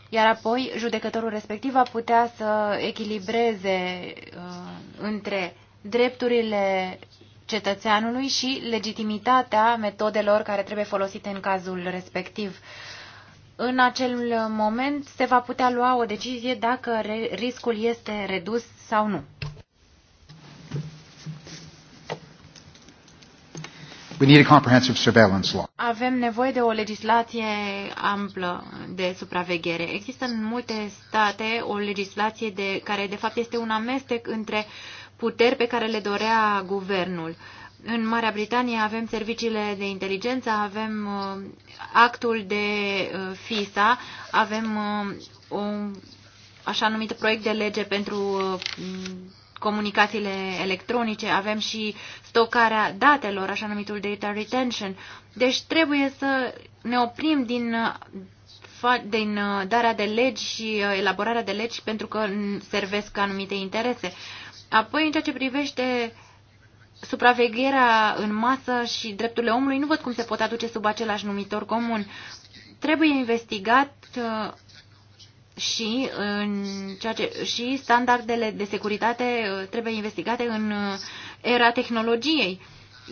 iar apoi judecătorul respectiv va putea să echilibreze uh, între drepturile cetățeanului și legitimitatea metodelor care trebuie folosite în cazul respectiv. Uh, în acel moment se va putea lua o decizie dacă riscul este redus sau nu. We need a comprehensive surveillance law. Avem nevoie de o legislație amplă de supraveghere. Există în multe state o legislație de, care de fapt este un amestec între puteri pe care le dorea guvernul. Uh, în Marea Britanie avem serviciile de inteligență, avem uh, actul de uh, FISA, avem uh, un așa numit proiect de lege pentru comunicațiile electronice, avem și stocarea datelor, așa numitul data retention. Deci trebuie să ne oprim din, din darea de legi și elaborarea de legi pentru că servesc anumite interese. Apoi, în ceea ce privește supravegherea în masă și drepturile omului nu văd cum se pot aduce sub același numitor comun. Trebuie investigat uh, și, în ceea ce, și standardele de securitate uh, trebuie investigate în uh, era tehnologiei.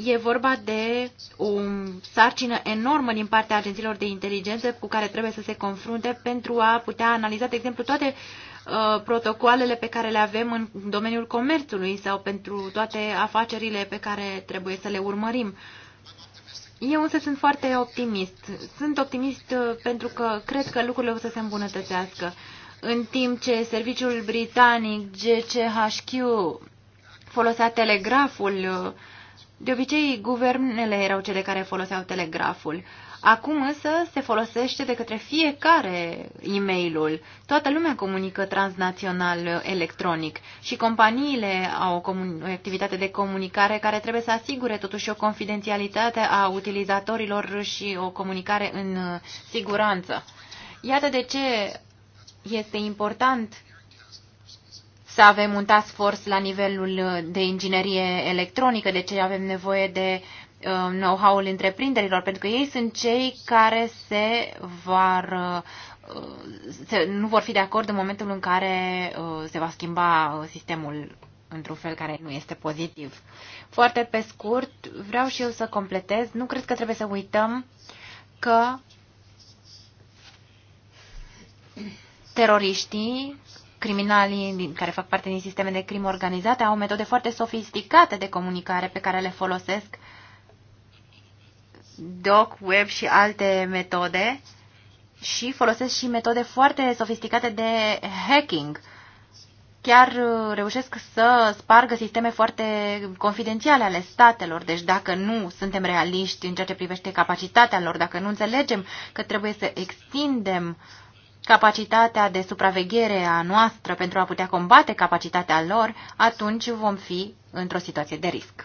E vorba de o sarcină enormă din partea agențiilor de inteligență cu care trebuie să se confrunte pentru a putea analiza, de exemplu, toate uh, Uh, protocoalele pe care le avem în domeniul comerțului sau pentru toate afacerile pe care trebuie să le urmărim. Eu însă sunt foarte optimist. Sunt optimist uh, pentru că cred că lucrurile o să se îmbunătățească. În timp ce serviciul britanic GCHQ folosea telegraful, uh, de obicei guvernele erau cele care foloseau telegraful. Acum însă se folosește de către fiecare e mail Toată lumea comunică transnațional electronic și companiile au o, o activitate de comunicare care trebuie să asigure totuși o confidențialitate a utilizatorilor și o comunicare în siguranță. Iată de ce este important să avem un task force la nivelul de inginerie electronică, de ce avem nevoie de uh, Uh, know-how-ul întreprinderilor, pentru că ei sunt cei care se vor, uh, se, nu vor fi de acord în momentul în care uh, se va schimba sistemul într-un fel care nu este pozitiv. Foarte pe scurt, vreau și eu să completez. Nu cred că trebuie să uităm că teroriștii, criminalii care fac parte din sisteme de crimă organizate au metode foarte sofisticate de comunicare pe care le folosesc doc, web și alte metode și folosesc și metode foarte sofisticate de hacking. Chiar uh, reușesc să spargă sisteme foarte confidențiale ale statelor, deci dacă nu suntem realiști în ceea ce privește capacitatea lor, dacă nu înțelegem că trebuie să extindem capacitatea de supraveghere a noastră pentru a putea combate capacitatea lor, atunci vom fi într-o situație de risc.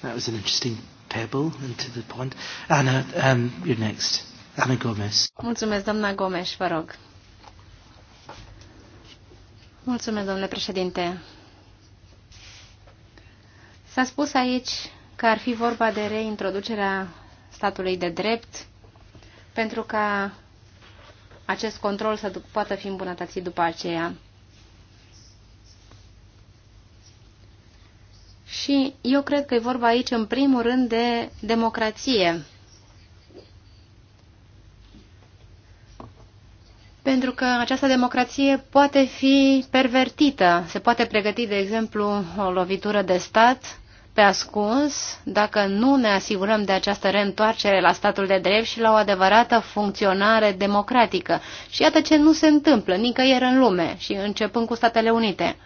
That was an interesting pebble into the pond. Anna, um, you're next. Ana Gomes. Mulțumesc, doamna Gomes, vă rog. Mulțumesc, domnule președinte. S-a spus aici că ar fi vorba de reintroducerea statului de drept pentru ca acest control să poată fi îmbunătățit după aceea. Și eu cred că e vorba aici, în primul rând, de democrație. Pentru că această democrație poate fi pervertită. Se poate pregăti, de exemplu, o lovitură de stat pe ascuns dacă nu ne asigurăm de această reîntoarcere la statul de drept și la o adevărată funcționare democratică. Și iată ce nu se întâmplă nicăieri în lume și începând cu Statele Unite.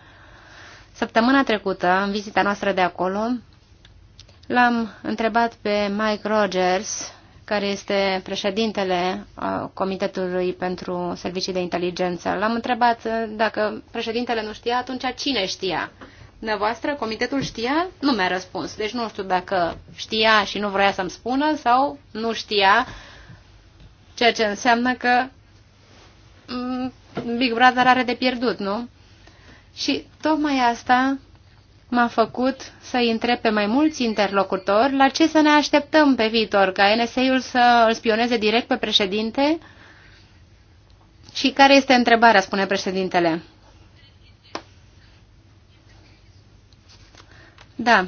Săptămâna trecută, în vizita noastră de acolo, l-am întrebat pe Mike Rogers, care este președintele Comitetului pentru Servicii de Inteligență. L-am întrebat uh, dacă președintele nu știa, atunci cine știa? Dumneavoastră, comitetul știa? Nu mi-a răspuns. Deci nu știu dacă știa și nu vrea să-mi spună sau nu știa, ceea ce înseamnă că mm, Big Brother are de pierdut, nu? Și tocmai asta m-a făcut să intre pe mai mulți interlocutori la ce să ne așteptăm pe viitor, ca NSA-ul să îl spioneze direct pe președinte? Și care este întrebarea, spune președintele? Da,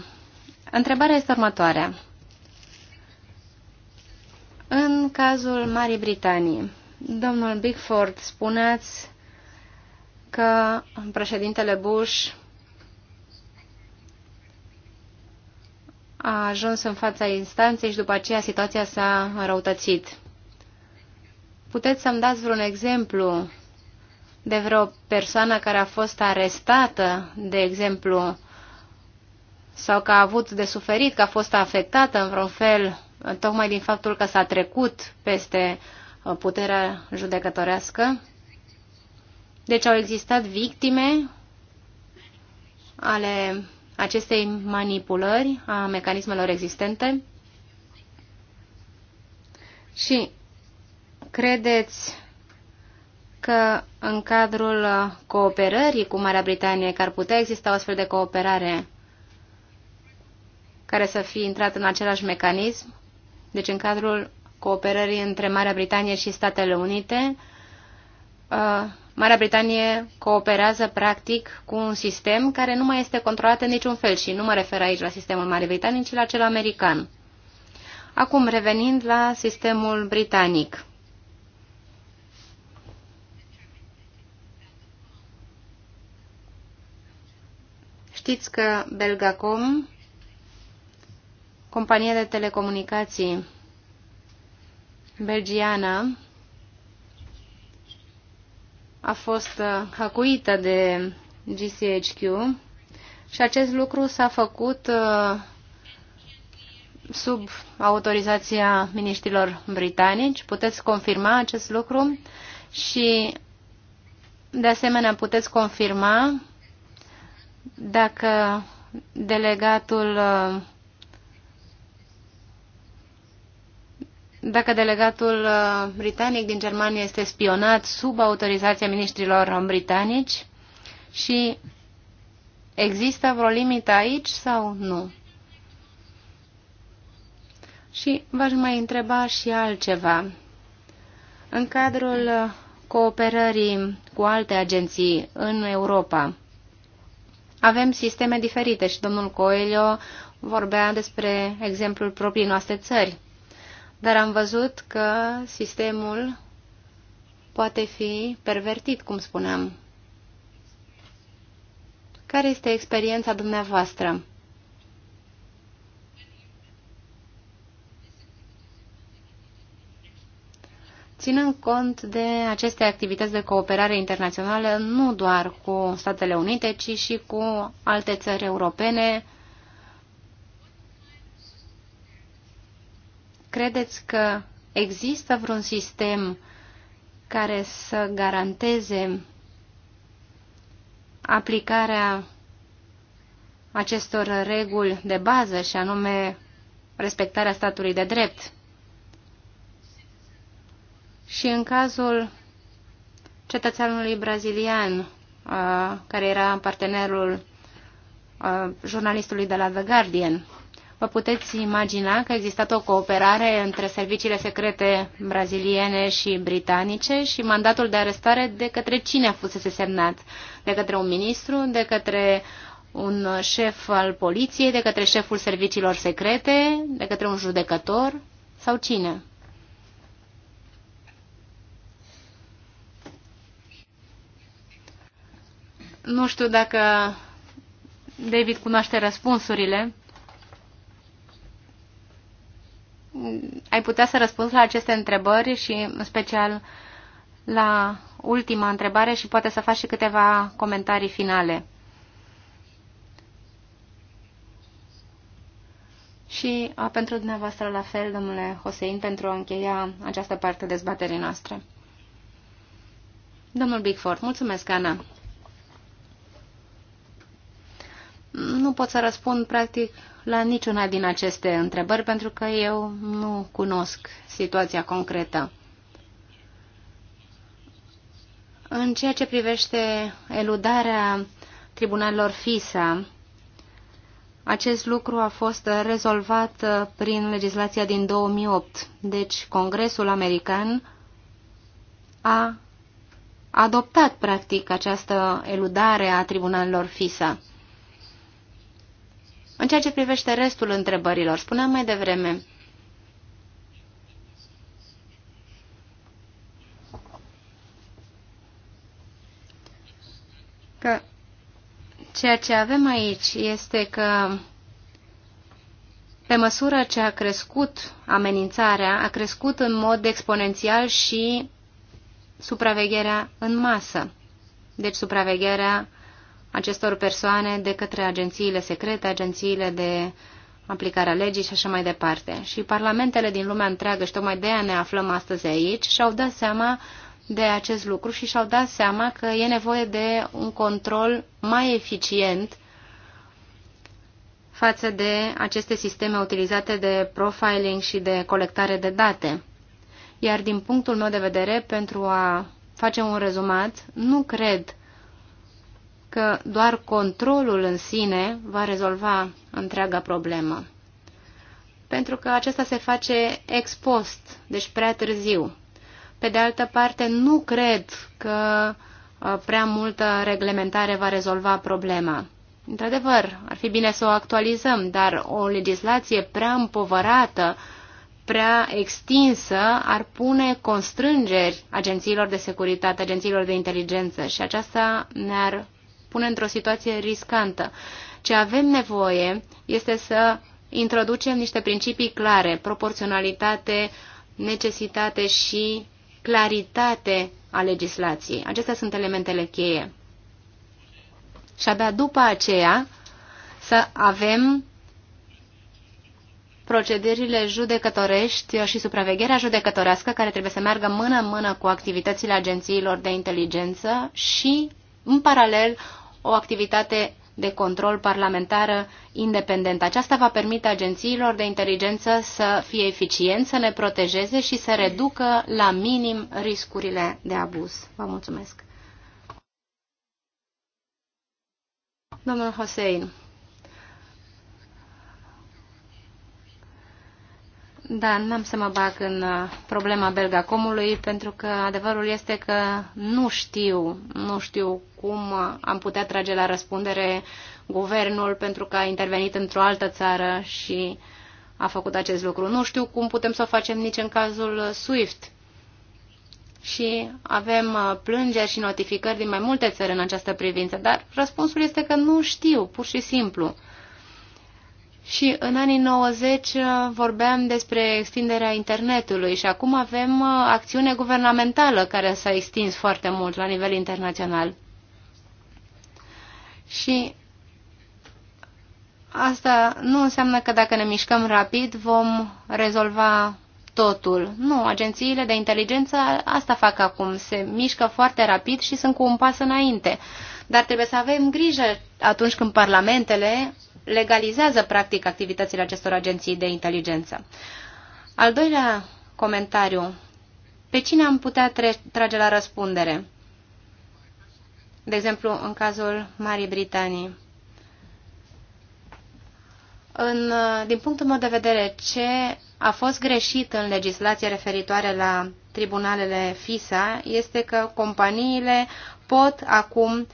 întrebarea este următoarea. În cazul Marii Britanii, domnul Bigford, spuneați că președintele Bush a ajuns în fața instanței și după aceea situația s-a răutățit. Puteți să-mi dați vreun exemplu de vreo persoană care a fost arestată, de exemplu, sau că a avut de suferit, că a fost afectată în vreun fel, tocmai din faptul că s-a trecut peste uh, puterea judecătorească? Deci au existat victime ale acestei manipulări a mecanismelor existente și credeți că în cadrul cooperării cu Marea Britanie, că ar putea exista o astfel de cooperare care să fie intrat în același mecanism, deci în cadrul cooperării între Marea Britanie și Statele Unite, uh, Marea Britanie cooperează practic cu un sistem care nu mai este controlat în niciun fel și nu mă refer aici la sistemul Marii Britanii, ci la cel american. Acum, revenind la sistemul britanic. Știți că Belgacom, compania de telecomunicații belgiană, a fost uh, hăcuită de GCHQ și acest lucru s-a făcut uh, sub autorizația miniștilor britanici. Puteți confirma acest lucru și, de asemenea, puteți confirma dacă delegatul uh, dacă delegatul uh, britanic din Germania este spionat sub autorizația ministrilor britanici și există vreo limită aici sau nu? Și v-aș mai întreba și altceva. În cadrul cooperării cu alte agenții în Europa, avem sisteme diferite și domnul Coelho vorbea despre exemplul proprii noastre țări. Dar am văzut că sistemul poate fi pervertit, cum spuneam. Care este experiența dumneavoastră? ținând cont de aceste activități de cooperare internațională nu doar cu Statele Unite, ci și cu alte țări europene, Credeți că există vreun sistem care să garanteze aplicarea acestor reguli de bază și anume respectarea statului de drept? Și în cazul cetățeanului brazilian, uh, care era partenerul uh, jurnalistului de la The Guardian, Vă puteți imagina că a existat o cooperare între serviciile secrete braziliene și britanice și mandatul de arestare de către cine a fost semnat? De către un ministru, de către un șef al poliției, de către șeful serviciilor secrete, de către un judecător sau cine? Nu știu dacă David cunoaște răspunsurile. ai putea să răspunzi la aceste întrebări și în special la ultima întrebare și poate să faci și câteva comentarii finale. Și a, pentru dumneavoastră la fel, domnule Hosein, pentru a încheia această parte dezbaterii noastre. Domnul Bigford, mulțumesc, Ana. Nu pot să răspund, practic, la niciuna din aceste întrebări pentru că eu nu cunosc situația concretă. În ceea ce privește eludarea tribunalelor FISA, acest lucru a fost rezolvat uh, prin legislația din 2008. Deci, Congresul american a adoptat, practic, această eludare a tribunalelor FISA. În ceea ce privește restul întrebărilor, spuneam mai devreme, că ceea ce avem aici este că pe măsură ce a crescut amenințarea, a crescut în mod exponențial și supravegherea în masă. Deci supravegherea acestor persoane de către agențiile secrete, agențiile de aplicare a legii și așa mai departe. Și parlamentele din lumea întreagă, și tocmai de aia ne aflăm astăzi aici, și-au dat seama de acest lucru și și-au dat seama că e nevoie de un control mai eficient față de aceste sisteme utilizate de profiling și de colectare de date. Iar din punctul meu de vedere, pentru a face un rezumat, nu cred că doar controlul în sine va rezolva întreaga problemă. Pentru că acesta se face ex post, deci prea târziu. Pe de altă parte, nu cred că uh, prea multă reglementare va rezolva problema. Într-adevăr, ar fi bine să o actualizăm, dar o legislație prea împovărată, prea extinsă, ar pune constrângeri agențiilor de securitate, agențiilor de inteligență și aceasta ne-ar pune într-o situație riscantă. Ce avem nevoie este să introducem niște principii clare, proporționalitate, necesitate și claritate a legislației. Acestea sunt elementele cheie. Și abia după aceea să avem procedurile judecătorești și supravegherea judecătorească care trebuie să meargă mână-mână cu activitățile agențiilor de inteligență și, în paralel, o activitate de control parlamentară independentă. Aceasta va permite agențiilor de inteligență să fie eficient, să ne protejeze și să reducă la minim riscurile de abuz. Vă mulțumesc. Domnul Hossein. Da, n-am să mă bag în uh, problema Belgacomului, pentru că adevărul este că nu știu, nu știu cum uh, am putea trage la răspundere guvernul pentru că a intervenit într-o altă țară și a făcut acest lucru. Nu știu cum putem să o facem nici în cazul SWIFT. Și avem uh, plângeri și notificări din mai multe țări în această privință, dar răspunsul este că nu știu, pur și simplu. Și în anii 90 uh, vorbeam despre extinderea internetului și acum avem uh, acțiune guvernamentală care s-a extins foarte mult la nivel internațional. Și asta nu înseamnă că dacă ne mișcăm rapid vom rezolva totul. Nu, agențiile de inteligență asta fac acum, se mișcă foarte rapid și sunt cu un pas înainte. Dar trebuie să avem grijă atunci când parlamentele legalizează practic activitățile acestor agenții de inteligență. Al doilea comentariu. Pe cine am putea trage la răspundere? De exemplu, în cazul Marii Britanii. În, din punctul meu de vedere, ce a fost greșit în legislația referitoare la tribunalele FISA este că companiile pot acum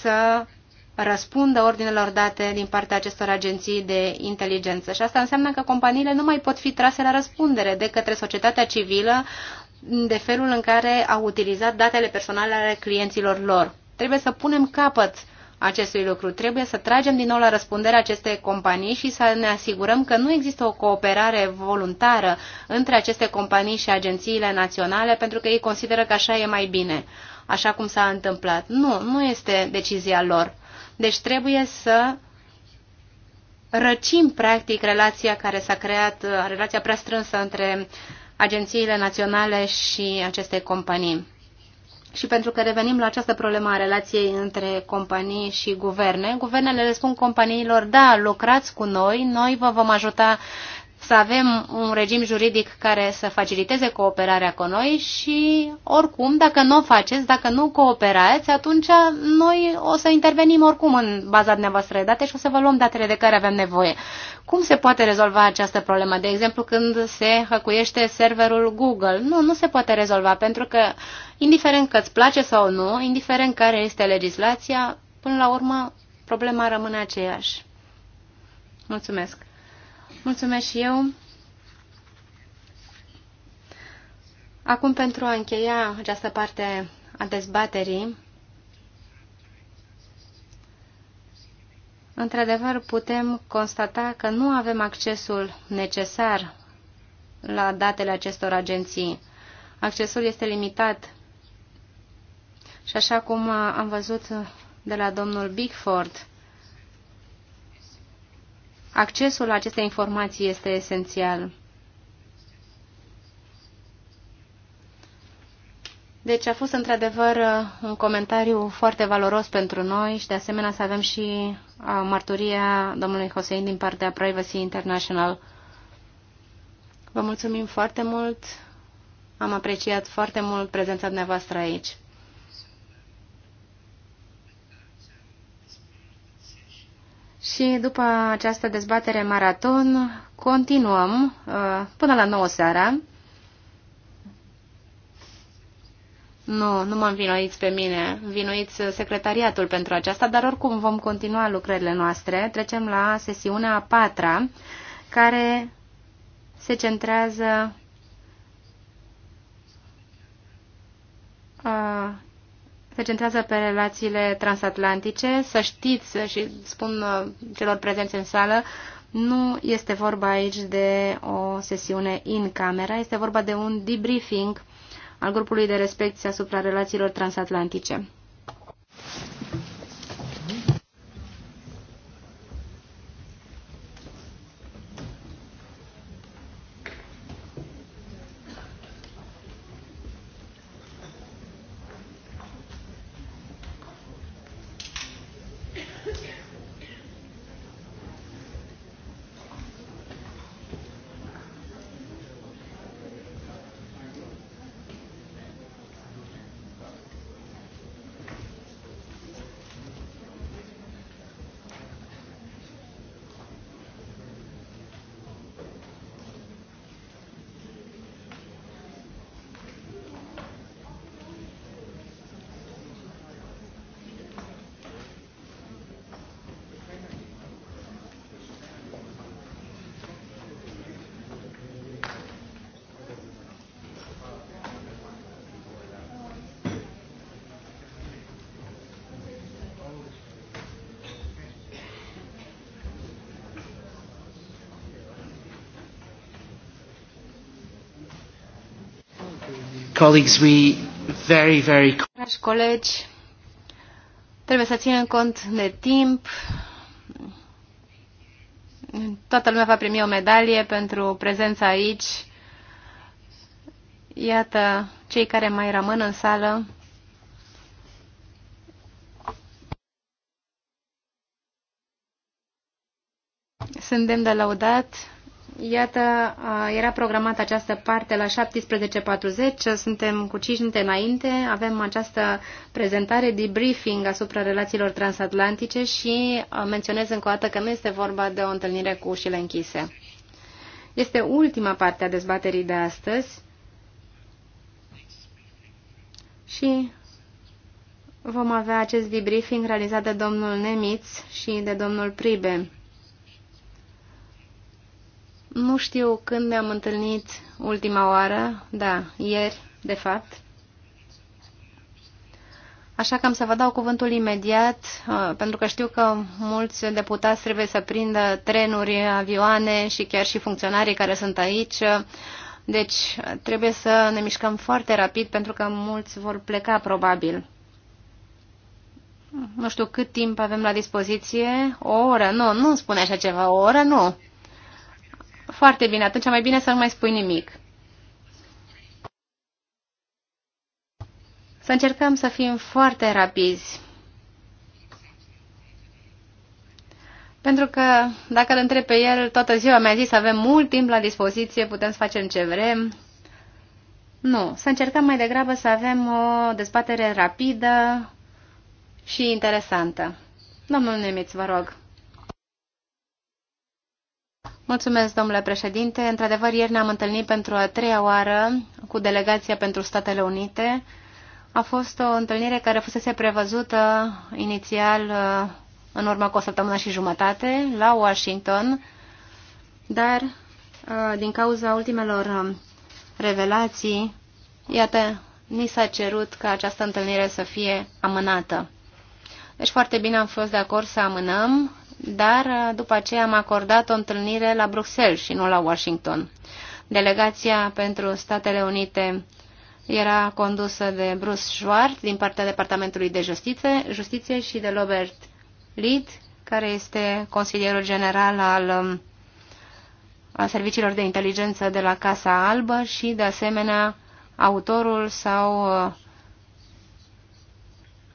să răspundă ordinelor date din partea acestor agenții de inteligență. Și asta înseamnă că companiile nu mai pot fi trase la răspundere de către societatea civilă de felul în care au utilizat datele personale ale clienților lor. Trebuie să punem capăt acestui lucru. Trebuie să tragem din nou la răspundere aceste companii și să ne asigurăm că nu există o cooperare voluntară între aceste companii și agențiile naționale pentru că ei consideră că așa e mai bine, așa cum s-a întâmplat. Nu, nu este decizia lor. Deci trebuie să răcim practic relația care s-a creat, relația prea strânsă între agențiile naționale și aceste companii. Și pentru că revenim la această problemă a relației între companii și guverne, guvernele le spun companiilor, da, lucrați cu noi, noi vă vom ajuta uh, să avem un regim juridic care să faciliteze cooperarea cu noi și, oricum, dacă nu o faceți, dacă nu cooperați, atunci noi o să intervenim oricum în baza dumneavoastră de date și o să vă luăm datele de care avem nevoie. Cum se poate rezolva această problemă? De exemplu, când se hăcuiește serverul Google. Nu, nu se poate rezolva, pentru că, indiferent că îți place sau nu, indiferent care este legislația, până la urmă, problema rămâne aceeași. Mulțumesc! Mulțumesc și eu. Acum, pentru a încheia această parte a dezbaterii, într-adevăr putem constata că nu avem accesul necesar la datele acestor agenții. Accesul este limitat și așa cum am văzut de la domnul Bigford, Accesul la aceste informații este esențial. Deci a fost într-adevăr uh, un comentariu foarte valoros pentru noi și de asemenea să avem și uh, mărturia domnului Hosein din partea Privacy International. Vă mulțumim foarte mult, am apreciat foarte mult prezența dumneavoastră aici. Și după această dezbatere maraton, continuăm uh, până la 9 seara. Nu, nu mă învinuiți pe mine, învinuiți uh, secretariatul pentru aceasta, dar oricum vom continua lucrările noastre. Trecem la sesiunea a patra, care se centrează uh, se centrează pe relațiile transatlantice. Să știți și spun uh, celor prezenți în sală, nu este vorba aici de o sesiune în camera, este vorba de un debriefing al grupului de respecție asupra relațiilor transatlantice. colleagues, we very, very... Dragi colegi, trebuie să ținem cont de timp. Toată lumea va primi o medalie pentru prezența aici. Iată, cei care mai rămân în sală, suntem de laudat Iată, era programată această parte la 17.40, suntem cu 5 minute înainte, avem această prezentare, debriefing asupra relațiilor transatlantice și menționez încă o dată că nu este vorba de o întâlnire cu ușile închise. Este ultima parte a dezbaterii de astăzi și vom avea acest debriefing realizat de domnul Nemitz și de domnul Pribe. Nu știu când ne-am întâlnit ultima oară, da, ieri, de fapt. Așa că am să vă dau cuvântul imediat, uh, pentru că știu că mulți deputați trebuie să prindă trenuri, avioane și chiar și funcționarii care sunt aici. Deci trebuie să ne mișcăm foarte rapid, pentru că mulți vor pleca probabil. Nu știu cât timp avem la dispoziție. O oră? Nu, nu spune așa ceva. O oră? Nu. Foarte bine, atunci mai bine să nu mai spui nimic. Să încercăm să fim foarte rapizi. Pentru că dacă îl întreb pe el toată ziua, mi-a zis avem mult timp la dispoziție, putem să facem ce vrem. Nu, să încercăm mai degrabă să avem o dezbatere rapidă și interesantă. Domnul Nemiț, vă rog. Mulțumesc, domnule președinte. Într-adevăr, ieri ne-am întâlnit pentru a treia oară cu delegația pentru Statele Unite. A fost o întâlnire care fusese prevăzută inițial uh, în urmă cu o săptămână și jumătate la Washington, dar uh, din cauza ultimelor uh, revelații, iată, ni s-a cerut ca această întâlnire să fie amânată. Deci foarte bine am fost de acord să amânăm dar uh, după aceea am acordat o întâlnire la Bruxelles și nu la Washington. Delegația pentru Statele Unite era condusă de Bruce Schwartz din partea Departamentului de Justiție, Justiție și de Robert Lid, care este consilierul general al, um, al serviciilor de inteligență de la Casa Albă și, de asemenea, autorul sau uh,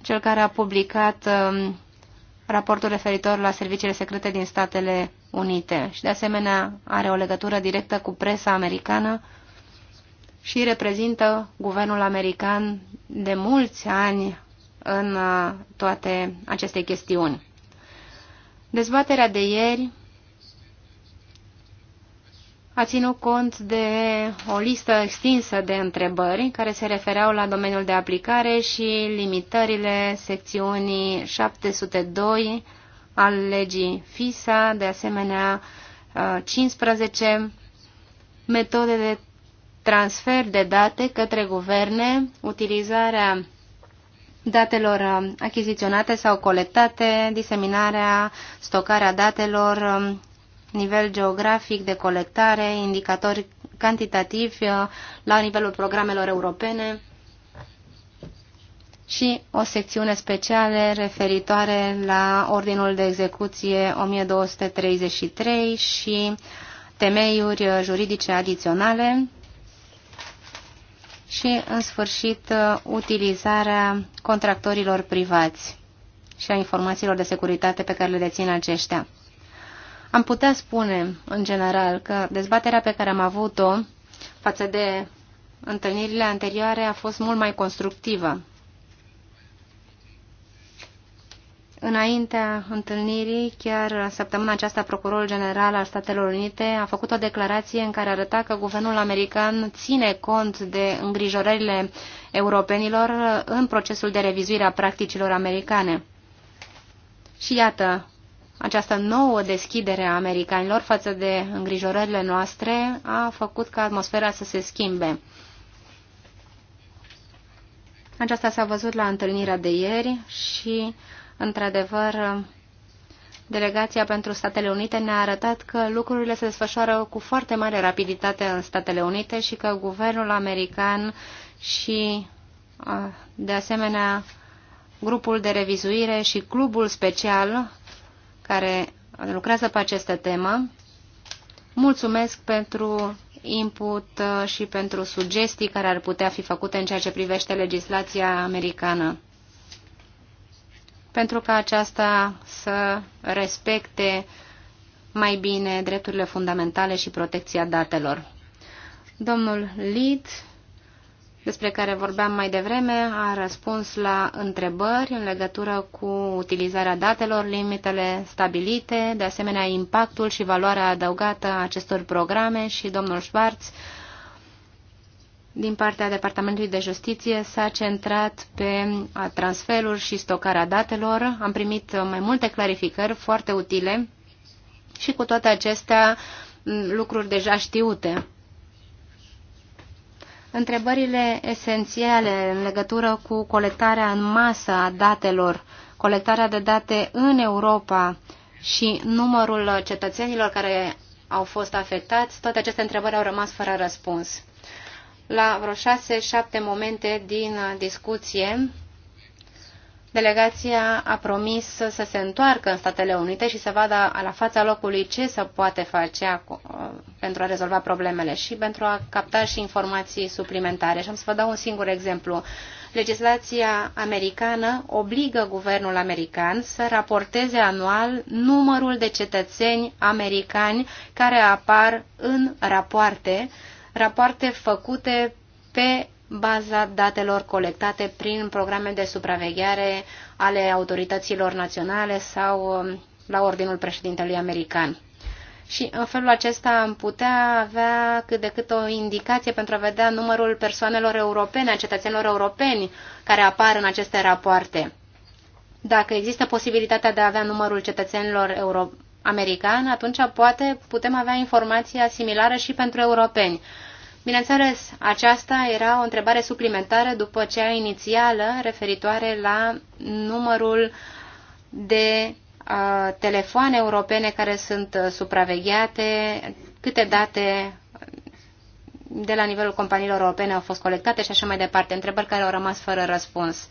cel care a publicat um, raportul referitor la serviciile secrete din Statele Unite și de asemenea are o legătură directă cu presa americană și reprezintă guvernul american de mulți ani în uh, toate aceste chestiuni. Dezbaterea de ieri a ținut cont de o listă extinsă de întrebări care se refereau la domeniul de aplicare și limitările secțiunii 702 al legii FISA, de asemenea 15 uh, metode de transfer de date către guverne, utilizarea datelor uh, achiziționate sau colectate, diseminarea, stocarea datelor, um, nivel geografic de colectare, indicatori cantitativi uh, la nivelul programelor europene și o secțiune specială referitoare la Ordinul de Execuție 1233 și temeiuri juridice adiționale și, în sfârșit, uh, utilizarea contractorilor privați și a informațiilor de securitate pe care le dețin aceștia. Am putea spune, în general, că dezbaterea pe care am avut-o față de întâlnirile anterioare a fost mult mai constructivă. Înaintea întâlnirii, chiar săptămâna aceasta, Procurorul General al Statelor Unite a făcut o declarație în care arăta că guvernul american ține cont de îngrijorările europenilor în procesul de revizuire a practicilor americane. Și iată, această nouă deschidere a americanilor față de îngrijorările noastre a făcut ca atmosfera să se schimbe. Aceasta s-a văzut la întâlnirea de ieri și, într-adevăr, delegația pentru Statele Unite ne-a arătat că lucrurile se desfășoară cu foarte mare rapiditate în Statele Unite și că guvernul american și, de asemenea, grupul de revizuire și clubul special care lucrează pe această temă. Mulțumesc pentru input uh, și pentru sugestii care ar putea fi făcute în ceea ce privește legislația americană. Pentru ca aceasta să respecte mai bine drepturile fundamentale și protecția datelor. Domnul Lid despre care vorbeam mai devreme, a răspuns la întrebări în legătură cu utilizarea datelor, limitele stabilite, de asemenea impactul și valoarea adăugată a acestor programe și domnul Schwarz din partea Departamentului de Justiție s-a centrat pe transferuri și stocarea datelor. Am primit mai multe clarificări foarte utile și cu toate acestea lucruri deja știute. Întrebările esențiale în legătură cu colectarea în masă a datelor, colectarea de date în Europa și numărul cetățenilor care au fost afectați, toate aceste întrebări au rămas fără răspuns. La vreo șase, șapte momente din discuție, Delegația a promis să se întoarcă în Statele Unite și să vadă la fața locului ce se poate face pentru a rezolva problemele și pentru a capta și informații suplimentare. Și am să vă dau un singur exemplu. Legislația americană obligă guvernul american să raporteze anual numărul de cetățeni americani care apar în rapoarte, rapoarte făcute pe baza datelor colectate prin programe de supraveghere ale autorităților naționale sau um, la ordinul președintelui american. Și în felul acesta am putea avea cât de cât o indicație pentru a vedea numărul persoanelor europene, a cetățenilor europeni care apar în aceste rapoarte. Dacă există posibilitatea de a avea numărul cetățenilor europeni, americani, atunci poate putem avea informația similară și pentru europeni Bineînțeles, aceasta era o întrebare suplimentară după cea inițială referitoare la numărul de uh, telefoane europene care sunt uh, supravegheate, câte date de la nivelul companiilor europene au fost colectate și așa mai departe, întrebări care au rămas fără răspuns.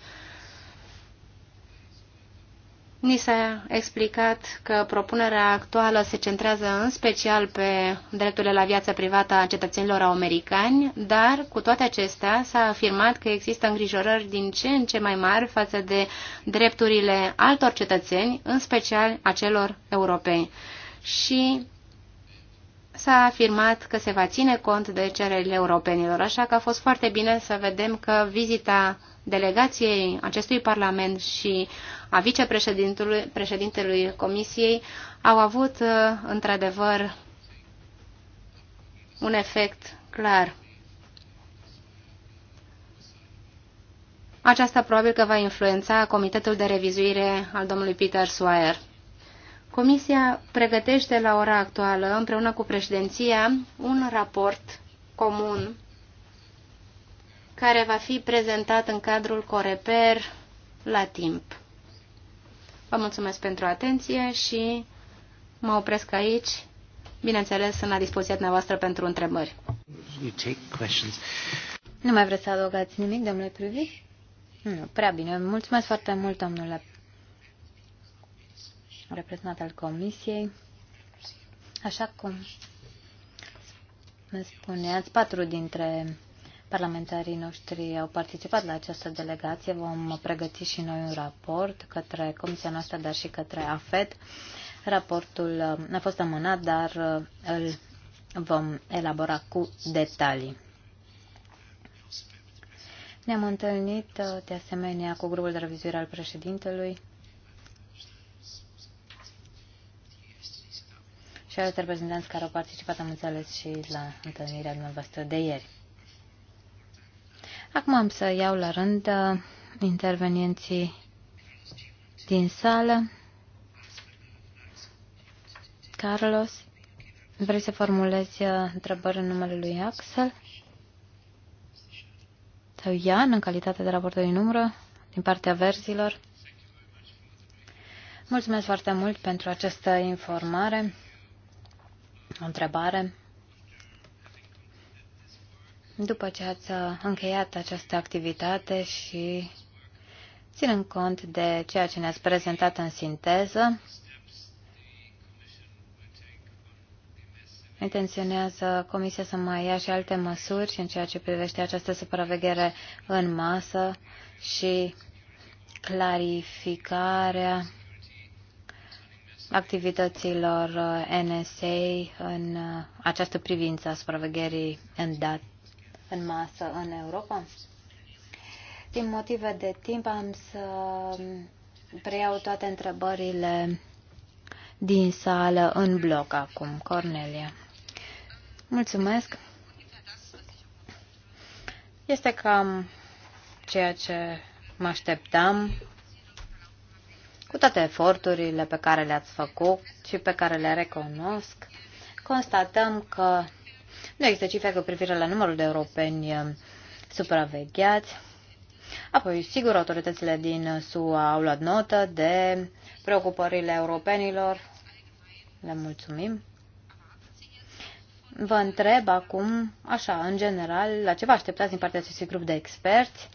Ni s-a explicat că propunerea actuală se centrează în special pe drepturile la viața privată a cetățenilor americani, dar cu toate acestea s-a afirmat că există îngrijorări din ce în ce mai mari față de drepturile altor cetățeni, în special a celor europeni. Și s-a afirmat că se va ține cont de cererile europenilor, așa că a fost foarte bine să vedem că vizita delegației acestui Parlament și a vicepreședintelui președintelui Comisiei au avut uh, într-adevăr un efect clar. Aceasta probabil că va influența Comitetul de Revizuire al domnului Peter Swire. Comisia pregătește la ora actuală, împreună cu președinția, un raport comun care va fi prezentat în cadrul Coreper la timp. Vă mulțumesc pentru atenție și mă opresc aici. Bineînțeles, sunt la dispoziția dumneavoastră pentru întrebări. Nu mai vreți să adăugați nimic, domnule Privi? Nu, prea bine. Mulțumesc foarte mult, domnule reprezentant al Comisiei. Așa cum îmi spuneați, patru dintre Parlamentarii noștri au participat la această delegație. Vom pregăti și noi un raport către Comisia noastră, dar și către AFED. Raportul uh, a fost amânat, dar uh, îl vom elabora cu detalii. Ne-am întâlnit uh, de asemenea cu grupul de revizuire al președintelui și alți reprezentanți care au participat, am înțeles, și la întâlnirea dumneavoastră de ieri. Acum am să iau la rând uh, intervenienții din sală. Carlos, vrei să formulezi uh, întrebări în numele lui Axel? Sau Ian, în calitate de raportor din umbră, din partea verzilor? Mulțumesc foarte mult pentru această informare, o întrebare după ce ați uh, încheiat această activitate și ținând cont de ceea ce ne-ați prezentat în sinteză, intenționează Comisia să mai ia și alte măsuri în ceea ce privește această supraveghere în masă și clarificarea activităților uh, NSA în uh, această privință a supravegherii în date în masă în Europa? Din motive de timp am să preiau toate întrebările din sală în bloc acum. Cornelia. Mulțumesc. Este cam ceea ce mă așteptam cu toate eforturile pe care le-ați făcut și pe care le recunosc, constatăm că nu există cifre cu privire la numărul de europeni uh, supravegheați. Apoi, sigur, autoritățile din SUA au luat notă de preocupările europenilor. Le mulțumim. Vă întreb acum, așa, în general, la ce vă așteptați din partea acestui grup de experți?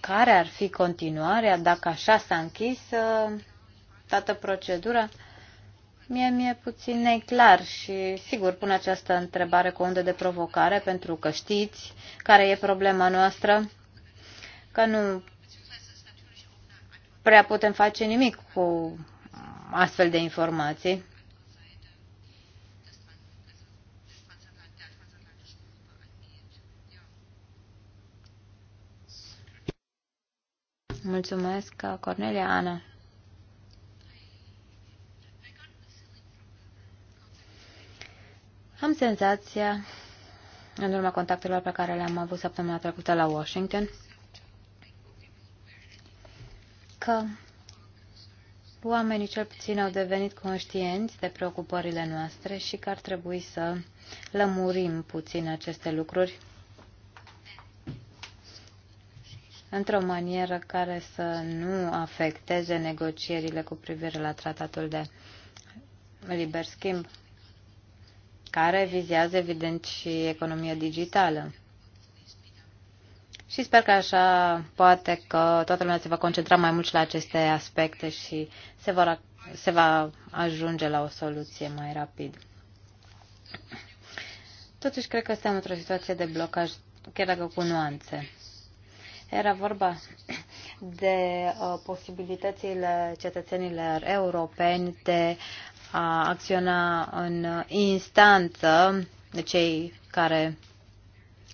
Care ar fi continuarea dacă așa s-a închis uh, toată procedura? Mie mi-e puțin neclar și sigur pun această întrebare cu unde de provocare pentru că știți care e problema noastră, că nu prea putem face nimic cu astfel de informații. Mulțumesc, Cornelia Ana. Am senzația, în urma contactelor pe care le-am avut săptămâna trecută la Washington, că oamenii cel puțin au devenit conștienți de preocupările noastre și că ar trebui să lămurim puțin aceste lucruri într-o manieră care să nu afecteze negocierile cu privire la tratatul de liber schimb care vizează evident și economia digitală. Și sper că așa poate că toată lumea se va concentra mai mult și la aceste aspecte și se va, se va ajunge la o soluție mai rapid. Totuși, cred că suntem într-o situație de blocaj, chiar dacă cu nuanțe. Era vorba de uh, posibilitățile cetățenilor europeni de a acționa în instanță de cei care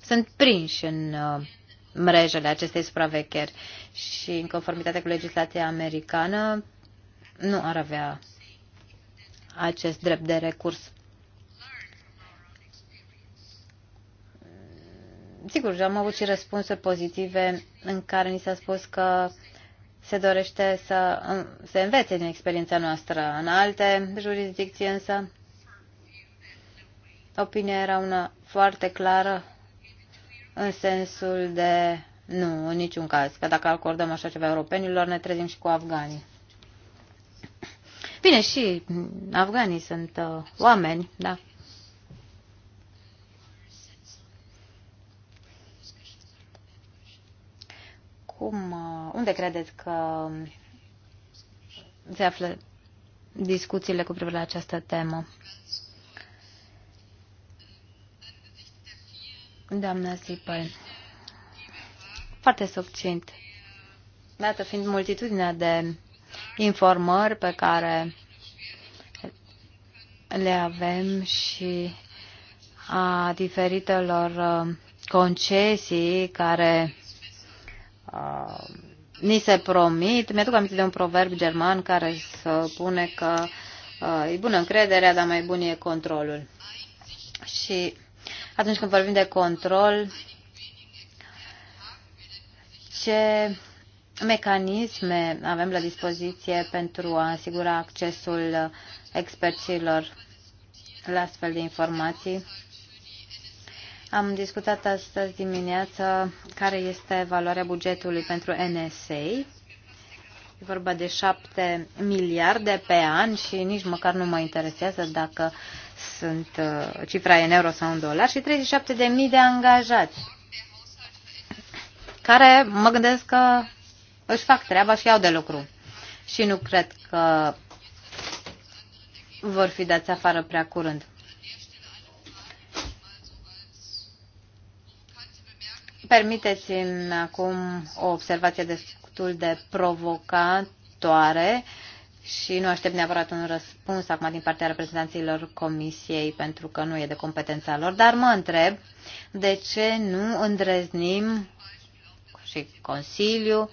sunt prinși în uh, mrejele acestei supravecheri și în conformitate cu legislația americană nu ar avea acest drept de recurs. Sigur, am avut și răspunsuri pozitive în care ni s-a spus că se dorește să se învețe din experiența noastră. În alte jurisdicții însă, opinia era una foarte clară în sensul de nu, în niciun caz, că dacă acordăm așa ceva europenilor, ne trezim și cu afganii. Bine, și afganii sunt uh, oameni, da, Cum, uh, unde credeți că se află discuțiile cu privire la această temă? Doamna Sipăl, foarte succint. Dată fiind multitudinea de informări pe care le avem și a diferitelor uh, concesii care Uh, ni se promit. Mi-aduc aminte de un proverb german care spune că uh, e bună încrederea, dar mai bun e controlul. Și atunci când vorbim de control, ce mecanisme avem la dispoziție pentru a asigura accesul experților la astfel de informații? Am discutat astăzi dimineață care este valoarea bugetului pentru NSA. E vorba de 7 miliarde pe an și nici măcar nu mă interesează dacă sunt uh, cifra în euro sau în dolar și 37 de mii de angajați care mă gândesc că își fac treaba și iau de lucru. Și nu cred că vor fi dați afară prea curând. Permiteți-mi acum o observație destul de provocatoare și nu aștept neapărat un răspuns acum din partea reprezentanților Comisiei pentru că nu e de competența lor, dar mă întreb de ce nu îndrăznim și Consiliu,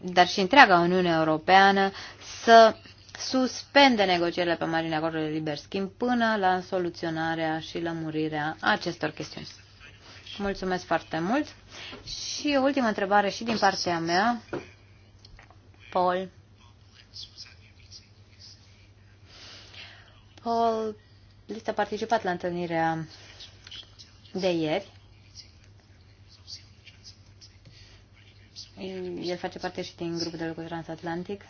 dar și întreaga Uniune Europeană să suspende negocierile pe marginea acordului de liber schimb până la soluționarea și lămurirea acestor chestiuni. Mulțumesc foarte mult. Și ultima întrebare și din partea mea. Paul. Paul lista a participat la întâlnirea de ieri. El face parte și din grupul de lucru transatlantic.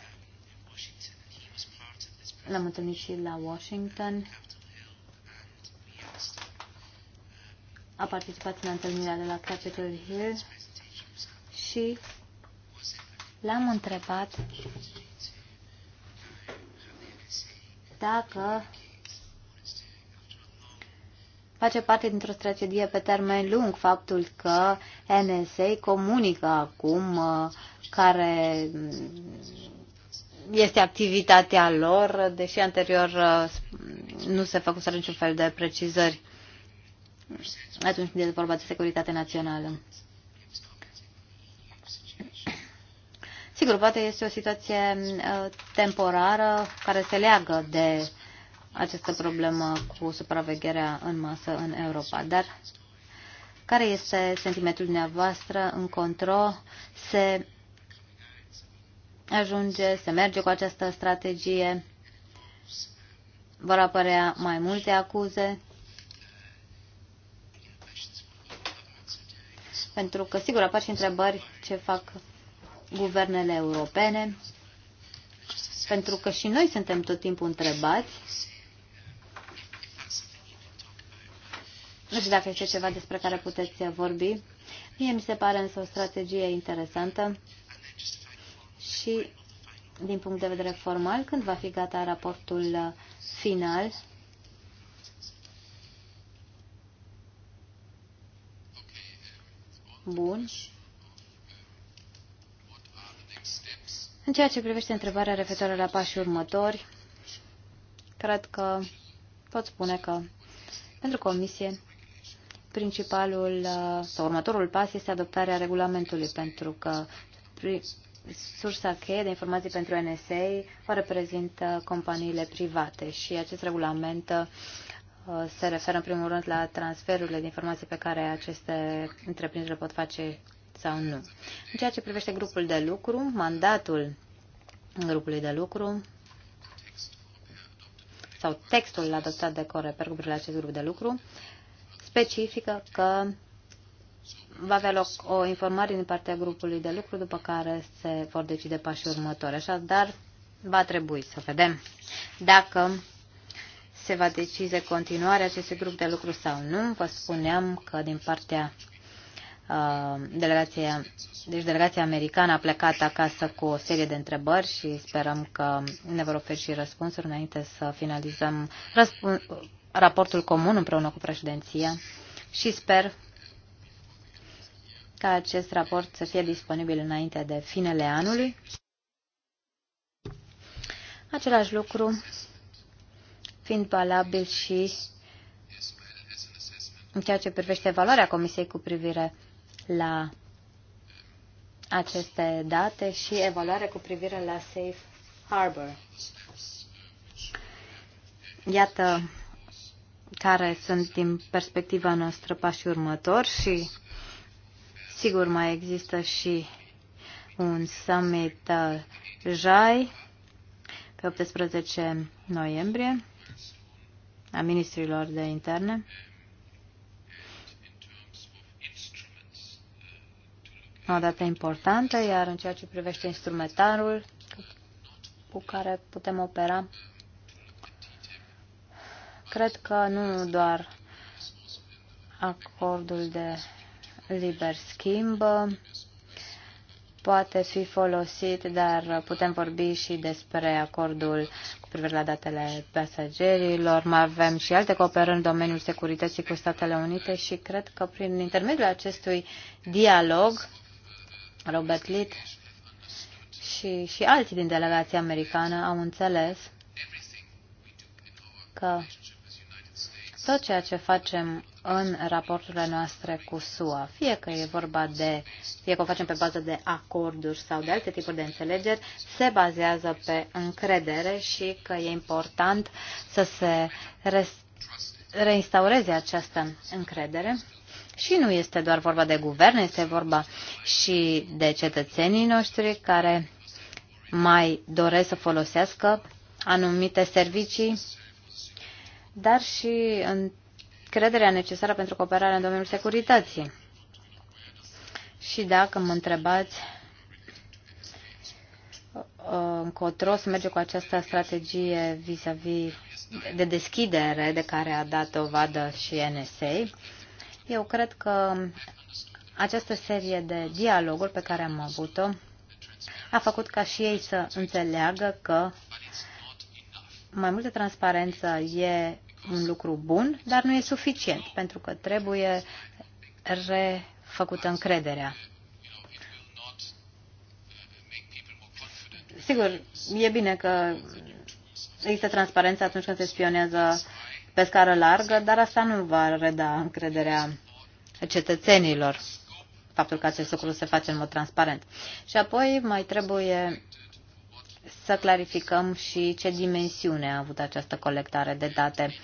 L-am întâlnit și la Washington a participat în întâlnirea de la Capitol Hill și l-am întrebat dacă face parte dintr-o strategie pe termen lung faptul că NSA comunică acum uh, care este activitatea lor, deși anterior uh, nu se făcuseră niciun fel de precizări atunci când e vorba de securitate națională. Sigur, poate este o situație uh, temporară care se leagă de această problemă cu supravegherea în masă în Europa, dar care este sentimentul dumneavoastră în control? Se ajunge, se merge cu această strategie? Vor apărea mai multe acuze? Pentru că, sigur, apar și întrebări ce fac guvernele europene, pentru că și noi suntem tot timpul întrebați. Nu știu dacă este ceva despre care puteți vorbi. Mie mi se pare însă o strategie interesantă și din punct de vedere formal, când va fi gata raportul final Bun. În ceea ce privește întrebarea referitoare la pașii următori, cred că pot spune că pentru Comisie principalul uh, sau următorul pas este adoptarea regulamentului, pentru că sursa cheie de informații pentru NSA o reprezintă companiile private și acest regulament uh, Uh, se referă în primul rând la transferurile de informații pe care aceste întreprinderi le pot face sau nu. În ceea ce privește grupul de lucru, mandatul grupului de lucru sau textul adoptat de core pe privire acest grup de lucru specifică că va avea loc o informare din partea grupului de lucru, după care se vor decide pașii următori. Așadar, va trebui să vedem dacă se va decize continuarea acestui grup de lucru sau nu. Vă spuneam că din partea uh, delegația, deci delegația americană a plecat acasă cu o serie de întrebări și sperăm că ne vor oferi și răspunsuri înainte să finalizăm raportul comun împreună cu președinția și sper ca acest raport să fie disponibil înainte de finele anului. Același lucru fiind valabil și în ceea ce privește valoarea Comisiei cu privire la aceste date și evaluarea cu privire la Safe Harbor. Iată care sunt din perspectiva noastră pașii următori și sigur mai există și un summit uh, JAI pe 18 noiembrie a ministrilor de interne. O dată importantă, iar în ceea ce privește instrumentarul cu care putem opera, cred că nu doar acordul de liber schimb poate fi folosit, dar putem vorbi și despre acordul privire la datele pasagerilor, mai avem și alte cooperări în domeniul securității cu Statele Unite și cred că prin intermediul acestui dialog, Robert Litt și, și alții din delegația americană au înțeles că tot ceea ce facem în raporturile noastre cu SUA, fie că e vorba de, fie că o facem pe bază de acorduri sau de alte tipuri de înțelegeri, se bazează pe încredere și că e important să se reinstaureze această încredere. Și nu este doar vorba de guvern, este vorba și de cetățenii noștri care mai doresc să folosească anumite servicii, dar și în crederea necesară pentru cooperarea în domeniul securității. Și dacă mă întrebați uh, încotro să merge cu această strategie vis-a-vis -vis de deschidere de care a dat o vadă și NSA, eu cred că această serie de dialoguri pe care am avut-o a făcut ca și ei să înțeleagă că mai multă transparență e un lucru bun, dar nu e suficient, pentru că trebuie refăcută încrederea. Sigur, e bine că există transparență atunci când se spionează pe scară largă, dar asta nu va reda încrederea cetățenilor, faptul că acest lucru se face în mod transparent. Și apoi mai trebuie să clarificăm și ce dimensiune a avut această colectare de date.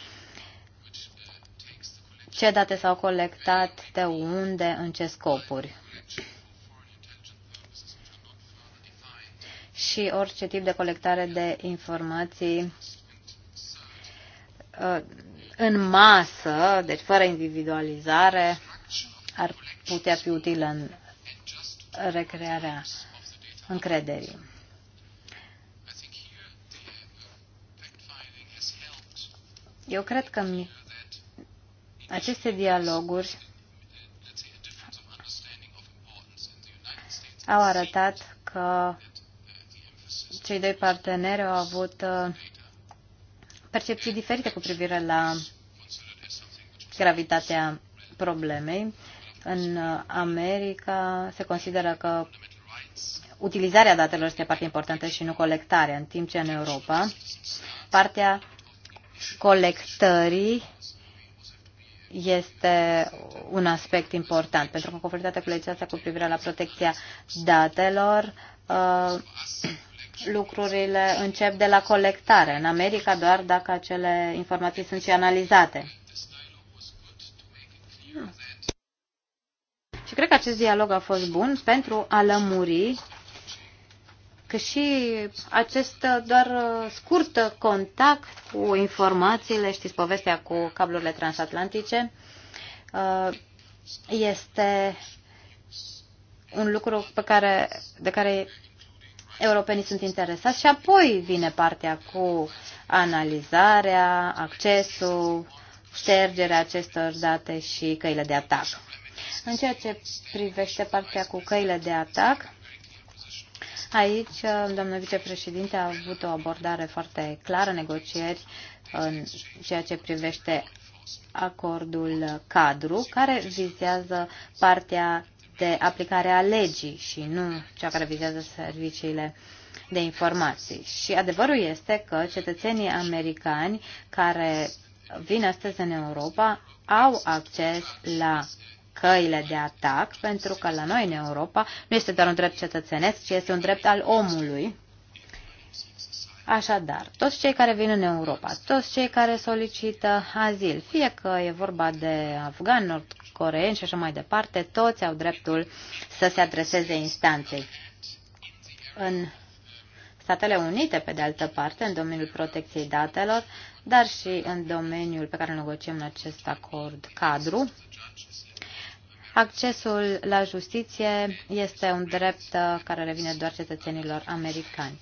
Ce date s-au colectat, de unde, în ce scopuri. Și orice tip de colectare de informații uh, în masă, deci fără individualizare, ar putea fi utilă în recrearea încrederii. Eu cred că aceste dialoguri au arătat că cei doi parteneri au avut uh, percepții diferite cu privire la gravitatea problemei. În uh, America se consideră că utilizarea datelor este parte importantă și nu colectarea, în timp ce în Europa partea colectării este un aspect important, pentru că conformitatea cu legislația cu privire la protecția datelor, uh, lucrurile încep de la colectare. În America doar dacă acele informații sunt și analizate. Și cred că acest dialog a fost bun pentru a lămuri că și acest uh, doar uh, scurt contact cu informațiile, știți povestea cu cablurile transatlantice, uh, este un lucru pe care, de care europenii sunt interesați și apoi vine partea cu analizarea, accesul, ștergerea acestor date și căile de atac. În ceea ce privește partea cu căile de atac, Aici, uh, doamnă vicepreședinte a avut o abordare foarte clară, negocieri în ceea ce privește acordul cadru, care vizează partea de aplicare a legii și nu cea care vizează serviciile de informații. Și adevărul este că cetățenii americani care vin astăzi în Europa au acces la căile de atac, pentru că la noi în Europa nu este doar un drept cetățenesc, ci este un drept al omului. Așadar, toți cei care vin în Europa, toți cei care solicită azil, fie că e vorba de afgani, nordcoreeni și așa mai departe, toți au dreptul să se adreseze instanței. În Statele Unite, pe de altă parte, în domeniul protecției datelor, dar și în domeniul pe care negociem în acest acord cadru, Accesul la justiție este un drept uh, care revine doar cetățenilor americani.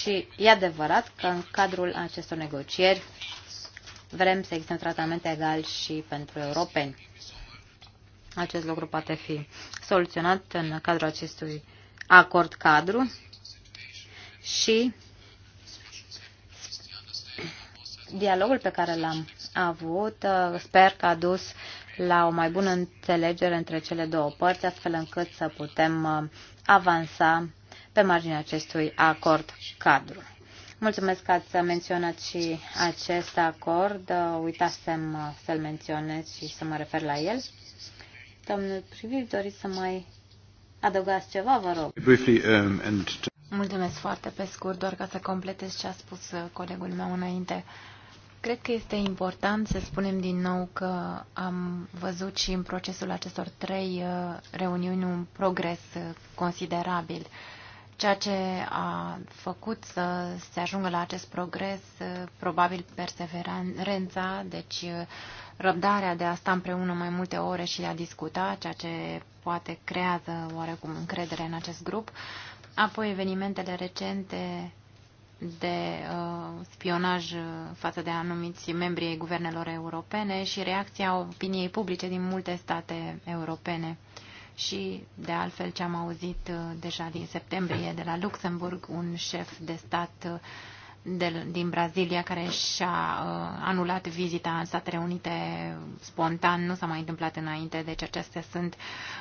Și e adevărat că în cadrul acestor negocieri vrem să existe un tratament egal și pentru europeni. Acest lucru poate fi soluționat în cadrul acestui acord cadru și dialogul pe care l-am avut uh, sper că a dus la o mai bună înțelegere între cele două părți, astfel încât să putem uh, avansa pe marginea acestui acord cadru. Mulțumesc că ați menționat și acest acord. Uh, uitasem uh, să-l menționez și să mă refer la el. Domnul Priviv, doriți să mai adăugați ceva, vă rog? Um, Mulțumesc foarte pe scurt, doar ca să completez ce a spus colegul meu înainte. Cred că este important să spunem din nou că am văzut și în procesul acestor trei uh, reuniuni un progres uh, considerabil. Ceea ce a făcut să se ajungă la acest progres, uh, probabil perseverența, deci răbdarea de a sta împreună mai multe ore și de a discuta, ceea ce poate creează oarecum încredere în acest grup. Apoi evenimentele recente de uh, spionaj față de anumiți membri ai guvernelor europene și reacția opiniei publice din multe state europene. Și, de altfel, ce am auzit uh, deja din septembrie de la Luxemburg, un șef de stat uh, de, din Brazilia care și-a uh, anulat vizita în Statele Unite spontan, nu s-a mai întâmplat înainte, deci acestea sunt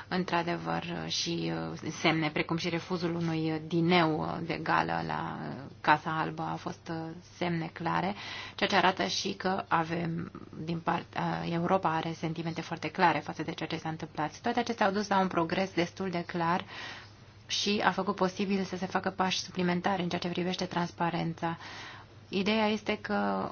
într-adevăr și uh, semne, precum și refuzul unui dineu de gală la Casa Albă a fost uh, semne clare, ceea ce arată și că avem din part, uh, Europa are sentimente foarte clare față de ceea ce s-a întâmplat. Toate acestea au dus la un progres destul de clar uh, și a făcut posibil să se facă pași suplimentari în ceea ce privește transparența. Ideea este că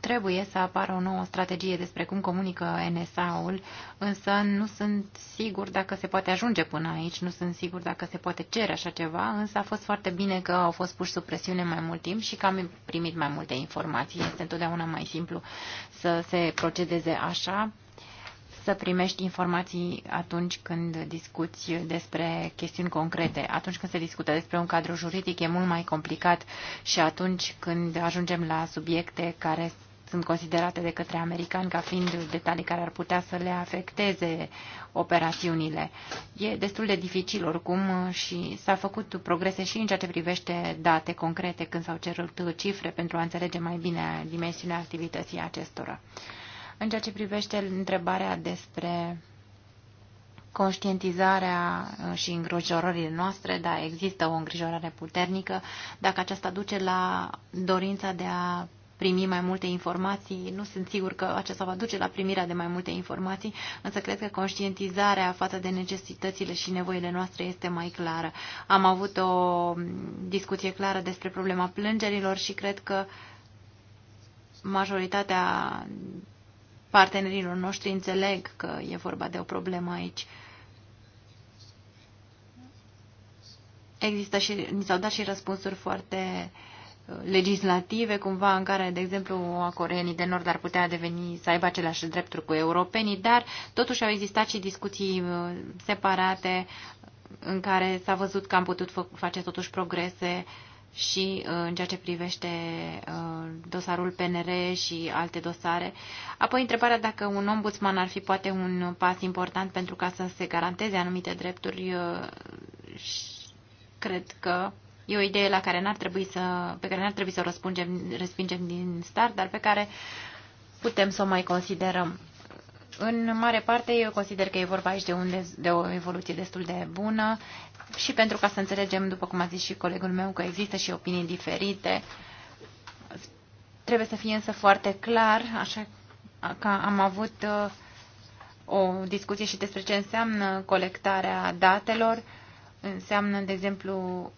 trebuie să apară o nouă strategie despre cum comunică NSA-ul, însă nu sunt sigur dacă se poate ajunge până aici, nu sunt sigur dacă se poate cere așa ceva, însă a fost foarte bine că au fost puși sub presiune mai mult timp și că am primit mai multe informații. Este întotdeauna mai simplu să se procedeze așa să primești informații atunci când discuți despre chestiuni concrete. Atunci când se discută despre un cadru juridic e mult mai complicat și atunci când ajungem la subiecte care sunt considerate de către americani ca fiind detalii care ar putea să le afecteze operațiunile. E destul de dificil oricum și s-a făcut progrese și în ceea ce privește date concrete când s-au cerut cifre pentru a înțelege mai bine dimensiunea activității acestora. În ceea ce privește întrebarea despre conștientizarea uh, și îngrijorările noastre, da, există o îngrijorare puternică. Dacă aceasta duce la dorința de a primi mai multe informații. Nu sunt sigur că aceasta va duce la primirea de mai multe informații, însă cred că conștientizarea față de necesitățile și nevoile noastre este mai clară. Am avut o discuție clară despre problema plângerilor și cred că majoritatea partenerilor noștri înțeleg că e vorba de o problemă aici. Există și, ni s-au dat și răspunsuri foarte uh, legislative, cumva, în care, de exemplu, coreenii de nord ar putea deveni, să aibă aceleași drepturi cu europenii, dar totuși au existat și discuții uh, separate în care s-a văzut că am putut face totuși progrese uh, și uh, în ceea ce privește uh, dosarul PNR și alte dosare. Apoi întrebarea dacă un ombudsman ar fi poate un pas important pentru ca să se garanteze anumite drepturi, uh, cred că e o idee la care n-ar trebui să, pe care n-ar trebui să o răspungem, respingem din start, dar pe care putem să o mai considerăm. În mare parte, eu consider că e vorba aici de, un, de o evoluție destul de bună și pentru ca să înțelegem, după cum a zis și colegul meu, că există și opinii diferite. Trebuie să fie însă foarte clar, așa că am avut uh, o discuție și despre ce înseamnă colectarea datelor. Înseamnă, de exemplu,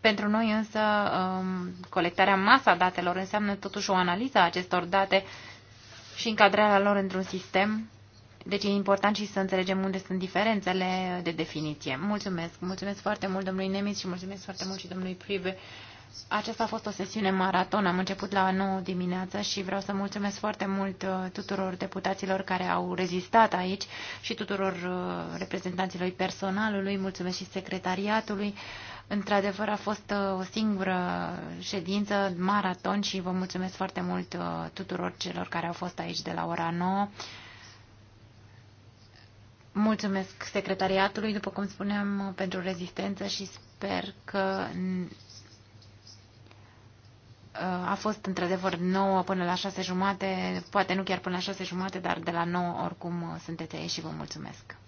pentru noi însă um, colectarea masa datelor înseamnă totuși o analiză a acestor date și încadrarea lor într-un sistem deci e important și să înțelegem unde sunt diferențele de definiție. Mulțumesc. Mulțumesc foarte mult domnului Nemis și mulțumesc foarte mult și domnului Prive. Aceasta a fost o sesiune maraton. Am început la 9 dimineața și vreau să mulțumesc foarte mult uh, tuturor deputaților care au rezistat aici și tuturor uh, reprezentanților personalului. Mulțumesc și secretariatului. Într-adevăr, a fost uh, o singură ședință, maraton și vă mulțumesc foarte mult tuturor celor care au fost aici de la ora 9. Mulțumesc secretariatului, după cum spuneam, pentru rezistență și sper că uh, a fost într-adevăr 9 până la 6 jumate, poate nu chiar până la 6 jumate, dar de la 9 oricum sunteți aici și vă mulțumesc.